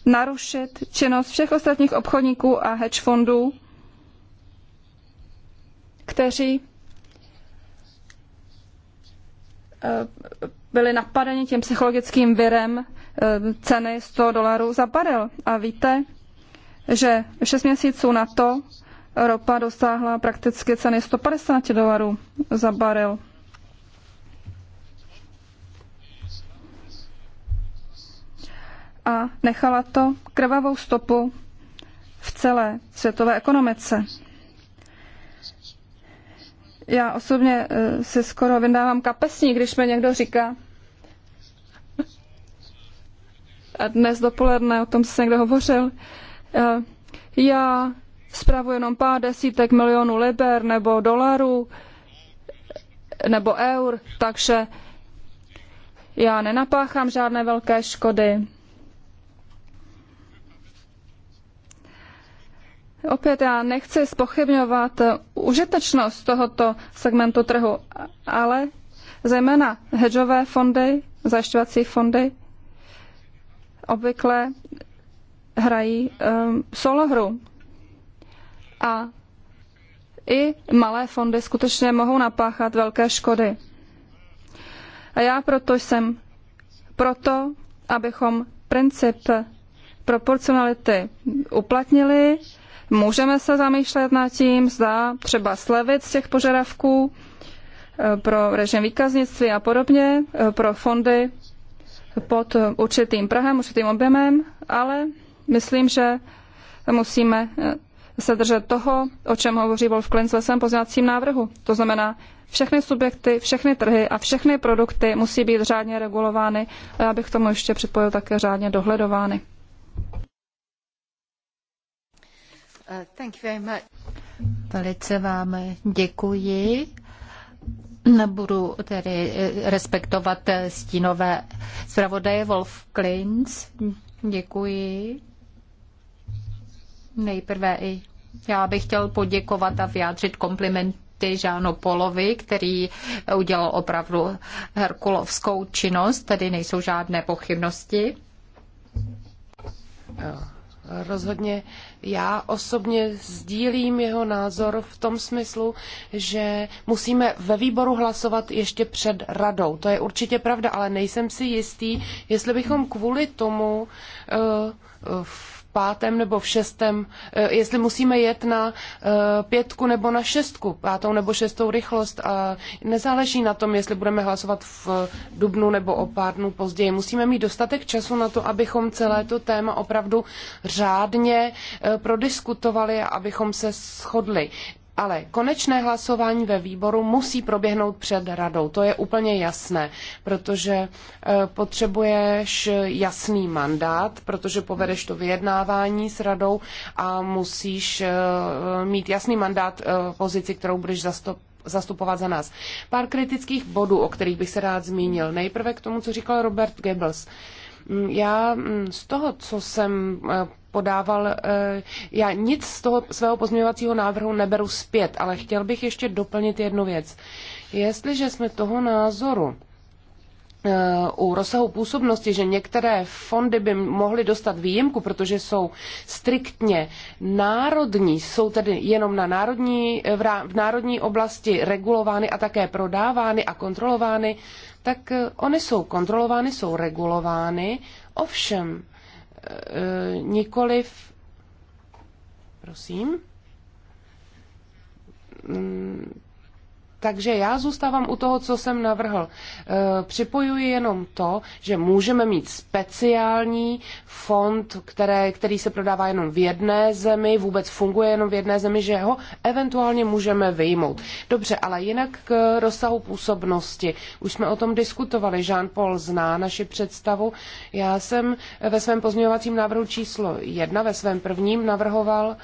narušit činnost všech ostatních obchodníků a hedge fondů, kteří eh, byli napadeni tím psychologickým virem eh, ceny 100 dolarů za barel. A víte, že 6 měsíců na to ropa dosáhla prakticky ceny 150 dolarů za barel. A nechala to krvavou stopu v celé světové ekonomice. Já osobně eh, si skoro vydávám kapesní, když mi někdo říká. A dnes dopoledne o tom se někdo hovořil, Eh, já spravuji jenom pár desítek milionů liber nebo dolarů nebo eur, takže já nenapáchám žádné velké škody. Opět já nechci spochybňovat užitečnost tohoto segmentu trhu, ale zejména hedžové fondy, zajišťovací fondy, obvykle hrají um, hru A i malé fondy skutečně mohou napáchat velké škody. A já proto jsem proto, abychom princip proporcionality uplatnili. Můžeme se zamýšlet nad tím, zda třeba slevit z těch požadavků eh, pro režim výkaznictví a podobně, eh, pro fondy pod určitým prahem, určitým objemem, ale Myslím, že musíme eh, se držet toho, o čem hovoří Wolf Klins ve svém pozvácím návrhu. To znamená, všechny subjekty, všechny trhy a všechny produkty musí být řádně regulovány a já bych tomu ještě připojil také řádně dohledovány. Uh, Velice vám děkuji.
Budu tedy eh, respektovat eh, stínové zpravodaje Wolf Klins. Děkuji. Nejprve i já bych chtěl poděkovat a vyjádřit kompliment Benedikty Žáno Polovi, který udělal opravdu herkulovskou činnost, tedy nejsou žádné
pochybnosti. Rozhodně já osobně sdílím jeho názor v tom smyslu, že musíme ve výboru hlasovat ještě před radou. To je určitě pravda, ale nejsem si jistý, jestli bychom kvůli tomu uh, uh, pátém nebo v šestém, eh, jestli musíme jet na eh, pětku nebo na šestku, pátou nebo šestou rychlost a nezáleží na tom, jestli budeme hlasovat v dubnu nebo o pár dnů později. Musíme mít dostatek času na to, abychom celé to téma opravdu řádně eh, prodiskutovali a abychom se shodli. Ale konečné hlasování ve výboru musí proběhnout před radou, to je úplně jasné, protože e, potřebuješ jasný mandát, protože povedeš to vyjednávání s radou a musíš e, mít jasný mandát e, pozici, kterou budeš zastupovat zastupovat za nás. Pár kritických bodů, o kterých bych se rád zmínil. Nejprve k tomu, co říkal Robert Goebbels. Mm, já mm, z toho, co jsem podával. Eh, já nic z toho svého pozměňovacího návrhu neberu zpět, ale chtěl bych ještě doplnit jednu věc. Jestliže jsme toho názoru, eh, u rozsahu působnosti, že některé fondy by mohly dostat výjimku, protože jsou striktně národní, jsou tedy jenom na národní, eh, v národní oblasti regulovány a také prodávány a kontrolovány, tak oni jsou kontrolovány, jsou regulovány, ovšem Eh, nikoliv. Prosím. Mm, takže já zůstávám u toho, co jsem navrhl. E, připojuji jenom to, že můžeme mít speciální fond, které, který se prodává jenom v jedné zemi, vůbec funguje jenom v jedné zemi, že ho eventuálně můžeme vyjmout. Dobře, ale jinak k rozsahu působnosti. Už jsme o tom diskutovali. Jean-Paul zná naši představu. Já jsem ve svém pozměňovacím návrhu číslo jedna, ve svém prvním navrhoval,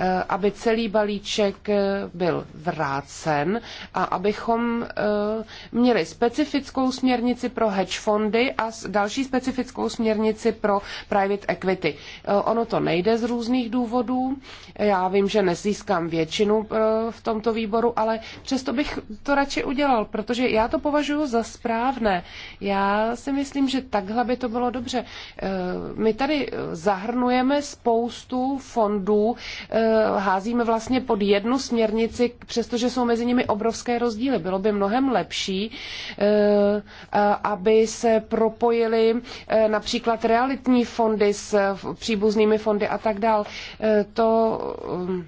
Eh, aby celý balíček eh, byl vrácen a abychom eh, měli specifickou směrnici pro hedge fondy a další specifickou směrnici pro private equity. Ono to nejde z různých důvodů. Já vím, že nezískám většinu v tomto výboru, ale přesto bych to radši udělal, protože já to považuji za správné. Já si myslím, že takhle by to bylo dobře. My tady zahrnujeme spoustu fondů, Eh, házíme vlastně pod jednu směrnici, přestože jsou mezi nimi obrovské rozdíly. Bylo by mnohem lepší, eh, aby se propojily eh, například realitní fondy s příbuznými fondy a tak dál. To mm,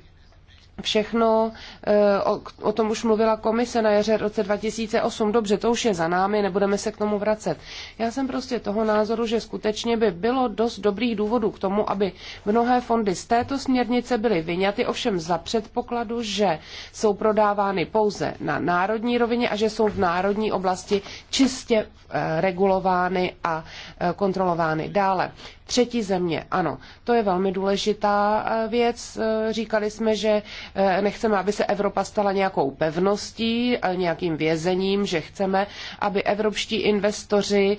všechno, eh, o, o tom už mluvila komise na jaře roce 2008, dobře, to už je za námi, nebudeme se k tomu vracet. Já jsem prostě toho názoru, že skutečně by bylo dost dobrých důvodů k tomu, aby mnohé fondy z této směrnice byly vyňaty, ovšem za předpokladu, že jsou prodávány pouze na národní rovině a že jsou v národní oblasti čistě eh, regulovány a eh, kontrolovány. Dále, Třetí země, ano, to je velmi důležitá eh, věc. Eh, říkali jsme, že eh, nechceme, aby se Evropa stala nějakou pevností, nějakým vězením, že chceme, aby evropští investoři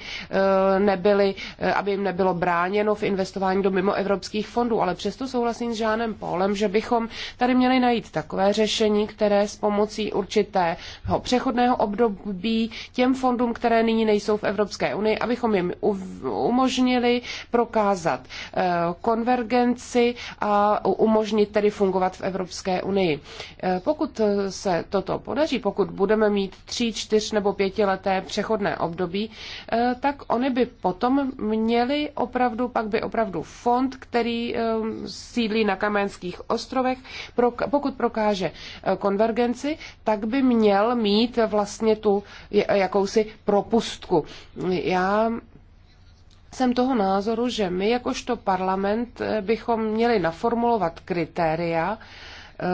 nebyli, aby jim nebylo bráněno v investování do mimoevropských fondů, ale přesto souhlasím s Žánem Pólem, že bychom tady měli najít takové řešení, které s pomocí určitého přechodného období těm fondům, které nyní nejsou v Evropské unii, abychom jim umožnili prokázat, prokázat eh, konvergenci a umožnit tedy fungovat v Evropské unii. Eh, pokud eh, se toto podaří, pokud budeme mít tří, čtyř nebo pětileté přechodné období, tak oni by potom měli opravdu, pak by opravdu fond, který sídlí na Kamenských ostrovech, pokud prokáže konvergenci, tak by měl mít vlastně tu jakousi propustku. Já jsem toho názoru, že my jakožto parlament eh, bychom měli naformulovat kritéria, eh,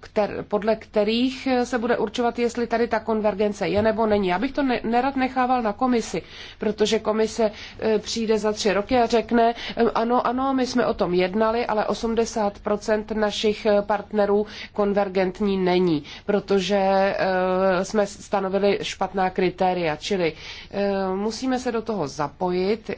kter, podle kterých se bude určovat, jestli tady ta konvergence je nebo není. Já bych to ne, nerad nechával na komisi, protože komise e, přijde za tři roky a řekne, e, ano, ano, my jsme o tom jednali, ale 80% našich e, partnerů konvergentní není, protože jsme stanovili špatná kritéria, čili musíme se do toho zapojit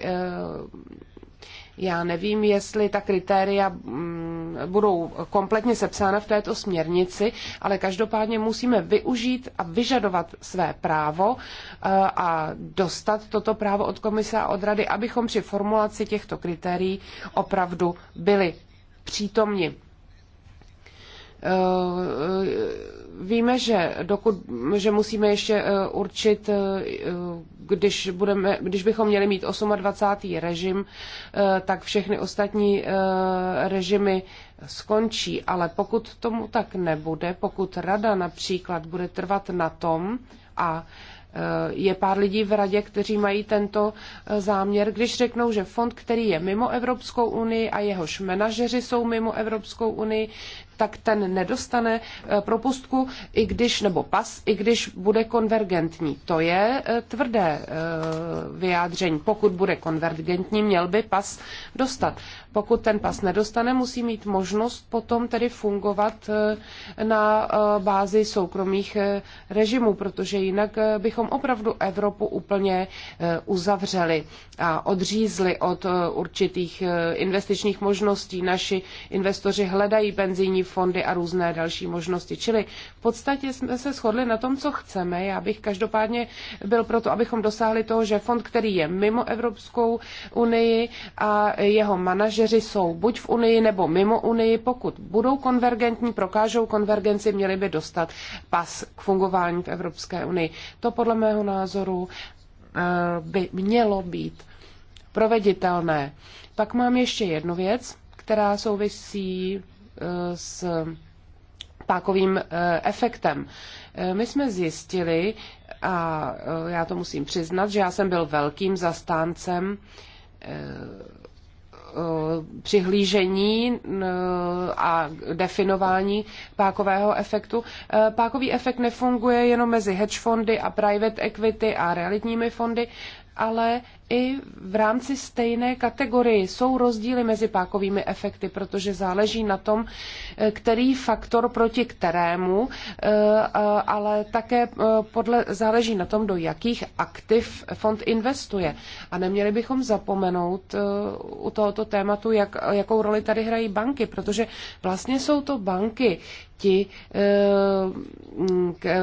já nevím, jestli ta kritéria mm, budou kompletně sepsána v této směrnici, ale každopádně musíme využít a vyžadovat své právo eh, a dostat toto právo od komise a od rady, abychom při formulaci těchto kritérií opravdu byli přítomni eh, Víme, že, dokud, že musíme ještě eh, určit, eh, když, budeme, když bychom měli mít 28. režim, eh, tak všechny ostatní režimy skončí. Ale pokud tomu tak nebude, pokud rada například bude trvat na tom a je pár lidí v radě, kteří mají tento záměr, když řeknou, že fond, který je mimo Evropskou unii a jehož manažeři jsou mimo Evropskou unii, tak ten nedostane eh, propustku, i když, nebo pas, i když bude konvergentní. To je eh, tvrdé eh, vyjádření. Pokud bude konvergentní, měl by pas dostat. Pokud ten pas nedostane, musí mít možnost potom tedy fungovat na bázi soukromých režimů, protože jinak bychom opravdu Evropu úplně uzavřeli a odřízli od určitých investičních možností. Naši investoři hledají penzijní fondy a různé další možnosti. Čili v podstatě jsme se shodli na tom, co chceme. Já bych každopádně byl proto, abychom dosáhli toho, že fond, který je mimo Evropskou unii a jeho manažeři jsou buď v unii nebo mimo unii, pokud budou konvergentní, prokážou konvergenci, měli by dostat pas k fungování v Evropské unii. To podle mého názoru eh, by mělo být proveditelné. Pak mám ještě jednu věc, která souvisí s pákovým eh, efektem. Eh, my jsme zjistili, a eh, já to musím přiznat, že já jsem byl velkým zastáncem přihlížení a definování pákového efektu. Pákový efekt nefunguje jenom mezi hedge fondy a private equity a realitními fondy, ale i v rámci stejné kategorie jsou rozdíly mezi pákovými efekty, protože záleží na tom, eh, který faktor proti kterému, eh, ale také eh, podle, záleží na tom, do jakých aktiv fond investuje. A neměli bychom zapomenout u tohoto tématu, jak, jakou roli tady hrají banky, protože vlastně jsou to banky, ti,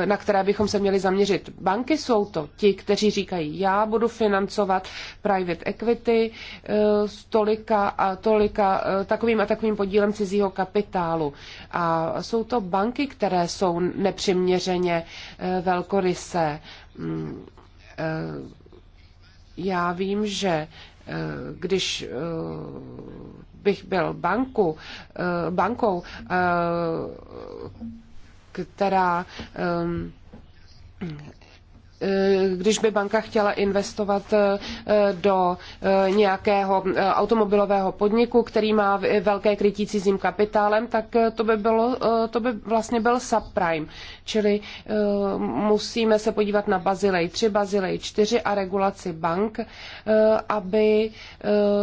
na které bychom se měli zaměřit. Banky jsou to ti, kteří říkají, já budu financovat private equity eh, s tolika a tolika eh, takovým a takovým podílem cizího kapitálu. A jsou to banky, které jsou nepřiměřeně eh, velkorysé. Mm, já vím, že když bych byl banku, bankou, která Eh, když by banka chtěla investovat eh, do eh, nějakého automobilového podniku, který má velké krytí cizím kapitálem, tak to by, bylo, to by vlastně byl subprime. Čili musíme se podívat na Bazilej 3, Bazilej 4 a regulaci bank, aby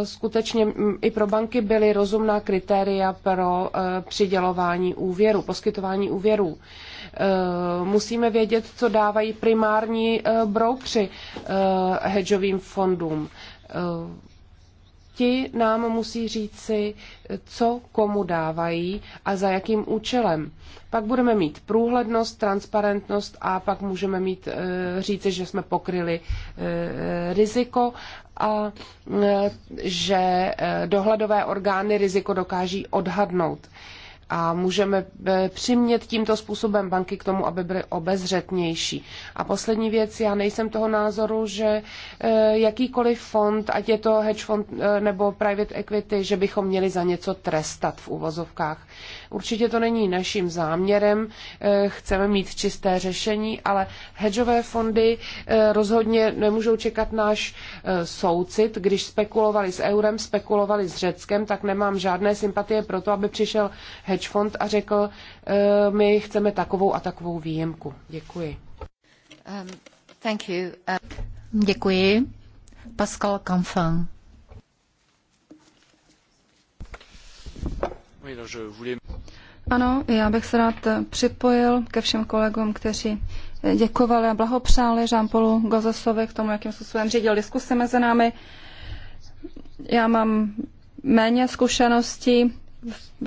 skutečně mm, i pro banky byly rozumná kritéria pro přidělování úvěru, poskytování úvěrů. Eh, musíme vědět, co dávají primární eh, broukři eh, hedžovým fondům. Ti nám musí říci, co komu dávají a za jakým účelem. Pak budeme mít průhlednost, transparentnost a pak můžeme mít říci, že jsme pokryli riziko a že dohledové orgány riziko dokáží odhadnout a můžeme eh, přimět tímto způsobem banky k tomu, aby byly obezřetnější. A poslední věc, já nejsem toho názoru, že eh, jakýkoliv fond, ať je to hedge fond eh, nebo private equity, že bychom měli za něco trestat v uvozovkách. Určitě to není naším záměrem, eh, chceme mít čisté řešení, ale hedžové fondy eh, rozhodně nemůžou čekat náš eh, soucit. Když spekulovali s eurem, spekulovali s Řeckem, tak nemám žádné sympatie pro to, aby přišel hedge fond a řekl, my chceme takovou a takovou výjimku. Děkuji.
Um, thank you.
Um... Děkuji. Pascal
Canfin.
Ano, já bych se rád připojil ke všem kolegům, kteří děkovali a blahopřáli Jean-Paulu Gozosovi k tomu, jakým způsobem řídil diskuse mezi námi. Já mám méně zkušeností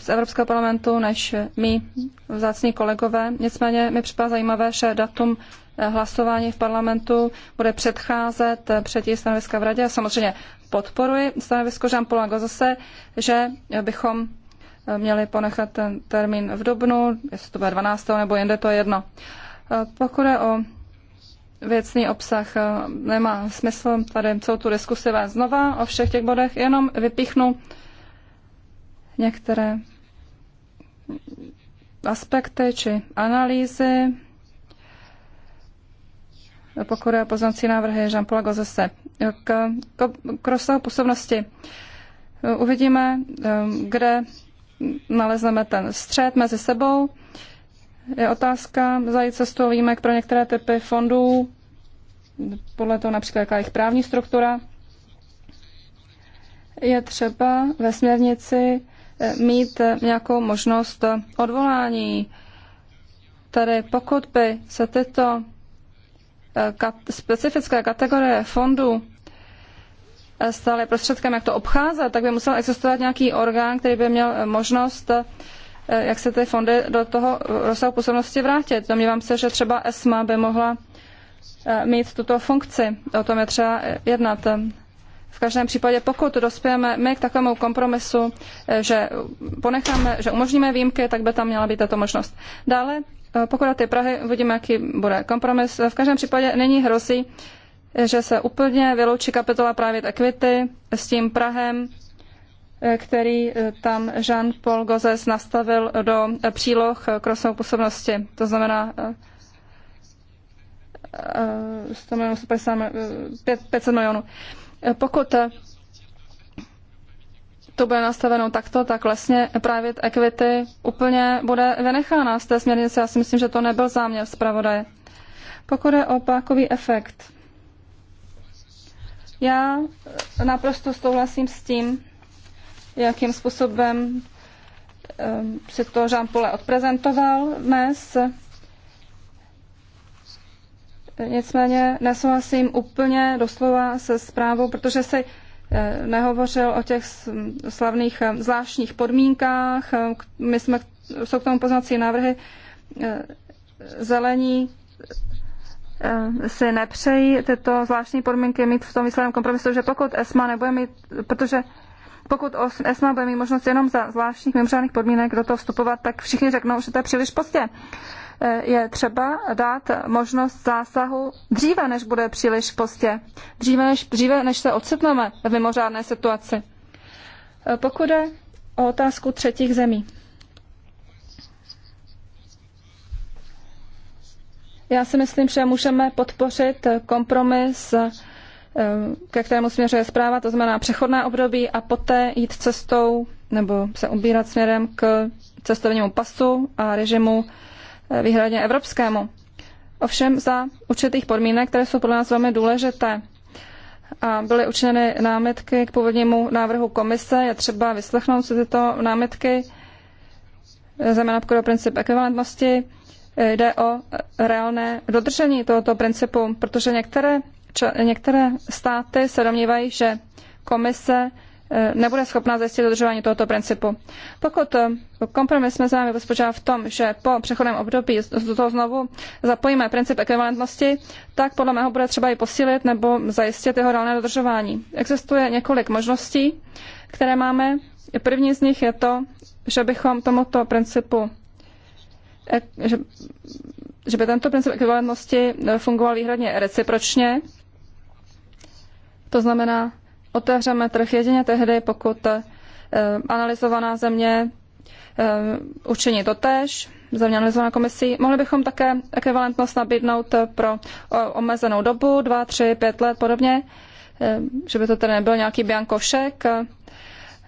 z Evropského parlamentu než my vzácní kolegové. Nicméně mi připadá zajímavé, že datum hlasování v parlamentu bude předcházet přijetí stanoviska v radě. A samozřejmě podporuji stanovisko Jean-Paula Gozose, že bychom měli ponechat ten termín v dubnu, jestli to bude 12. nebo jinde, to je jedno. Eh, pokud je o věcný obsah, eh, nemá smysl tady celou tu diskusi vést znova o všech těch bodech, jenom vypíchnu některé aspekty či analýzy, pokud je o poznací návrhy Jean-Paul Gozese. Eh, k, k, k rozsahu působnosti uvidíme, kde nalezneme ten střed mezi sebou. Je otázka, zajít cestou výjimek pro některé typy fondů, podle toho například, jaká je jejich právní struktura. Je třeba ve směrnici eh, mít eh, nějakou možnost odvolání. Tedy pokud by se tyto eh, specifické kategorie fondů stále prostředkem, jak to obcházet, tak by musel existovat nějaký orgán, který by měl možnost eh, jak se ty fondy do toho rozsahu působnosti vrátit. Domnívám se, že třeba ESMA by mohla eh, mít tuto funkci. O tom je třeba jednat. V každém případě, pokud dospějeme my k takovému kompromisu, eh, že ponecháme, že umožníme výjimky, tak by tam měla být tato možnost. Dále, pokud ty Prahy, uvidíme, jaký bude kompromis. V každém případě není hrozí, že se úplně vyloučí kapitola právě ekvity s tím Prahem, který eh, tam Jean-Paul Gozes nastavil do eh, příloh eh, k rozsahu působnosti. To znamená 100 milionů, 150 milionů, 500 milionů. Pokud to bude nastaveno takto, tak vlastně právě equity úplně bude vynechána z té směrnice. Já si myslím, že to nebyl záměr zpravodaje. Pokud je o pákový efekt, já naprosto souhlasím s tím, jakým způsobem ehm, si to Jean Paul odprezentoval dnes. Nicméně nesouhlasím úplně doslova se zprávou, protože se eh, nehovořil o těch slavných eh, zvláštních podmínkách. Eh, my jsme, jsou k tomu poznací návrhy zelení Eh, si nepřejí tyto zvláštní podmínky mít v tom výsledném kompromisu, že pokud ESMA nebude mít, protože pokud ESMA bude mít možnost jenom za zvláštních mimořádných podmínek do toho vstupovat, tak všichni řeknou, že to je příliš pozdě. Eh, je třeba dát možnost zásahu dříve, než bude příliš pozdě. Dříve, než, dříve, než se ocitneme v mimořádné situaci. Eh, pokud je o otázku třetích zemí. Já si myslím, že můžeme podpořit kompromis, eh, ke kterému směřuje zpráva, to znamená přechodná období a poté jít cestou nebo se ubírat směrem k cestovnímu pasu a režimu eh, výhradně evropskému. Ovšem za určitých podmínek, které jsou pro nás velmi důležité. A byly učiněny námitky k původnímu návrhu komise. Je třeba vyslechnout si tyto námitky, eh, zejména pokud o princip ekvivalentnosti Eh, jde o eh, reálné dodržení tohoto principu, protože některé, některé státy se domnívají, že komise eh, nebude schopná zajistit dodržování tohoto principu. Pokud kompromis mezi námi vyspočívá v tom, že po přechodném období do toho znovu zapojíme princip ekvivalentnosti, tak podle mého bude třeba i posílit nebo zajistit jeho reálné dodržování. Existuje několik možností, které máme. První z nich je to, že bychom tomuto principu E, že, že by tento princip ekvivalentnosti e, fungoval výhradně recipročně. To znamená, otevřeme trh jedině tehdy, pokud e, analyzovaná země učiní tež, země analyzovaná komisí. Mohli bychom také ekvivalentnost nabídnout pro omezenou dobu, 2, 3, 5 let podobně, že by to tedy nebyl nějaký biankošek,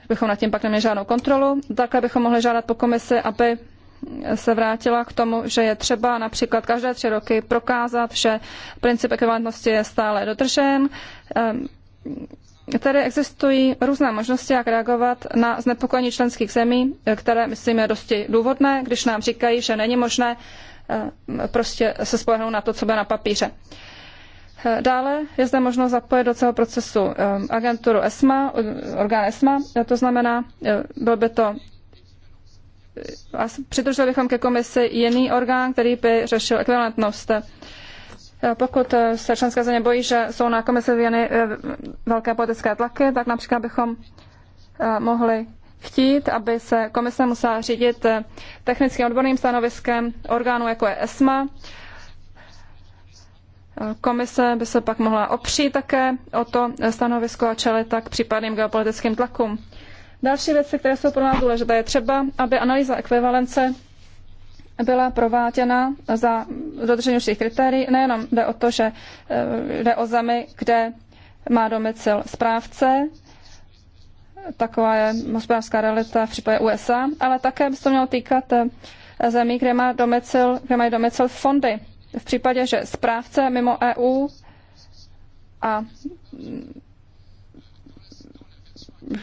bychom nad tím pak neměli žádnou kontrolu. Takhle bychom mohli žádat po komisi, aby se vrátila k tomu, že je třeba například každé tři roky prokázat, že princip ekvivalentnosti je stále dodržen. Ehm, tady existují různé možnosti, jak reagovat na znepokojení členských zemí, které, myslím, je dosti důvodné, když nám říkají, že není možné ehm, prostě se spolehnout na to, co bude na papíře. Eh, dále je zde možnost zapojit do celého procesu ehm, agenturu ESMA, orgán ESMA, to znamená, eh, byl by to přidružili bychom ke komisi jiný orgán, který by řešil ekvivalentnost. E, Pokud e, se členské země bojí, že jsou na komisi věny e, velké politické tlaky, tak například bychom mohli chtít, aby se komise musela řídit technickým odborným stanoviskem orgánu, jako je ESMA. Komise by se pak mohla opřít také o to stanovisko a čelit tak případným geopolitickým tlakům. Další věci, které jsou pro nás důležité, je třeba, aby analýza ekvivalence byla prováděna za dodržení všech kritérií. Nejenom jde o to, že eh, jde o zemi, kde má domicil správce, taková je hospodářská realita v případě USA, ale také by se to mělo týkat eh, zemí, kde, má domicil, kde mají domicil fondy. V případě, že správce mimo EU a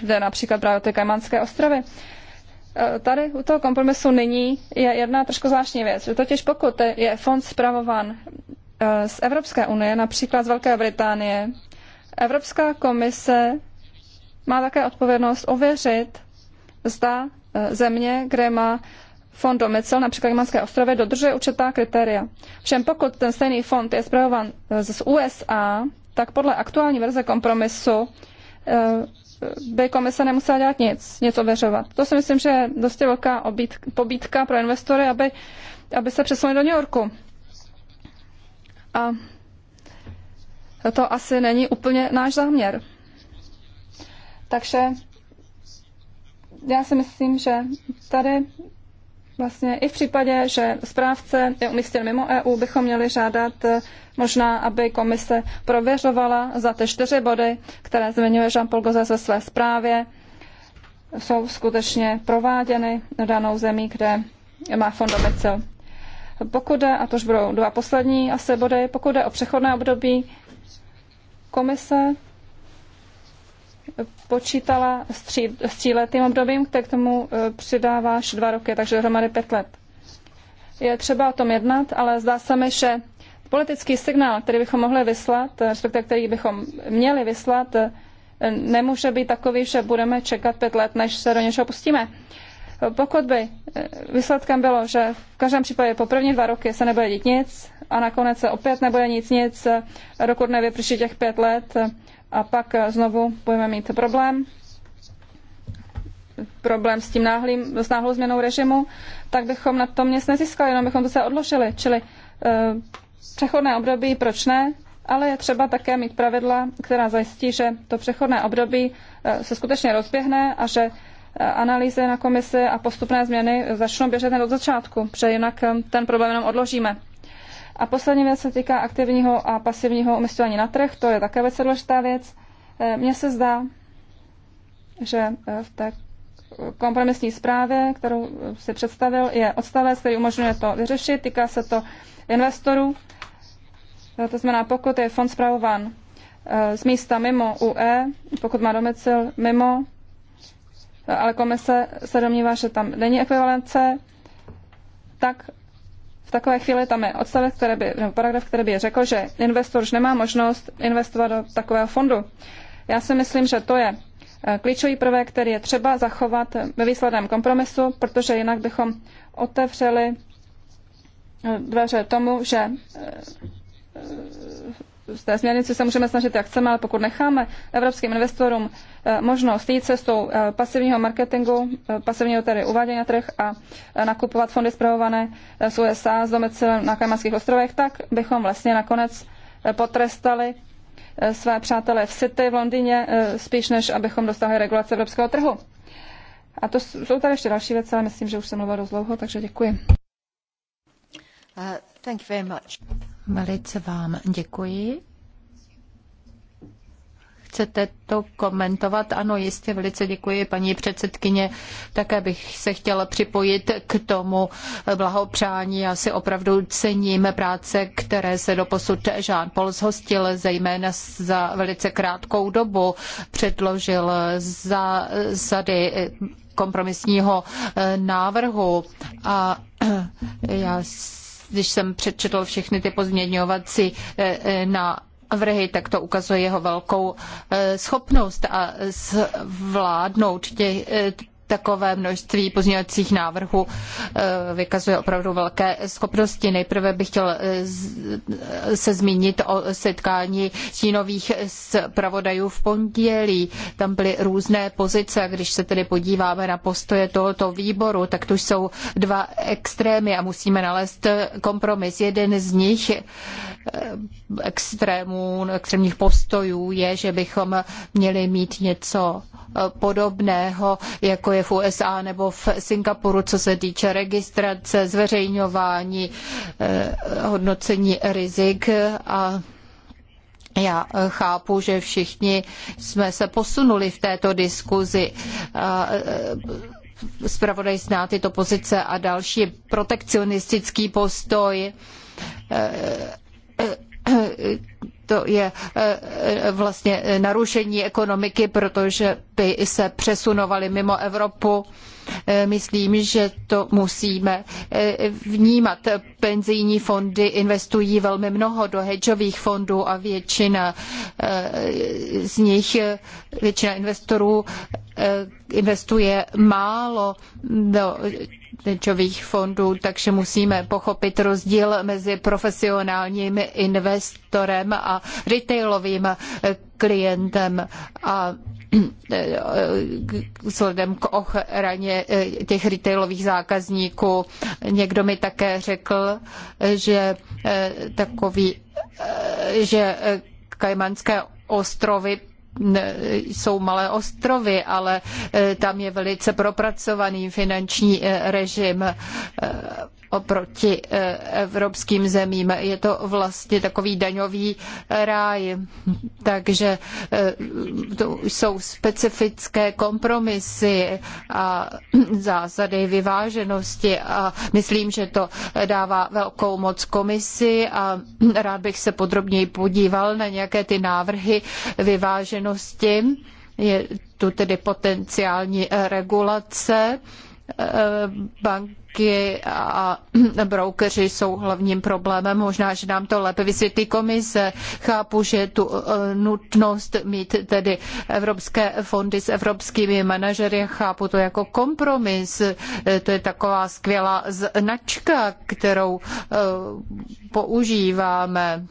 jde například právě ty Kajmanské ostrovy. E, tady u toho kompromisu nyní je jedna trošku zvláštní věc, že totiž pokud je fond zpravovan e, z Evropské unie, například z Velké Británie, Evropská komise má také odpovědnost ověřit, zda e, země, kde má fond domicil, například Jemanské ostrovy, dodržuje určitá kritéria. Všem pokud ten stejný fond je zpravován z USA, tak podle aktuální verze kompromisu by komise nemusela dělat nic, nic ověřovat. To si myslím, že je dosti velká obítka, pobítka pro investory, aby, aby se přesunuli do New Yorku. A to asi není úplně náš záměr. Takže já si myslím, že tady Vlastně i v případě, že správce je umístěn mimo EU, bychom měli žádat eh, možná, aby komise prověřovala za ty čtyři body, které zmiňuje Jean-Paul Gozes ve své zprávě, jsou skutečně prováděny na danou zemí, kde má fondomicil. Pokud jde, a to už budou dva poslední asi body, pokud jde o přechodné období, komise počítala s, tří, s tříletým obdobím, tak k tomu e, přidáváš dva roky, takže hromady pět let. Je třeba o tom jednat, ale zdá se mi, že politický signál, který bychom mohli vyslat, e, respektive který bychom měli vyslat, e, nemůže být takový, že budeme čekat pět let, než se do něčeho pustíme. Pokud by výsledkem bylo, že v každém případě po první dva roky se nebude dít nic a nakonec se opět nebude nic nic, dokud nevyprší těch pět let, a pak eh, znovu budeme mít problém problém s tím náhlým, s náhlou změnou režimu, tak bychom na tom nic nezískali, jenom bychom to se odložili. Čili e, přechodné období, proč ne? Ale je třeba také mít pravidla, která zajistí, že to přechodné období e, se skutečně rozběhne a že e, analýzy na komisi a postupné změny začnou běžet od začátku, protože jinak ten problém jenom odložíme. A poslední věc se týká aktivního a pasivního umistování na trh, to je také velice důležitá věc. Eh, mně se zdá, že eh, v té kompromisní zprávě, kterou eh, si představil, je odstavec, který umožňuje to vyřešit. Týká se to investorů. To znamená, pokud je fond zpravován z místa mimo UE, pokud má domicil mimo, ale komise se domnívá, že tam není ekvivalence, tak v takové chvíli tam je odstavec, který by, nebo paragraf, který by řekl, že investor už nemá možnost investovat do takového fondu. Já si myslím, že to je eh, klíčový prvek, který je třeba zachovat eh, ve výsledném kompromisu, protože jinak bychom otevřeli eh, dveře tomu, že z té směrnice se můžeme snažit, jak chceme, ale pokud necháme evropským investorům eh, možnost jít cestou eh, pasivního marketingu, eh, pasivního tedy uvádění na trh a nakupovat fondy zpravované z USA s domicilem na Kajmanských ostrovech, tak bychom vlastně nakonec potrestali své přátelé v City v Londýně, spíš než abychom dostali regulace evropského trhu. A to jsou tady ještě další věci, ale myslím, že už jsem mluvila dost dlouho, takže děkuji. Uh, thank you very much. Velice
vám děkuji. Chcete to komentovat? Ano, jistě, velice děkuji, paní předsedkyně. Také bych se chtěla připojit k tomu blahopřání. Já si opravdu cením práce, které se doposud Jean-Paul zhostil, zejména za velice krátkou dobu předložil za zady kompromisního návrhu. A já si když jsem přečetl všechny ty pozměňovací eh, eh, na vrhy, tak to ukazuje jeho velkou eh, schopnost a zvládnout tě, takové množství pozměňovacích návrhů eh, vykazuje opravdu velké schopnosti. Nejprve bych chtěl eh, eh, se zmínit o setkání čínových zpravodajů v pondělí. Tam byly různé pozice a když se tedy podíváme na postoje tohoto výboru, tak tu jsou dva extrémy a musíme nalézt kompromis. Jeden z nich extrémů, extrémních postojů je, že bychom měli mít něco podobného, jako je v USA nebo v Singapuru, co se týče registrace, zveřejňování, eh, hodnocení rizik a já chápu, že všichni jsme se posunuli v této diskuzi. Spravodaj eh, zná tyto pozice a další protekcionistický postoj eh, to je vlastně narušení ekonomiky, protože by se přesunovaly mimo Evropu. E, myslím, že to musíme e, vnímat. Penzijní fondy investují velmi mnoho do hedžových fondů a většina e, z nich, většina investorů investuje málo do hedžových fondů, takže musíme pochopit rozdíl mezi profesionálním investorem a retailovým klientem. A vzhledem k ochraně eh, těch retailových zákazníků. Někdo mi také řekl, že eh, takový, eh, že Kajmanské ostrovy jsou malé ostrovy, ale tam je velice propracovaný finanční režim oproti e, evropským zemím. Je to vlastně takový daňový ráj, takže e, to jsou specifické kompromisy a zásady vyváženosti a myslím, že to dává velkou moc komisi a rád bych se podrobněji podíval na nějaké ty návrhy vyváženosti. Je tu tedy potenciální regulace Eh, banky a brokeři jsou hlavním problémem. Možná, že nám to lépe vysvětlí komise. Chápu, že tu eh, nutnost mít tedy evropské fondy s evropskými manažery, chápu to jako kompromis. Eh, to je taková skvělá značka, kterou používáme.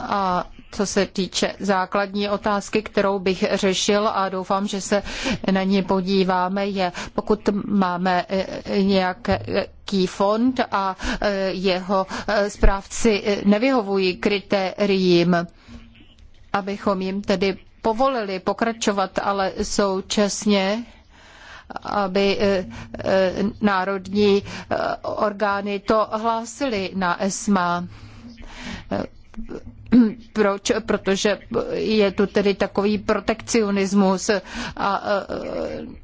A co se týče základní otázky, kterou bych řešil a doufám, že se na ní podíváme, je pokud máme eh, nějaký fond a eh, jeho eh, správci nevyhovují kritériím, abychom jim tedy povolili pokračovat, ale současně aby národní orgány to hlásily na ESMA Proč? Protože je tu tedy takový protekcionismus, a,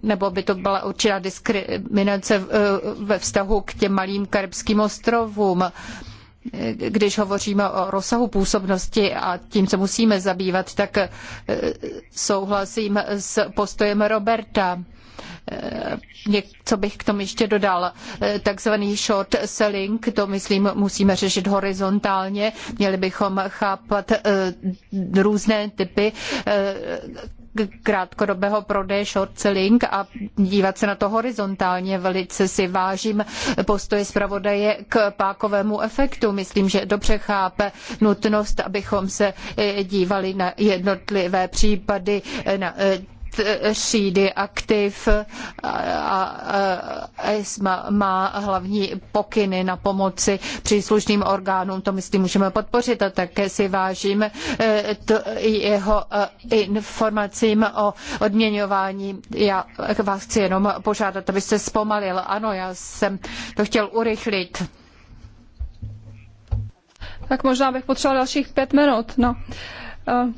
nebo by to byla určitá diskriminace ve vztahu k těm malým karibským ostrovům. Když hovoříme o rozsahu působnosti a tím se musíme zabývat, tak eh, souhlasím s postojem Roberta Eh, co bych k tomu ještě dodal, eh, takzvaný short selling, to myslím musíme řešit horizontálně, měli bychom chápat eh, různé typy krátkodobého prodeje short selling a dívat se na to horizontálně. Velice si vážím postoje zpravodaje k pákovému efektu. Myslím, že dobře chápe nutnost, abychom se dívali na jednotlivé případy, na třídy aktiv a ESMA má hlavní pokyny na pomoci příslušným orgánům. To myslím můžeme podpořit a také si vážím e, jeho e, informacím o odměňování. Já vás chci jenom požádat, abyste zpomalil. Ano, já jsem to chtěl urychlit.
Tak možná bych potřeboval dalších pět minut. No. Uh.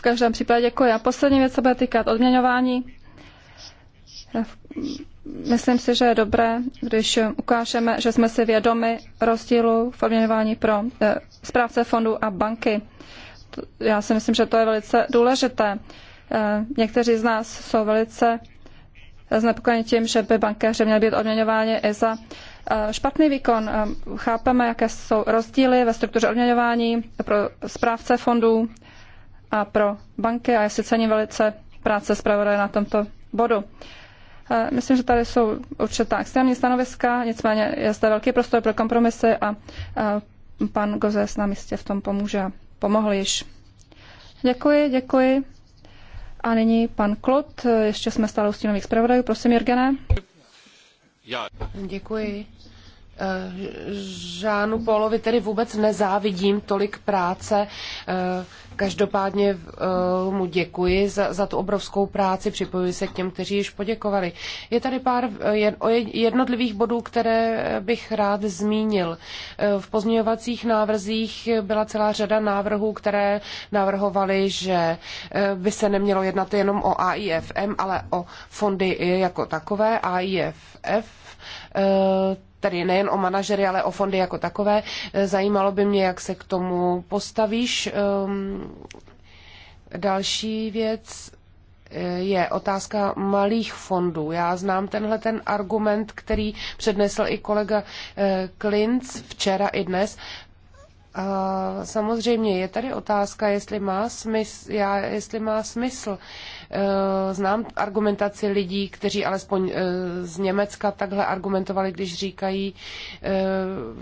V každém případě děkuji. A poslední věc se bude týkat odměňování. Myslím si, že je dobré, když ukážeme, že jsme si vědomi rozdílu v odměňování pro eh, správce fondu a banky. Já si myslím, že to je velice důležité. Eh, někteří z nás jsou velice znepokojeni tím, že by bankéři měli být odměňováni i za eh, špatný výkon. Chápeme, jaké jsou rozdíly ve struktuře odměňování pro správce fondů a pro banky a já si cením velice práce zpravodaje na tomto bodu. E, myslím, že tady jsou určitá extrémní stanoviska, nicméně je zde velký prostor pro kompromisy a pan Gozes nám jistě v tom pomůže a pomohl již. Děkuji, děkuji. A nyní pan Klot, ještě jsme stále u stínových zpravodajů. Prosím, Jirgené.
Děkuji. Žánu Polovi tedy vůbec nezávidím tolik práce. Každopádně eh, mu děkuji za, za tu obrovskou práci, připojuji se k těm, kteří již poděkovali. Je tady pár eh, jednotlivých bodů, které bych rád zmínil. Eh, v pozměňovacích návrzích byla celá řada návrhů, které navrhovaly, že by se nemělo jednat jenom o AIFM, ale o fondy jako takové, AIFF tedy nejen o manažery, ale o fondy jako takové. Eh, zajímalo by mě, jak se k tomu postavíš. Ehm, další věc eh, je otázka malých fondů. Já znám tenhle ten argument, který přednesl i kolega eh, Klinc včera i dnes. A samozřejmě je tady otázka, jestli má smysl, já, jestli má smysl uh, Eh, znám argumentaci lidí, kteří alespoň eh, z Německa takhle argumentovali, když říkají, eh,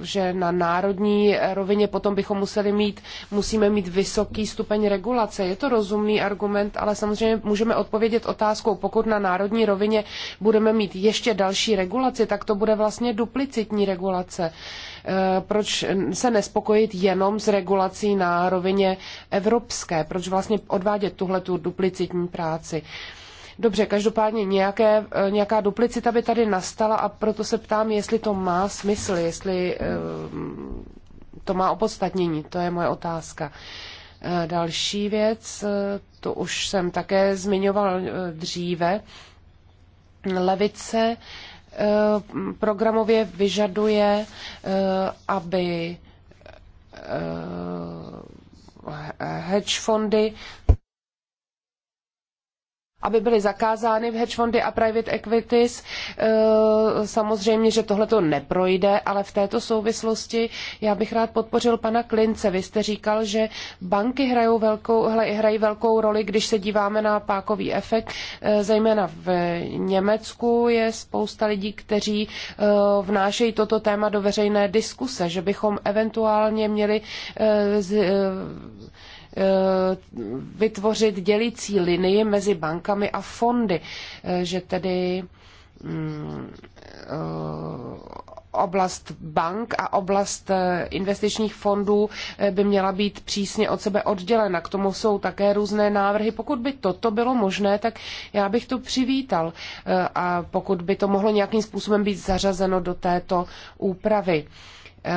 že na národní rovině potom bychom museli mít, musíme mít vysoký stupeň regulace. Je to rozumný argument, ale samozřejmě můžeme odpovědět otázkou, pokud na národní rovině budeme mít ještě další regulaci, tak to bude vlastně duplicitní regulace. Eh, proč se nespokojit jenom s regulací na rovině evropské, proč vlastně odvádět tuhle tu duplicitní práci. Dobře, každopádně nějaké, eh, nějaká duplicita by tady nastala a proto se ptám, jestli to má smysl, jestli eh, to má opodstatnění. To je moje otázka. Další věc, to už jsem také zmiňoval dříve, levice Eh, programově vyžaduje, eh, aby eh, hedge fondy aby byly zakázány v hedge fondy a private equities. E, samozřejmě, že tohle to neprojde, ale v této souvislosti já bych rád podpořil pana Klince. Vy jste říkal, že banky hrajou velkou, hrají velkou roli, když se díváme na pákový efekt. E, zejména v Německu je spousta lidí, kteří e, vnášejí toto téma do veřejné diskuse, že bychom eventuálně měli z, Eh, vytvořit dělicí linii mezi bankami a fondy, eh, že tedy mm, eh, oblast bank a oblast investičních fondů by měla být přísně od sebe oddělena. K tomu jsou také různé návrhy. Pokud by toto bylo možné, tak já bych to přivítal. A pokud by to mohlo nějakým způsobem být zařazeno do této úpravy. Eh,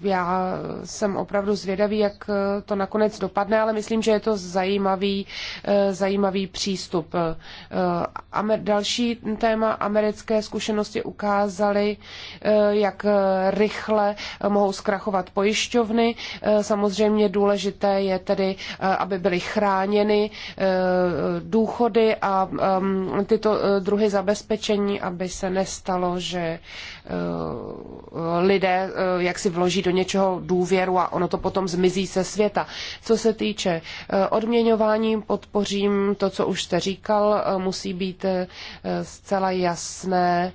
já jsem opravdu zvědavý, jak eh, to nakonec dopadne, ale myslím, že je to zajímavý, eh, zajímavý přístup. Další téma americké zkušenosti ukázaly, jak rychle mohou zkrachovat pojišťovny. Samozřejmě důležité je tedy, aby byly chráněny důchody a tyto druhy zabezpečení, aby se nestalo, že lidé Eh, jak si vloží do něčeho důvěru a ono to potom zmizí se světa. Co se týče eh, odměňování, podpořím to, co už jste říkal, eh, musí být zcela jasné,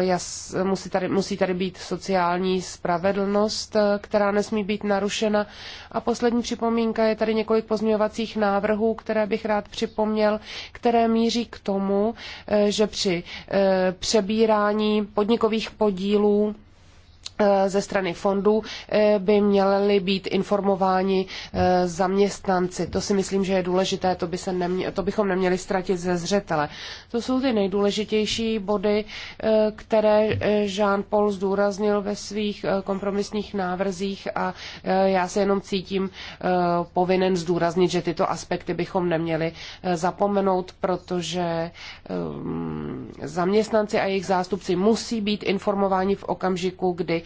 jas, musí, tady, musí tady být sociální spravedlnost, která nesmí být narušena. A poslední připomínka je tady několik pozměňovacích návrhů, které bych rád připomněl, které míří k tomu, že při přebírání podnikových podílů Eh, ze strany fondů eh, by měli být informováni eh, zaměstnanci. To si myslím, že je důležité, to, by se nemě, to bychom neměli ztratit ze zřetele. To jsou ty nejdůležitější body, které Jean-Paul zdůraznil ve svých kompromisních návrzích a já se jenom cítím povinen zdůraznit, že tyto aspekty bychom neměli zapomenout, protože ehm, zaměstnanci a jejich zástupci musí být informováni v okamžiku, kdy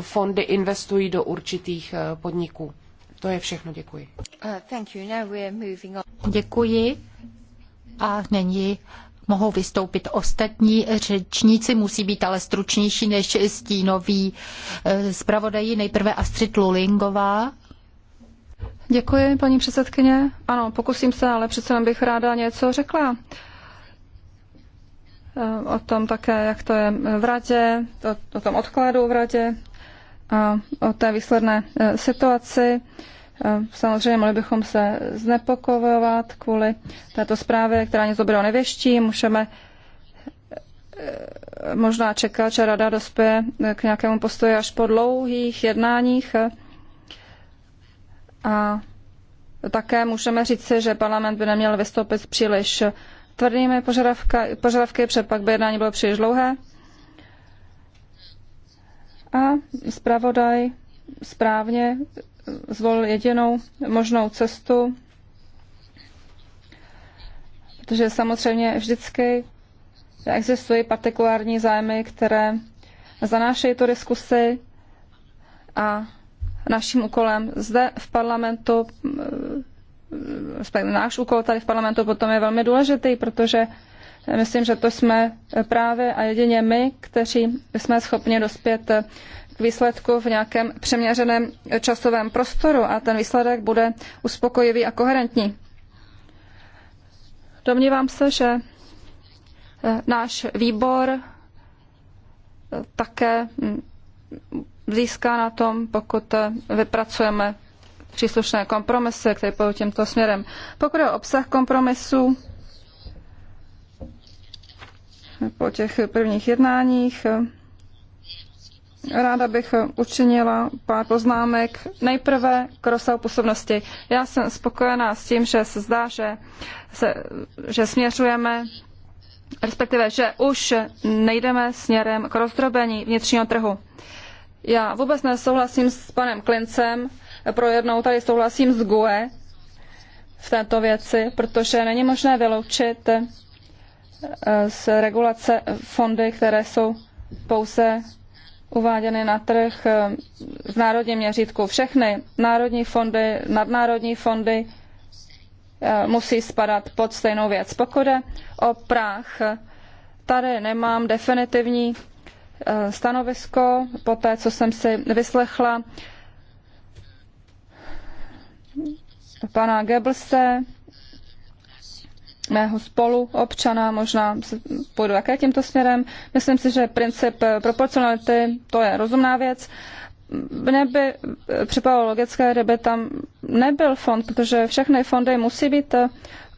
fondy investují do určitých eh, podniků. To je všechno, děkuji.
Uh, děkuji. A není mohou vystoupit ostatní řečníci, musí být ale stručnější než stínový eh, zpravodají.
Nejprve Astrid Lulingová. Děkuji, paní předsedkyně. Ano, pokusím se, ale přece bych ráda něco řekla. Uh, Eh, o tom také, jak to je v radě, o, o tom odkladu v radě a o té výsledné eh, situaci. Eh, samozřejmě mohli bychom se znepokojovat kvůli této zprávě, která nic dobrého nevěští. Můžeme možná čekat, že rada dospěje k nějakému postoji až po dlouhých jednáních. A také můžeme říci, že parlament by neměl vystoupit příliš tvrdými požadavky, požadavky protože pak by jednání bylo příliš dlouhé. A zpravodaj správně zvolil jedinou možnou cestu, protože samozřejmě vždycky existují partikulární zájmy, které zanášejí tu diskusy a naším úkolem zde v parlamentu Eh, náš úkol tady v parlamentu potom je velmi důležitý, protože myslím, že to jsme právě a jedině my, kteří jsme schopni dospět k výsledku v nějakém přeměřeném časovém prostoru a ten výsledek bude uspokojivý a koherentní. Domnívám se, že eh, náš výbor eh, také hm, získá na tom, pokud vypracujeme příslušné kompromisy, které půjdou tímto směrem. Pokud je obsah kompromisu, po těch prvních jednáních, ráda bych učinila pár poznámek. Nejprve k rozsahu působnosti. Já jsem spokojená s tím, že se zdá, že, se, že směřujeme respektive, že už nejdeme směrem k rozdrobení vnitřního trhu. Já vůbec nesouhlasím s panem Klincem, projednou. Tady souhlasím s GUE v této věci, protože není možné vyloučit eh, z regulace fondy, které jsou pouze uváděny na trh eh, v národním měřítku. Všechny národní fondy, nadnárodní fondy eh, musí spadat pod stejnou věc. Pokud je o práh, tady nemám definitivní stanovisko po té, co jsem si vyslechla pana Goebbelse, mého spoluobčana, možná půjdu také tímto směrem. Myslím si, že princip proporcionality, to je rozumná věc. Mně by připadalo logické, kdyby tam nebyl fond, protože všechny fondy musí být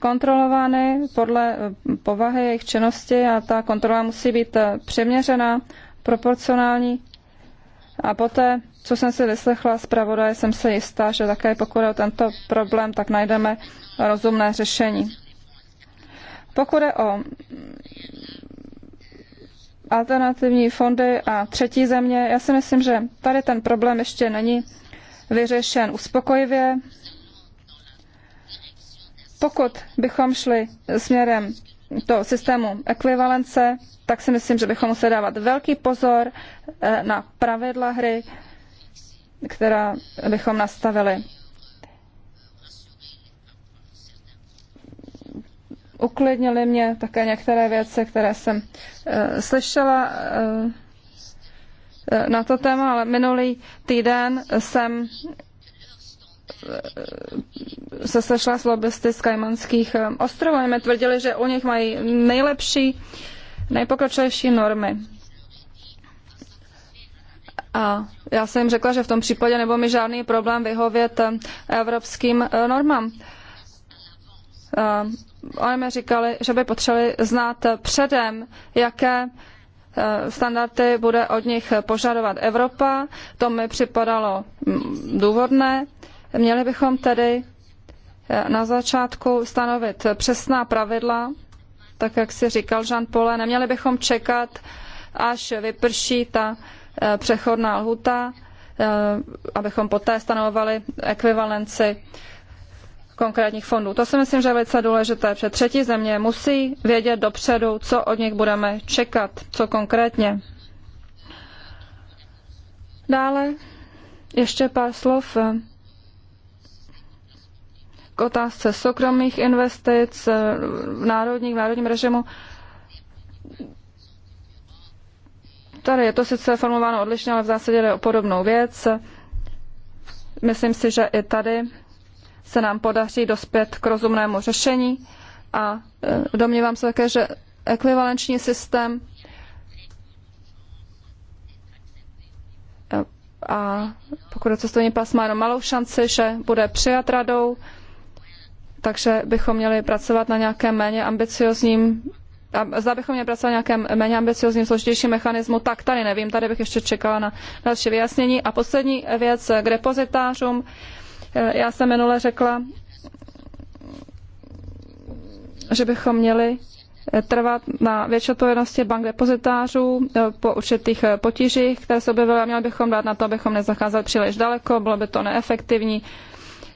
kontrolovány podle povahy jejich činnosti a ta kontrola musí být přeměřená, proporcionální a poté, co jsem si vyslechla zpravodaje, jsem se jistá, že také pokud je o tento problém, tak najdeme rozumné řešení. Pokud je o alternativní fondy a třetí země, já si myslím, že tady ten problém ještě není vyřešen uspokojivě. Pokud bychom šli směrem do systému ekvivalence, tak si myslím, že bychom museli dávat velký pozor eh, na pravidla hry, která bychom nastavili. Uklidnily mě také některé věci, které jsem eh, slyšela eh, na to téma, ale minulý týden jsem se sešla s lobbysty z Kajmanských eh, ostrovů. Oni tvrdili, že u nich mají nejlepší, nejpokročilejší normy. A já jsem jim řekla, že v tom případě nebo mi žádný problém vyhovět eh, evropským eh, normám. A oni mi říkali, že by potřebovali znát předem, jaké standardy bude od nich požadovat Evropa. To mi připadalo mm, důvodné. Měli bychom tedy eh, na začátku stanovit přesná pravidla, tak jak si říkal Jean Paul, neměli bychom čekat, až vyprší ta eh, přechodná lhuta, eh, abychom poté stanovovali ekvivalenci konkrétních fondů. To si myslím, že je velice důležité, protože třetí země musí vědět dopředu, co od nich budeme čekat, co konkrétně. Dále ještě pár slov k otázce soukromých investic eh, v, národních, v národním režimu. Tady je to sice formulováno odlišně, ale v zásadě jde o podobnou věc. Myslím si, že i tady se nám podaří dospět k rozumnému řešení a eh, domnívám se také, že ekvivalenční systém eh, a pokud cestovní pas má jenom malou šanci, že bude přijat radou, takže bychom měli pracovat na nějakém méně ambiciozním Zda bychom měli pracovat na nějakém méně ambiciozním, složitějším mechanismu, tak tady nevím, tady bych ještě čekala na další vyjasnění. A poslední věc k depozitářům. Já jsem minule řekla, že bychom měli trvat na větší odpovědnosti bank depozitářů e, po určitých e, potížích, které se objevily a měli bychom dát na to, abychom nezacházeli příliš daleko, bylo by to neefektivní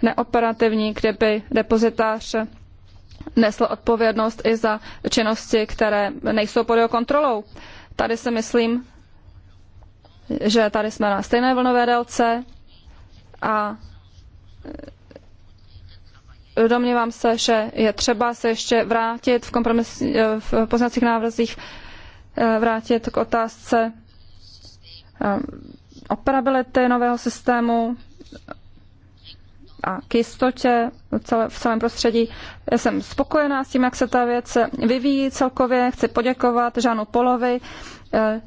neoperativní, kdyby depozitář nesl odpovědnost i za činnosti, které nejsou pod jeho kontrolou. Tady si myslím, že tady jsme na stejné vlnové délce a eh, domnívám se, že je třeba se ještě vrátit v, kompromis, eh, v poznacích návrzích eh, vrátit k otázce operability nového systému, a k jistotě v celém prostředí. Já jsem spokojená s tím, jak se ta věc vyvíjí celkově. Chci poděkovat Žánu Polovi. Eh,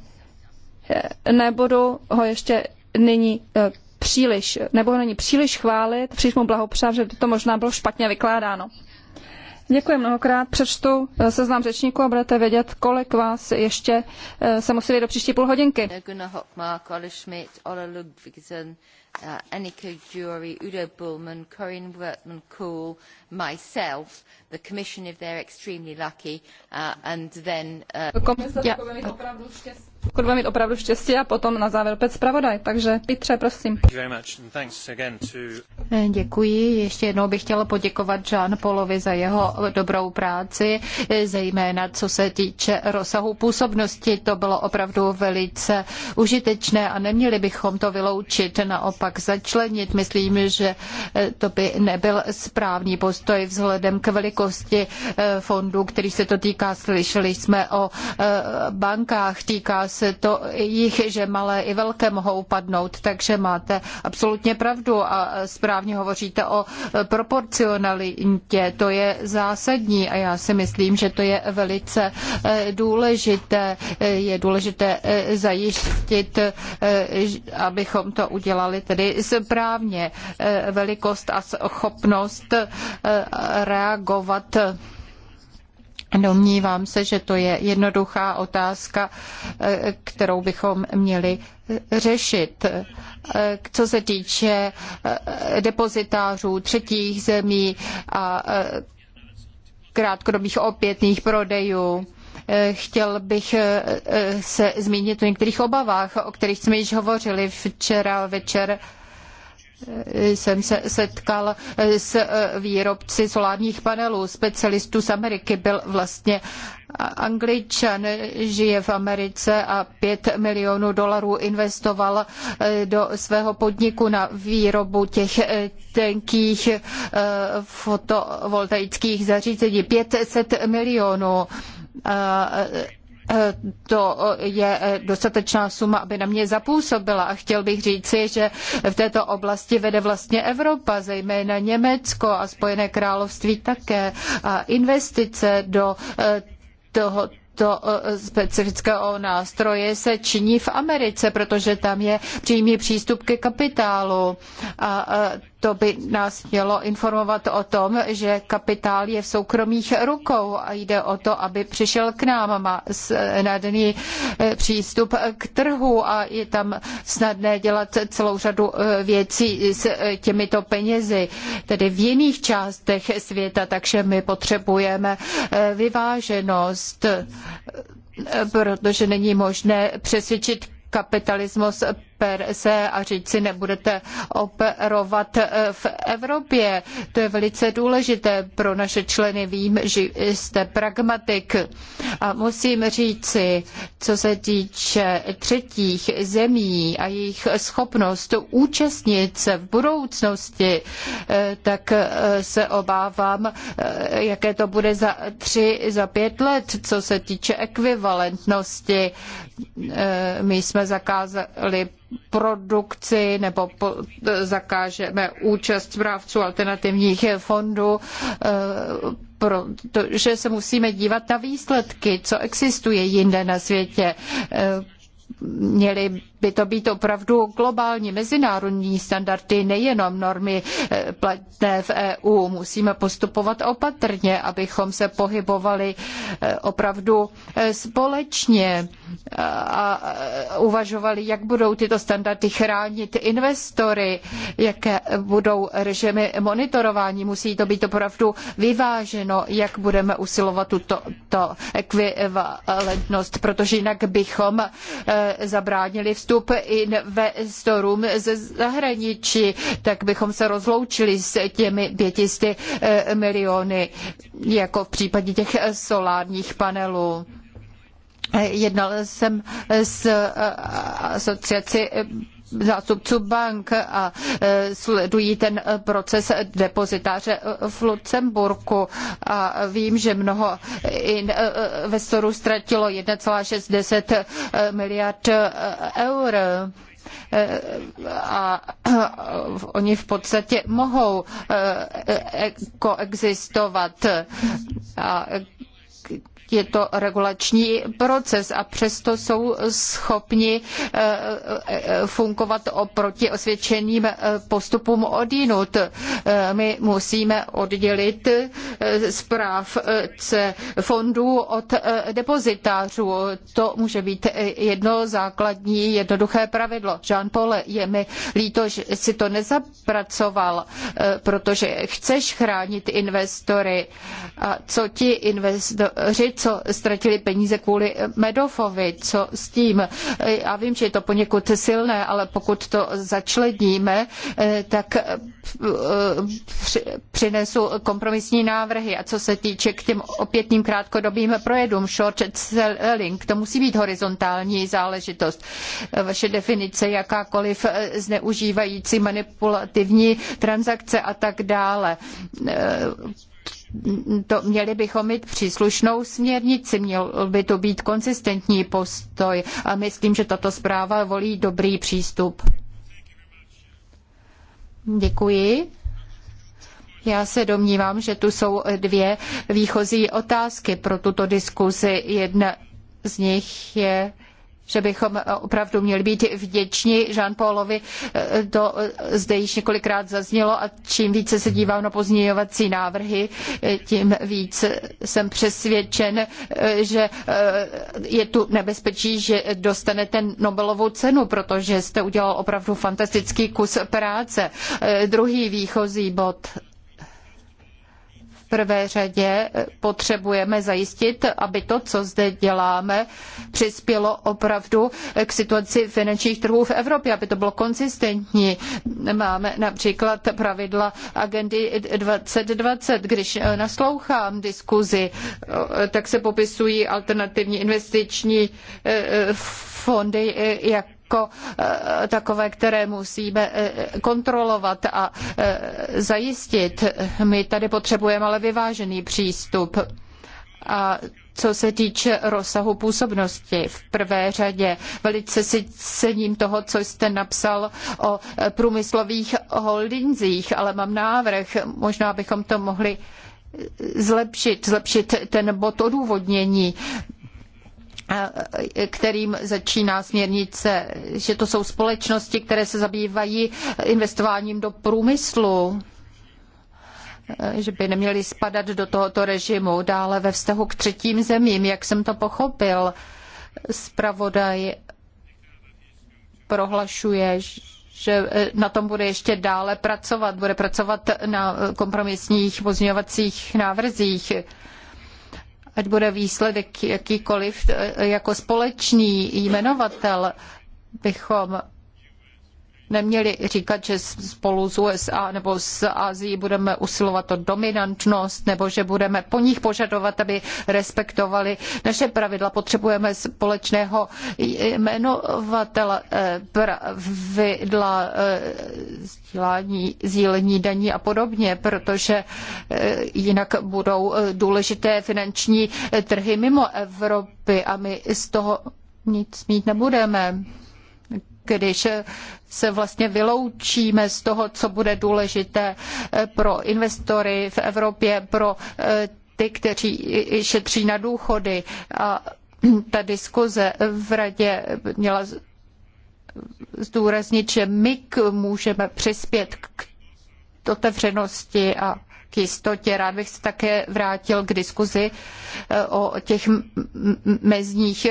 nebudu ho ještě nyní eh, příliš, nebo ho není příliš chválit, příliš mu blahopřát, že to možná bylo špatně vykládáno. Děkuji mnohokrát. Přečtu eh, seznam řečníků a budete vědět, kolik vás ještě se musí do příští půl hodinky.
Uh, Annika Jury, Udo Bullman, Corinne wortmann cool myself, the Commission if they're extremely lucky, uh, and then... Uh, yeah.
opravdu štěstí pokud budeme mít opravdu štěstí a potom na závěr pět zpravodaj. Takže Petře, prosím. Eh, děkuji. Ještě jednou bych chtěla poděkovat Jean
Polovi za jeho dobrou práci, eh, zejména co se týče rozsahu působnosti. To bylo opravdu velice užitečné a neměli bychom to vyloučit, naopak začlenit. Myslím, že eh, to by nebyl správný postoj vzhledem k velikosti fondu, který se to týká. Slyšeli jsme o bankách, týká to jich, že malé i velké mohou padnout, takže máte absolutně pravdu a správně hovoříte o proporcionalitě. To je zásadní a já si myslím, že to je velice eh, důležité. Eh, je důležité eh, zajistit, abychom to udělali tedy správně. Velikost a schopnost reagovat Domnívám se, že to je jednoduchá otázka, eh, kterou bychom měli eh, řešit. Eh, co se týče depozitářů třetích zemí a krátkodobých opětných prodejů, chtěl bych se zmínit o některých obavách, o kterých jsme již hovořili včera večer jsem se setkal s eh, výrobci solárních panelů, specialistů z Ameriky. Byl vlastně Angličan, žije v Americe a 5 milionů dolarů investoval eh, do svého podniku na výrobu těch eh, tenkých fotovoltaických zařízení. 500 milionů Eh, to eh, je eh, dostatečná suma, aby na mě zapůsobila. A chtěl bych říci, že v této oblasti vede vlastně Evropa, zejména Německo a Spojené království také. A investice do toho to specifického nástroje se činí v Americe, protože tam je přímý přístup ke kapitálu. A to by nás mělo informovat o tom, že kapitál je v soukromých rukou a jde o to, aby přišel k nám, má snadný eh, přístup k trhu a je tam snadné dělat celou řadu eh, věcí s eh, těmito penězi, tedy v jiných částech světa, takže my potřebujeme vyváženost, protože není možné přesvědčit kapitalismus se a říci, nebudete operovat eh, v Evropě. To je velice důležité pro naše členy. Vím, že jste pragmatik. A musím říci, co se týče třetích zemí a jejich schopnost účastnit se v budoucnosti, eh, tak eh, se obávám, jaké to bude za tři, za pět let, co se týče ekvivalentnosti. My jsme zakázali produkci nebo zakážeme účast správců alternativních fondů, eh, protože se musíme dívat na výsledky, co existuje jinde na světě. Eh, měly by to být opravdu globální, mezinárodní standardy, nejenom normy eh, platné v EU. Musíme postupovat opatrně, abychom se pohybovali eh, opravdu eh, společně a uvažovali, jak budou tyto standardy chránit investory, jaké budou režimy monitorování. Musí to být opravdu vyváženo, jak budeme usilovat tuto to ekvivalentnost, protože jinak bychom Eh, zabránili vstup investorům ze zahraničí, tak bychom se rozloučili s těmi 500 eh, miliony, jako v případě těch solárních panelů. Eh, jednal jsem s asociaci zástupců bank a e, sledují ten e, proces depozitáře e, v Lucemburku. A vím, že mnoho investorů ztratilo 1,6 miliard eur a oni v podstatě mohou koexistovat. A je to regulační proces a přesto jsou schopni eh, eh, fungovat oproti osvědčeným eh, postupům odinut. My musíme oddělit správce fondů od depozitářů. To může být jedno základní jednoduché pravidlo. Jean Paul, je mi líto, že si to nezapracoval, protože chceš chránit investory. A co ti investoři, co ztratili peníze kvůli Medofovi, co s tím. Já vím, že je to poněkud silné, ale pokud to začledníme, tak eh, přinesu kompromisní návrhy. A co se týče k těm opětným krátkodobým projedům, short selling, to musí být horizontální záležitost. Vaše definice, jakákoliv eh, zneužívající manipulativní transakce a tak dále eh, to měli bychom mít příslušnou směrnici, měl by to být konzistentní postoj a myslím, že tato zpráva volí dobrý přístup. Děkuji. Já se domnívám, že tu jsou dvě výchozí otázky pro tuto diskusi. Jedna z nich je že bychom eh, opravdu měli být vděční Jean-Paulovi. Eh, to eh, zde již několikrát zaznělo a čím více se dívám na pozměňovací návrhy, tím víc jsem přesvědčen, že je tu nebezpečí, že dostanete Nobelovu cenu, protože jste udělal opravdu fantastický kus práce. Druhý výchozí bod prvé řadě potřebujeme zajistit, aby to, co zde děláme, přispělo opravdu k situaci finančních trhů v Evropě, aby to bylo konzistentní. Máme například pravidla agendy 2020. Když naslouchám diskuzi, tak se popisují alternativní investiční eh, eh, fondy eh, jak jako takové, které musíme eh, kontrolovat a eh, zajistit. My tady potřebujeme ale vyvážený přístup. A co se týče rozsahu působnosti, v prvé řadě velice si cením toho, co jste napsal o průmyslových holdinzích, ale mám návrh, možná bychom to mohli zlepšit, zlepšit ten bod odůvodnění kterým začíná směrnice, že to jsou společnosti, které se zabývají investováním do průmyslu že by neměly spadat do tohoto režimu. Dále ve vztahu k třetím zemím, jak jsem to pochopil, zpravodaj prohlašuje, že na tom bude ještě dále pracovat, bude pracovat na kompromisních pozměňovacích návrzích ať bude výsledek jakýkoliv, e, jako společný jmenovatel bychom neměli říkat, že spolu s USA nebo s Ázií budeme usilovat o dominantnost nebo že budeme po nich požadovat, aby respektovali naše pravidla. Potřebujeme společného jmenovatele eh, pravidla eh, sdílení, sdílení daní a podobně, protože eh, jinak budou důležité finanční trhy mimo Evropy a my z toho nic mít nebudeme když se vlastně vyloučíme z toho, co bude důležité eh, pro investory v Evropě, pro eh, ty, kteří šetří na důchody. A ta diskuze v radě měla zdůraznit, že my můžeme přispět k otevřenosti a k jistotě. Rád bych se také vrátil k diskuzi eh, o těch mezních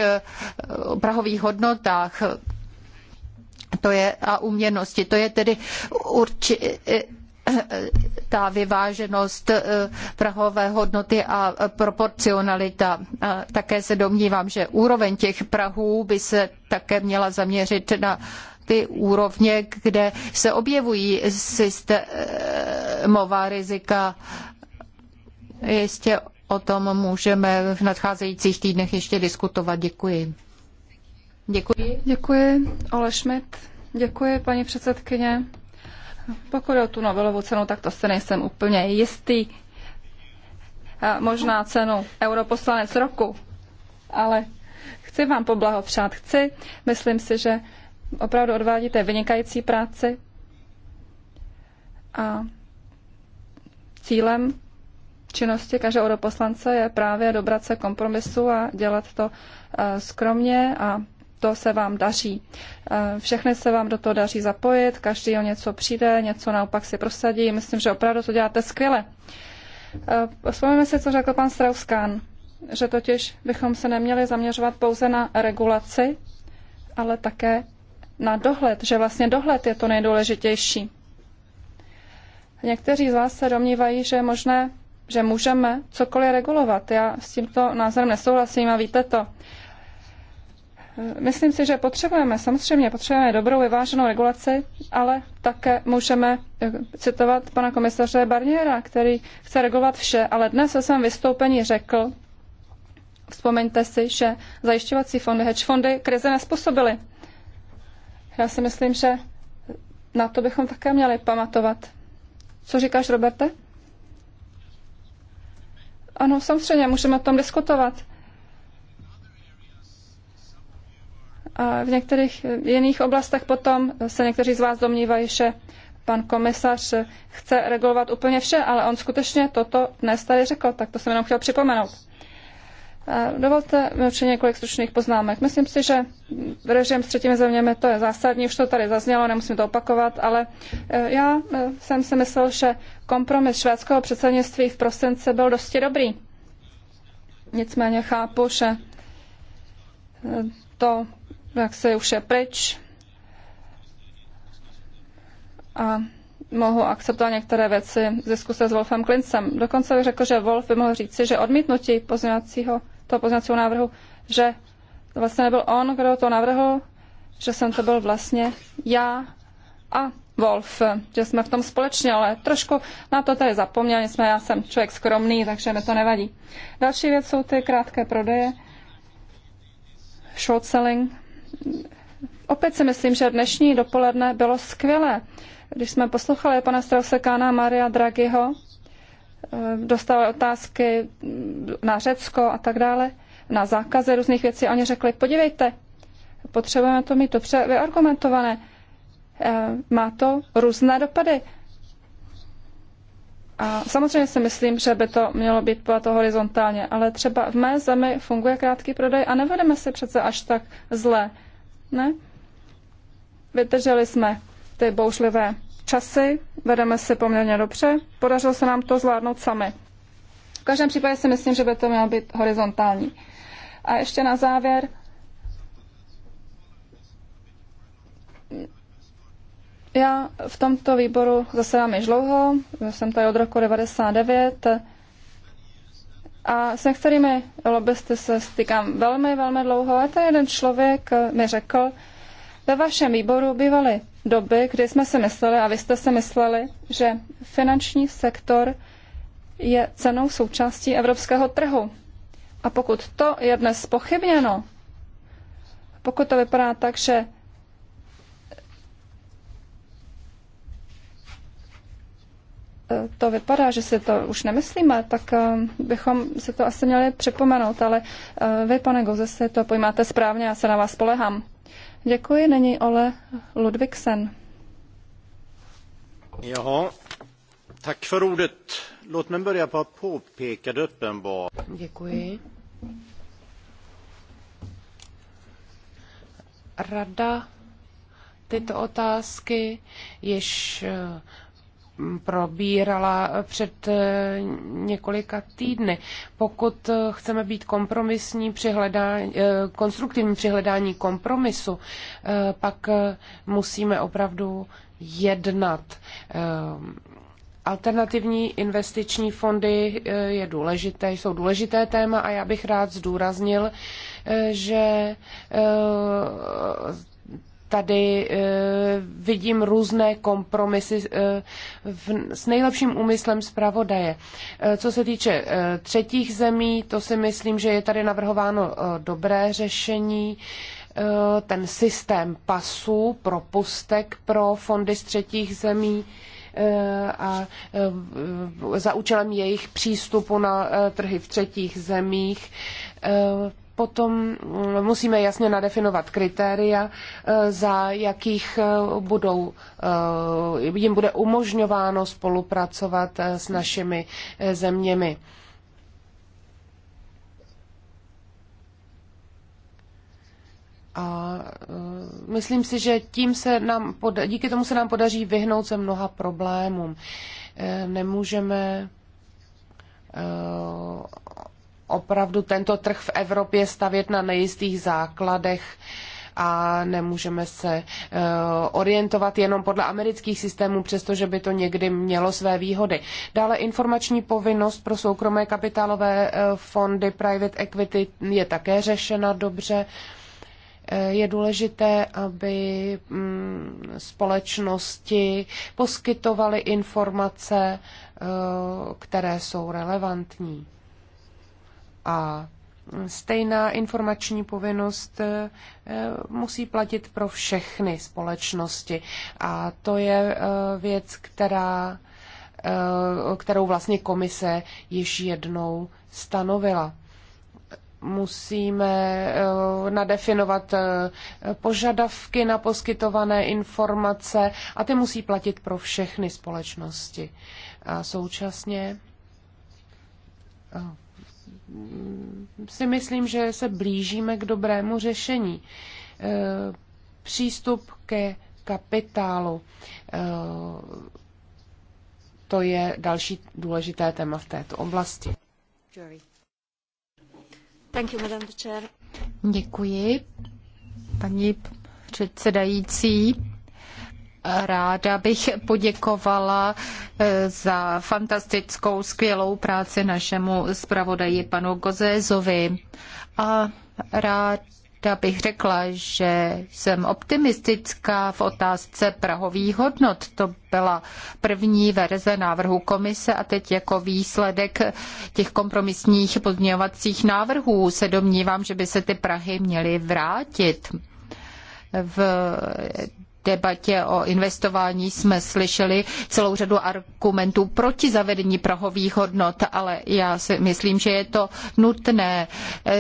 prahových hodnotách to je, a uměnosti. To je tedy určitě ta vyváženost eh, prahové hodnoty a proporcionalita. A také se domnívám, že úroveň těch prahů by se také měla zaměřit na ty úrovně, kde se objevují systémová rizika. Jistě o tom můžeme v nadcházejících týdnech ještě diskutovat. Děkuji.
Děkuji. Děkuji, Ole Schmidt. Děkuji, paní předsedkyně. Pokud o tu novelovou cenu, tak to se nejsem úplně jistý. možná cenu europoslanec roku, ale chci vám poblahopřát. Chci, myslím si, že opravdu odvádíte vynikající práci a cílem činnosti každého europoslance je právě dobrat se kompromisu a dělat to eh, skromně a to se vám daří. Eh, Všechny se vám do toho daří zapojit, každý o něco přijde, něco naopak si prosadí. Myslím, že opravdu to děláte skvěle. Eh, Vzpomeňme si, co řekl pan Strauskán, že totiž bychom se neměli zaměřovat pouze na regulaci, ale také na dohled, že vlastně dohled je to nejdůležitější. Někteří z vás se domnívají, že je možné, že můžeme cokoliv regulovat. Já s tímto názorem nesouhlasím a víte to. Myslím si, že potřebujeme, samozřejmě potřebujeme dobrou vyváženou regulaci, ale také můžeme eh, citovat pana komisaře Barniera, který chce regulovat vše, ale dnes ve svém vystoupení řekl, vzpomeňte si, že zajišťovací fondy, hedge fondy krize nespůsobily. Já si myslím, že na to bychom také měli pamatovat. Co říkáš, Roberte? Ano, samozřejmě, můžeme o tom diskutovat. A v některých jiných oblastech potom se někteří z vás domnívají, že pan komisař chce regulovat úplně vše, ale on skutečně toto dnes tady řekl, tak to jsem jenom chtěl připomenout. Dovolte mi určitě několik stručných poznámek. Myslím si, že režim s třetími zeměmi to je zásadní, už to tady zaznělo, nemusím to opakovat, ale e, já e, jsem si myslel, že kompromis švédského předsednictví v prosince byl dosti dobrý. Nicméně chápu, že e, to jak se už je pryč a mohu akceptovat některé věci z diskuse s Wolfem Klincem. Dokonce bych řekl, že Wolf by mohl říci, že odmítnutí pozměňovacího, toho pozměňovacího návrhu, že vlastně nebyl on, kdo to navrhl, že jsem to byl vlastně já a Wolf, že jsme v tom společně, ale trošku na to tady zapomněl, jsme, já jsem člověk skromný, takže mi to nevadí. Další věc jsou ty krátké prodeje, short selling opět si myslím, že dnešní dopoledne bylo skvělé. Když jsme poslouchali pana Strausekána Maria Draghiho, eh, dostali otázky na Řecko a tak dále, na zákazy různých věcí, a oni řekli, podívejte, potřebujeme to mít dobře vyargumentované. Eh, má to různé dopady. A samozřejmě si myslím, že by to mělo být plato horizontálně, ale třeba v mé zemi funguje krátký prodej a nevedeme se přece až tak zle. Ne? Vydrželi jsme ty bouřlivé časy, vedeme se poměrně dobře, podařilo se nám to zvládnout sami. V každém případě si myslím, že by to mělo být horizontální. A ještě na závěr, Já v tomto výboru zasedám již dlouho, jsem tady od roku 99, a s některými lobbysty se stykám velmi, velmi dlouho a ten jeden člověk mi řekl, ve vašem výboru bývaly doby, kdy jsme si mysleli, a vy jste si mysleli, že finanční sektor je cenou součástí evropského trhu. A pokud to je dnes pochybněno, pokud to vypadá tak, že Eh, to vypadá, že si to už nemyslíme, tak eh, bychom si to asi měli připomenout, ale eh, vy, pane Goze, si to pojmáte správně, já se na vás spolehám. Děkuji, není Ole Ludvigsen. Jo, tak för Låt mig börja på att påpeka det uppenbara.
Děkuji. Rada tyto otázky jež probírala před eh, několika týdny. Pokud eh, chceme být kompromisní při hledání, eh, konstruktivní při hledání kompromisu, pak musíme opravdu jednat. Alternativní investiční fondy je důležité, jsou důležité téma a já bych rád zdůraznil, že tady eh, vidím různé kompromisy eh, s nejlepším úmyslem zpravodaje. Eh, co se týče třetích zemí, to si myslím, že je tady navrhováno dobré řešení ten systém pasů, propustek pro fondy z třetích zemí a za účelem jejich přístupu na trhy v třetích zemích Potom eh, musíme jasně nadefinovat kritéria, eh, za jakých eh, budou, jim bude umožňováno spolupracovat s našimi zeměmi. A myslím si, že tím se nám poda- díky tomu se nám podaří vyhnout se mnoha problémům. Nemůžeme opravdu tento trh v Evropě stavět na nejistých základech a nemůžeme se eh, orientovat jenom podle amerických systémů, přestože by to někdy mělo své výhody. Dále informační povinnost pro soukromé kapitálové eh, fondy private equity je také řešena dobře. Eh, je důležité, aby mm, společnosti poskytovaly informace, které jsou relevantní a stejná informační povinnost eh, musí platit pro všechny společnosti. A to je eh, věc, která, eh, kterou vlastně komise již jednou stanovila musíme nadefinovat požadavky na poskytované informace a ty musí platit pro všechny společnosti. A současně si myslím, že se blížíme k dobrému řešení. E, přístup ke kapitálu. E, to je další důležité téma v této oblasti. Děkuji,
paní předsedající. Ráda bych poděkovala eh, za fantastickou, skvělou práci našemu zpravodaji panu Gozézovi a ráda bych řekla, že jsem optimistická v otázce prahových hodnot. To byla první verze návrhu komise a teď jako výsledek těch kompromisních pozměňovacích návrhů se domnívám, že by se ty Prahy měly vrátit. V debatě o investování jsme slyšeli celou řadu argumentů proti zavedení prahových hodnot, ale já si myslím, že je to nutné.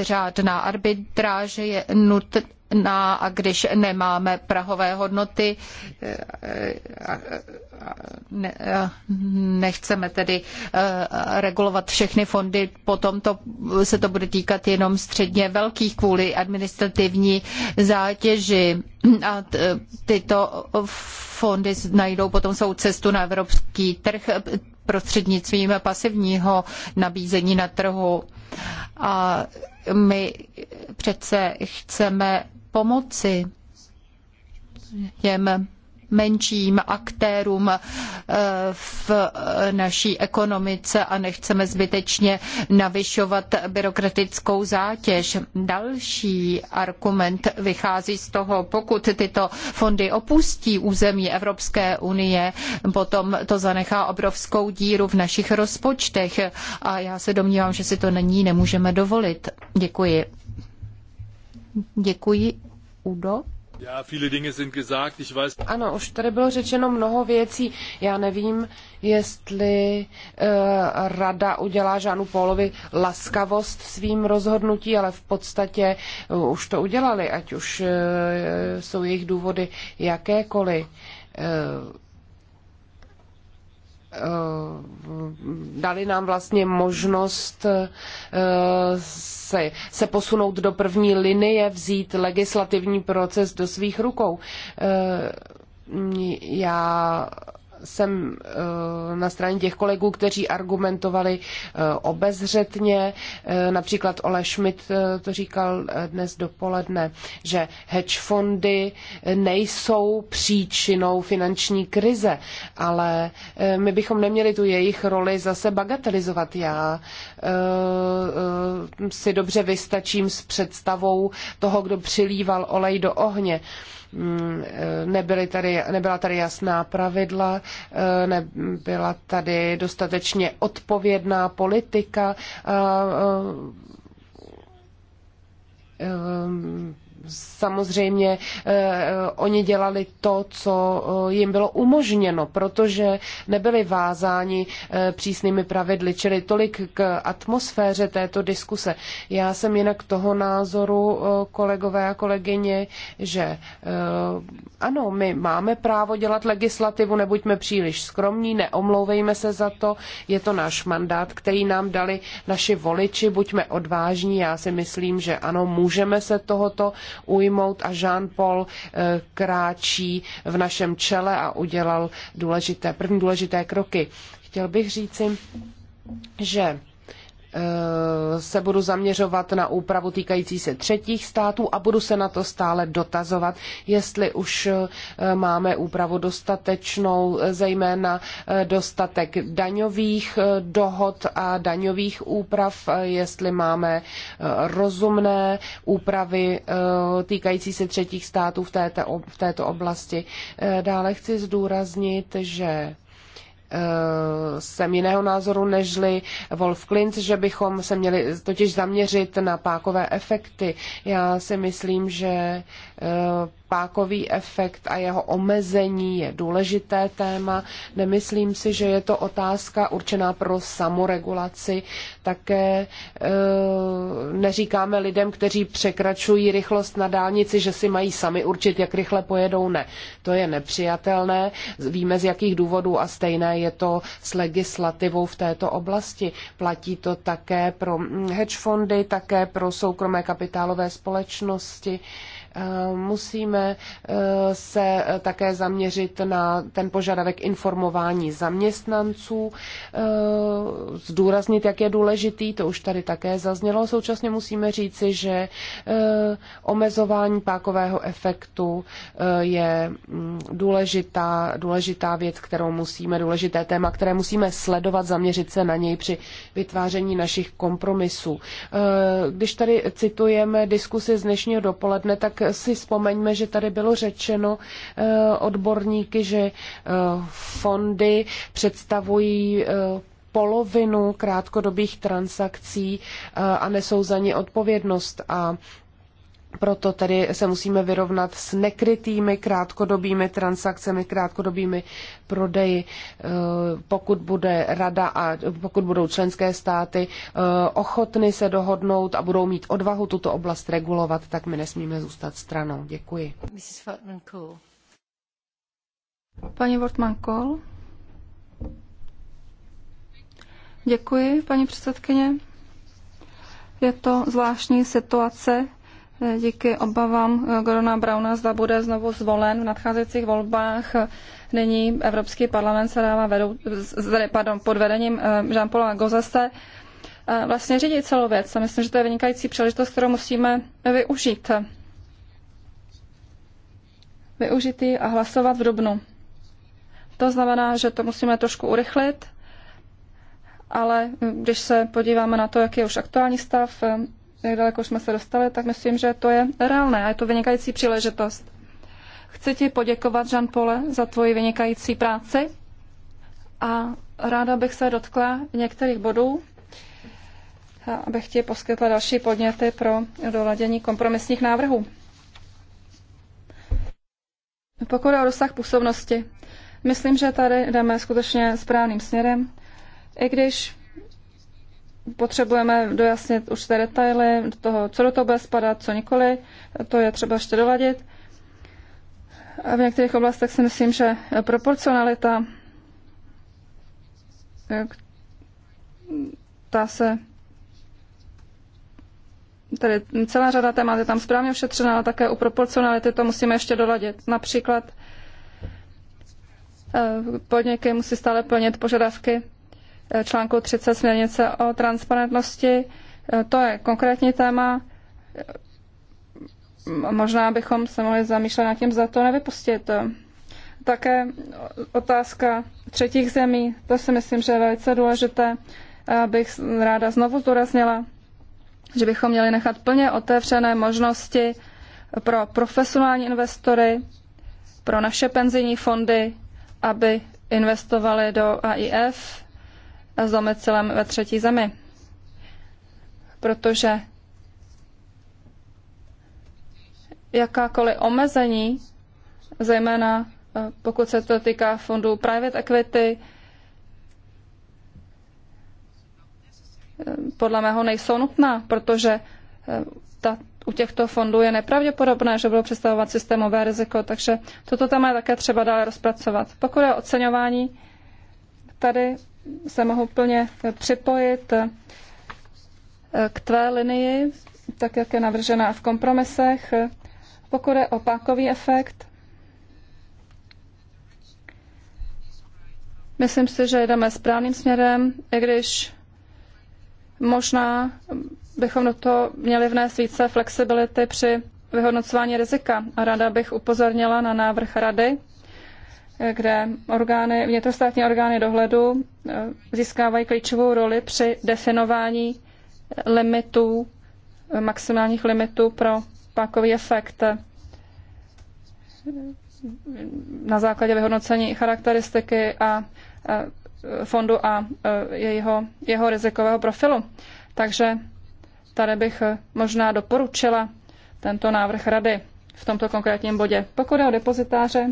Řádná arbitráž je nutná na, a když nemáme prahové hodnoty, eh, nechceme tedy eh, regulovat všechny fondy, potom to, se to bude týkat jenom středně velkých kvůli administrativní zátěži a tyto fondy najdou potom svou cestu na evropský trh prostřednictvím pasivního nabízení na trhu. A my přece chceme pomoci těm menším aktérům eh, v naší ekonomice a nechceme zbytečně navyšovat byrokratickou zátěž. Další argument vychází z toho, pokud tyto fondy opustí území Evropské unie, potom to zanechá obrovskou díru v našich rozpočtech a já se domnívám, že si to není nemůžeme dovolit. Děkuji. Děkuji, Udo. Ano,
už tady bylo řečeno mnoho věcí. Já nevím, jestli uh, rada udělá Žánu Pólovi laskavost svým rozhodnutí, ale v podstatě uh, už to udělali, ať už uh, jsou jejich důvody jakékoliv. Uh, Eh, dali nám vlastně možnost eh, se, se posunout do první linie, vzít legislativní proces do svých rukou. Eh, já jsem eh, na straně těch kolegů, kteří argumentovali eh, obezřetně. Eh, například Ole Schmidt to říkal dnes dopoledne, že hedge fondy nejsou příčinou finanční krize, ale my bychom neměli tu jejich roli zase bagatelizovat. Já si dobře vystačím s představou toho, kdo přilíval olej do ohně nebyly tady, nebyla tady jasná pravidla, eh, nebyla tady dostatečně odpovědná politika samozřejmě eh, oni dělali to, co eh, jim bylo umožněno, protože nebyli vázáni eh, přísnými pravidly, čili tolik k atmosféře této diskuse. Já jsem jinak toho názoru, kolegové a kolegyně, že ano, my máme právo dělat legislativu, nebuďme příliš skromní, neomlouvejme se za to, je to náš mandát, který nám dali naši voliči, buďme odvážní, já si myslím, že ano, můžeme se tohoto ujmout a Jean-Paul eh, kráčí v našem čele a udělal důležité, první důležité kroky. Chtěl bych říci, že Eh, se budu zaměřovat na úpravu týkající se třetích států a budu se na to stále dotazovat, jestli už eh, máme úpravu dostatečnou, eh, zejména dostatek daňových dohod a daňových úprav, jestli máme rozumné úpravy týkající se třetích států v této, v této oblasti. Dále chci zdůraznit, že jsem jiného názoru nežli Wolf Klintz, že bychom se měli totiž zaměřit na pákové efekty. Já si myslím, že eh, pákový efekt a jeho omezení je důležité téma. Nemyslím si, že je to otázka určená pro samoregulaci. Také e, neříkáme lidem, kteří překračují rychlost na dálnici, že si mají sami určit, jak rychle pojedou. Ne, to je nepřijatelné. Víme, z jakých důvodů a stejné je to s legislativou v této oblasti. Platí to také pro mm, hedge fondy, také pro soukromé kapitálové společnosti. Musíme eh, se také zaměřit na ten požadavek informování zaměstnanců, eh, zdůraznit, jak je důležitý, to už tady také zaznělo. Současně musíme říci, že eh, omezování pákového efektu je mm, důležitá, důležitá věc, kterou musíme, důležité téma, které musíme sledovat, zaměřit se na něj při vytváření našich kompromisů. Když tady citujeme diskusi z dnešního dopoledne, tak si vzpomeňme, že tady bylo řečeno eh, odborníky, že eh, fondy představují eh, polovinu krátkodobých transakcí a nesou za ně odpovědnost. A proto tedy se musíme vyrovnat s nekrytými krátkodobými transakcemi, krátkodobými prodeji, e, pokud bude rada a pokud budou členské státy e, ochotny se dohodnout a budou mít odvahu tuto oblast regulovat, tak my nesmíme zůstat stranou. Děkuji. Paní Wortmann-Kohl.
Děkuji, paní předsedkyně. Je to zvláštní situace, díky obavám eh, Gorona Brauna zda bude znovu zvolen v nadcházejících volbách. Nyní Evropský parlament se dává vedou, pardon, pod vedením eh, Jean-Paula Gozese eh, vlastně řídí celou věc. A myslím, že to je vynikající příležitost, kterou musíme využít. Využitý a hlasovat v dubnu. To znamená, že to musíme trošku urychlit, ale když se podíváme na to, jaký je už aktuální stav, jak daleko jsme se dostali, tak myslím, že to je reálné a je to vynikající příležitost. Chci ti poděkovat, Jean Pole, za tvoji vynikající práci a ráda bych se dotkla některých bodů, abych ti poskytla další podněty pro doladění kompromisních návrhů. Pokud o rozsah působnosti, myslím, že tady jdeme skutečně správným směrem, i když potřebujeme dojasnit ty detaily do toho, co do toho bude spadat, co nikoli. To je třeba ještě doladit. A v některých oblastech si myslím, že proporcionalita ta se tedy celá řada témat je tam správně ošetřena, ale také u proporcionality to musíme ještě doladit. Například eh, podniky musí stále plnit požadavky článku 30 směrnice o transparentnosti. E, to je konkrétní téma. Možná bychom se mohli zamýšlet nad tím, za to nevypustit. Také otázka třetích zemí, to si myslím, že je velice důležité, abych ráda znovu zdůraznila, že bychom měli nechat plně otevřené možnosti pro profesionální investory, pro naše penzijní fondy, aby investovali do AIF, s domicilem ve třetí zemi. Protože jakákoliv omezení, zejména eh, pokud se to týká fondů private equity, eh, podle mého nejsou nutná, protože eh, ta, u těchto fondů je nepravděpodobné, že budou představovat systémové riziko, takže toto téma je také třeba dále rozpracovat. Pokud je oceňování, tady se mohu plně připojit eh, k tvé linii, tak jak je navržená v kompromisech. Pokud je opákový efekt, myslím si, že jdeme správným směrem, i když možná bychom do toho měli vnést více flexibility při vyhodnocování rizika. A ráda bych upozornila na návrh rady, kde orgány, vnitrostátní orgány dohledu eh, získávají klíčovou roli při definování limitů, maximálních limitů pro pákový efekt na základě vyhodnocení charakteristiky a eh, fondu a eh, jeho, jeho rizikového profilu. Takže tady bych možná doporučila tento návrh rady v tomto konkrétním bodě. Pokud je o depozitáře,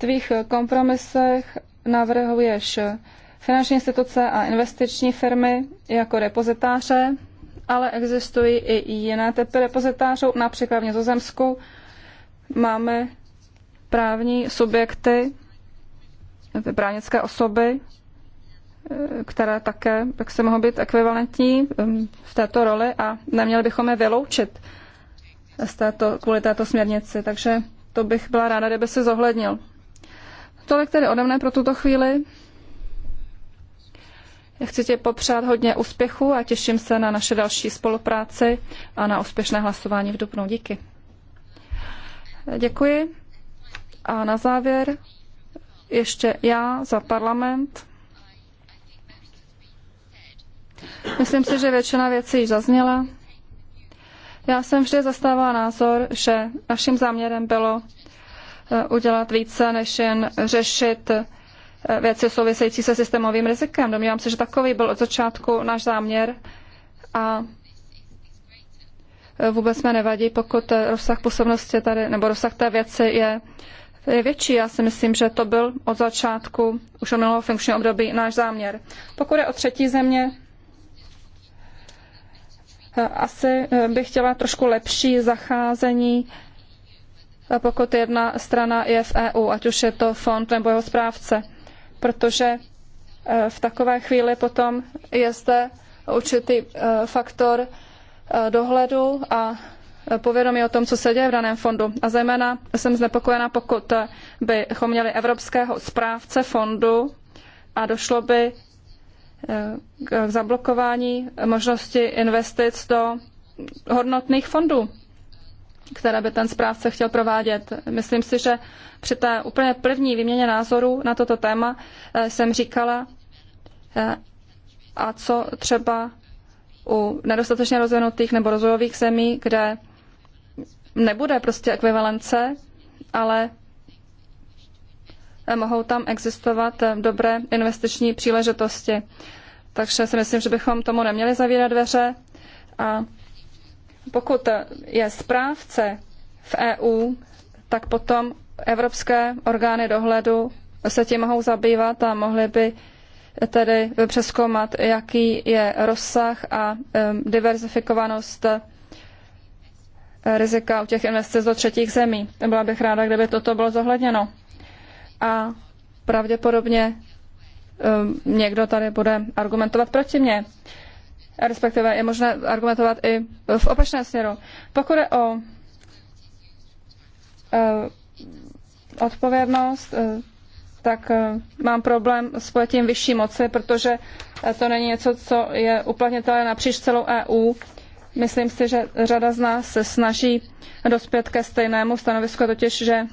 svých kompromisech navrhuješ finanční instituce a investiční firmy jako repozitáře, ale existují i jiné typy repozitářů, například v Nizozemsku máme právní subjekty, ty právnické osoby, které také tak se mohou být ekvivalentní um, v této roli a neměli bychom je vyloučit z této, kvůli této směrnici. Takže to bych byla ráda, kdyby si zohlednil. Tolik tedy ode mne pro tuto chvíli. Chci tě popřát hodně úspěchu a těším se na naše další spolupráci a na úspěšné hlasování v Dubnu. Díky. Děkuji. A na závěr ještě já za parlament. Myslím si, že většina věcí již zazněla. Já jsem vždy zastávala názor, že naším záměrem bylo Eh, udělat více, než jen řešit eh, věci související se systémovým rizikem. Domnívám se, že takový byl od začátku náš záměr a eh, vůbec mi nevadí, pokud rozsah působnosti tady, nebo rozsah té věci je, je větší. Já si myslím, že to byl od začátku už od minulého funkčního období náš záměr. Pokud je o třetí země, asi bych chtěla trošku lepší zacházení pokud jedna strana je v EU, ať už je to fond nebo jeho správce. Protože e, v takové chvíli potom je zde určitý e, faktor e, dohledu a povědomí o tom, co se děje v daném fondu. A zejména jsem znepokojena, pokud bychom měli evropského správce fondu a došlo by k zablokování možnosti investic do hodnotných fondů které by ten správce chtěl provádět. Myslím si, že při té úplně první výměně názorů na toto téma eh, jsem říkala, eh, a co třeba u nedostatečně rozvinutých nebo rozvojových zemí, kde nebude prostě ekvivalence, ale eh, mohou tam existovat dobré investiční příležitosti. Takže si myslím, že bychom tomu neměli zavírat dveře a pokud je správce v EU, tak potom evropské orgány dohledu se tím mohou zabývat a mohly by tedy přeskoumat, jaký je rozsah a diverzifikovanost eh, rizika u těch investic do třetích zemí. Byla bych ráda, kdyby toto bylo zohledněno. A pravděpodobně někdo tady bude argumentovat proti mně respektive je možné argumentovat i v opačném směru. Pokud je o eh, odpovědnost, eh, tak eh, mám problém s pojetím vyšší moci, protože to není něco, co je uplatnitelné napříč celou EU. Myslím si, že řada z nás se snaží dospět ke stejnému stanovisku, totiž, že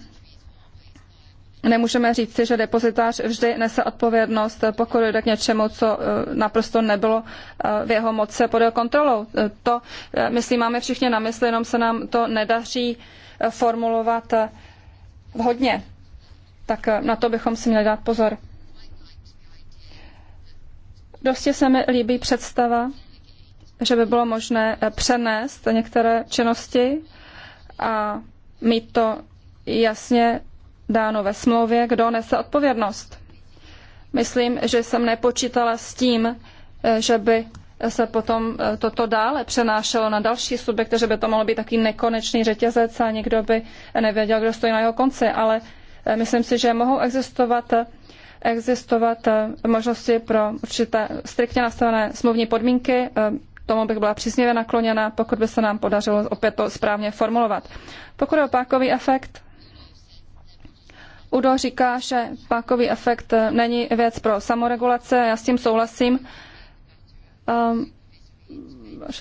Nemůžeme říct, že depozitář vždy nese odpovědnost, pokud jde k něčemu, co eh, naprosto nebylo eh, v jeho moci pod jeho kontrolou. Eh, to, myslím, máme všichni na mysli, jenom se nám to nedaří formulovat vhodně. Tak na to bychom si měli dát pozor. Dosti se mi líbí představa, že by bylo možné přenést některé činnosti a mít to jasně dáno ve smlouvě, kdo nese odpovědnost. Myslím, že jsem nepočítala s tím, eh, že by se potom eh, toto dále přenášelo na další subjekty, že by to mohlo být takový nekonečný řetězec a nikdo by nevěděl, kdo stojí na jeho konci. Ale eh, myslím si, že mohou existovat, existovat možnosti pro určité striktně nastavené smluvní podmínky. Tomu bych byla příznivě nakloněna, pokud by se nám podařilo opět to správně formulovat. Pokud je opákový efekt, Udo říká, že pákový efekt není věc pro samoregulace, já s tím souhlasím. Um,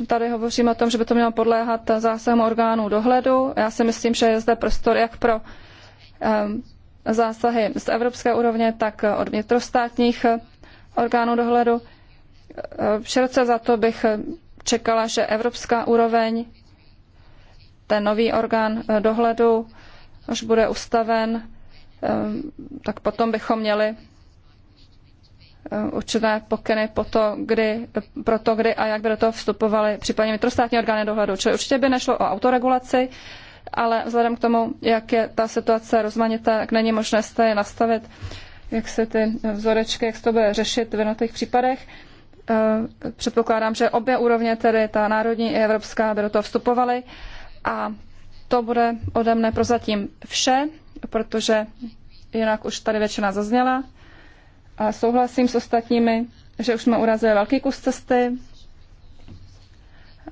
tady hovoříme o tom, že by to mělo podléhat zásahem orgánů dohledu. Já si myslím, že je zde prostor jak pro um, zásahy z evropské úrovně, tak od vnitrostátních orgánů dohledu. Ehm, široce za to bych čekala, že evropská úroveň, ten nový orgán dohledu, až bude ustaven, Ehm, tak potom bychom měli ehm, určité pokyny po to, kdy, pro to, kdy a jak by do toho vstupovaly případně vnitrostátní orgány dohledu. Čili určitě by nešlo o autoregulaci, ale vzhledem k tomu, jak je ta situace rozmanitá, jak není možné se nastavit, jak se ty vzorečky, jak se to bude řešit v jednotlivých případech. Ehm, předpokládám, že obě úrovně, tedy ta národní i evropská, by do toho vstupovaly. A to bude ode mne prozatím vše protože jinak už tady většina zazněla. A souhlasím s ostatními, že už jsme urazili velký kus cesty.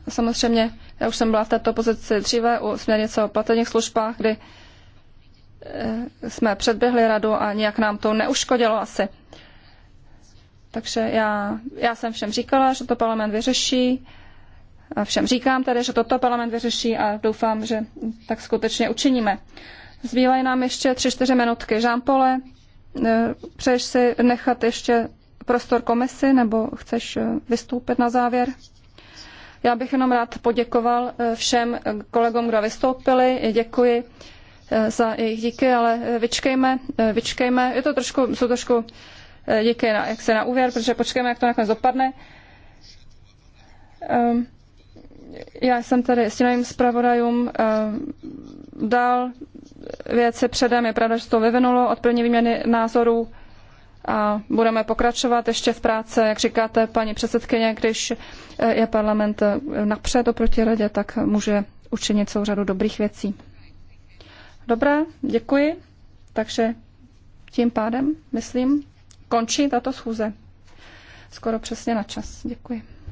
Samozřejmě, já už jsem byla v této pozici dříve u směrnice o platených službách, kdy eh, jsme předběhli radu a nějak nám to neuškodilo asi. Takže já, já jsem všem říkala, že to parlament vyřeší. A všem říkám tedy, že toto parlament vyřeší a doufám, že tak skutečně učiníme. Zbývají nám ještě 3-4 minutky. Žámpole, eh, přeješ si nechat ještě prostor komisi nebo chceš eh, vystoupit na závěr? Já bych jenom rád poděkoval eh, všem kolegům, kdo vystoupili. Děkuji za jejich díky, ale vyčkejme, vyčkejme. Je to trošku, jsou trošku díky, na, jak se na úvěr, protože počkejme, jak to nakonec dopadne. Um, já jsem tady s tím zpravodajům eh, dal věci předem. Je pravda, že to vyvinulo od první výměny názorů a budeme pokračovat ještě v práci, jak říkáte, paní předsedkyně, když eh, je parlament eh, napřed oproti radě, tak může učinit celou řadu dobrých věcí. Dobrá, děkuji. Takže tím pádem, myslím, končí tato schůze. Skoro přesně na čas. Děkuji.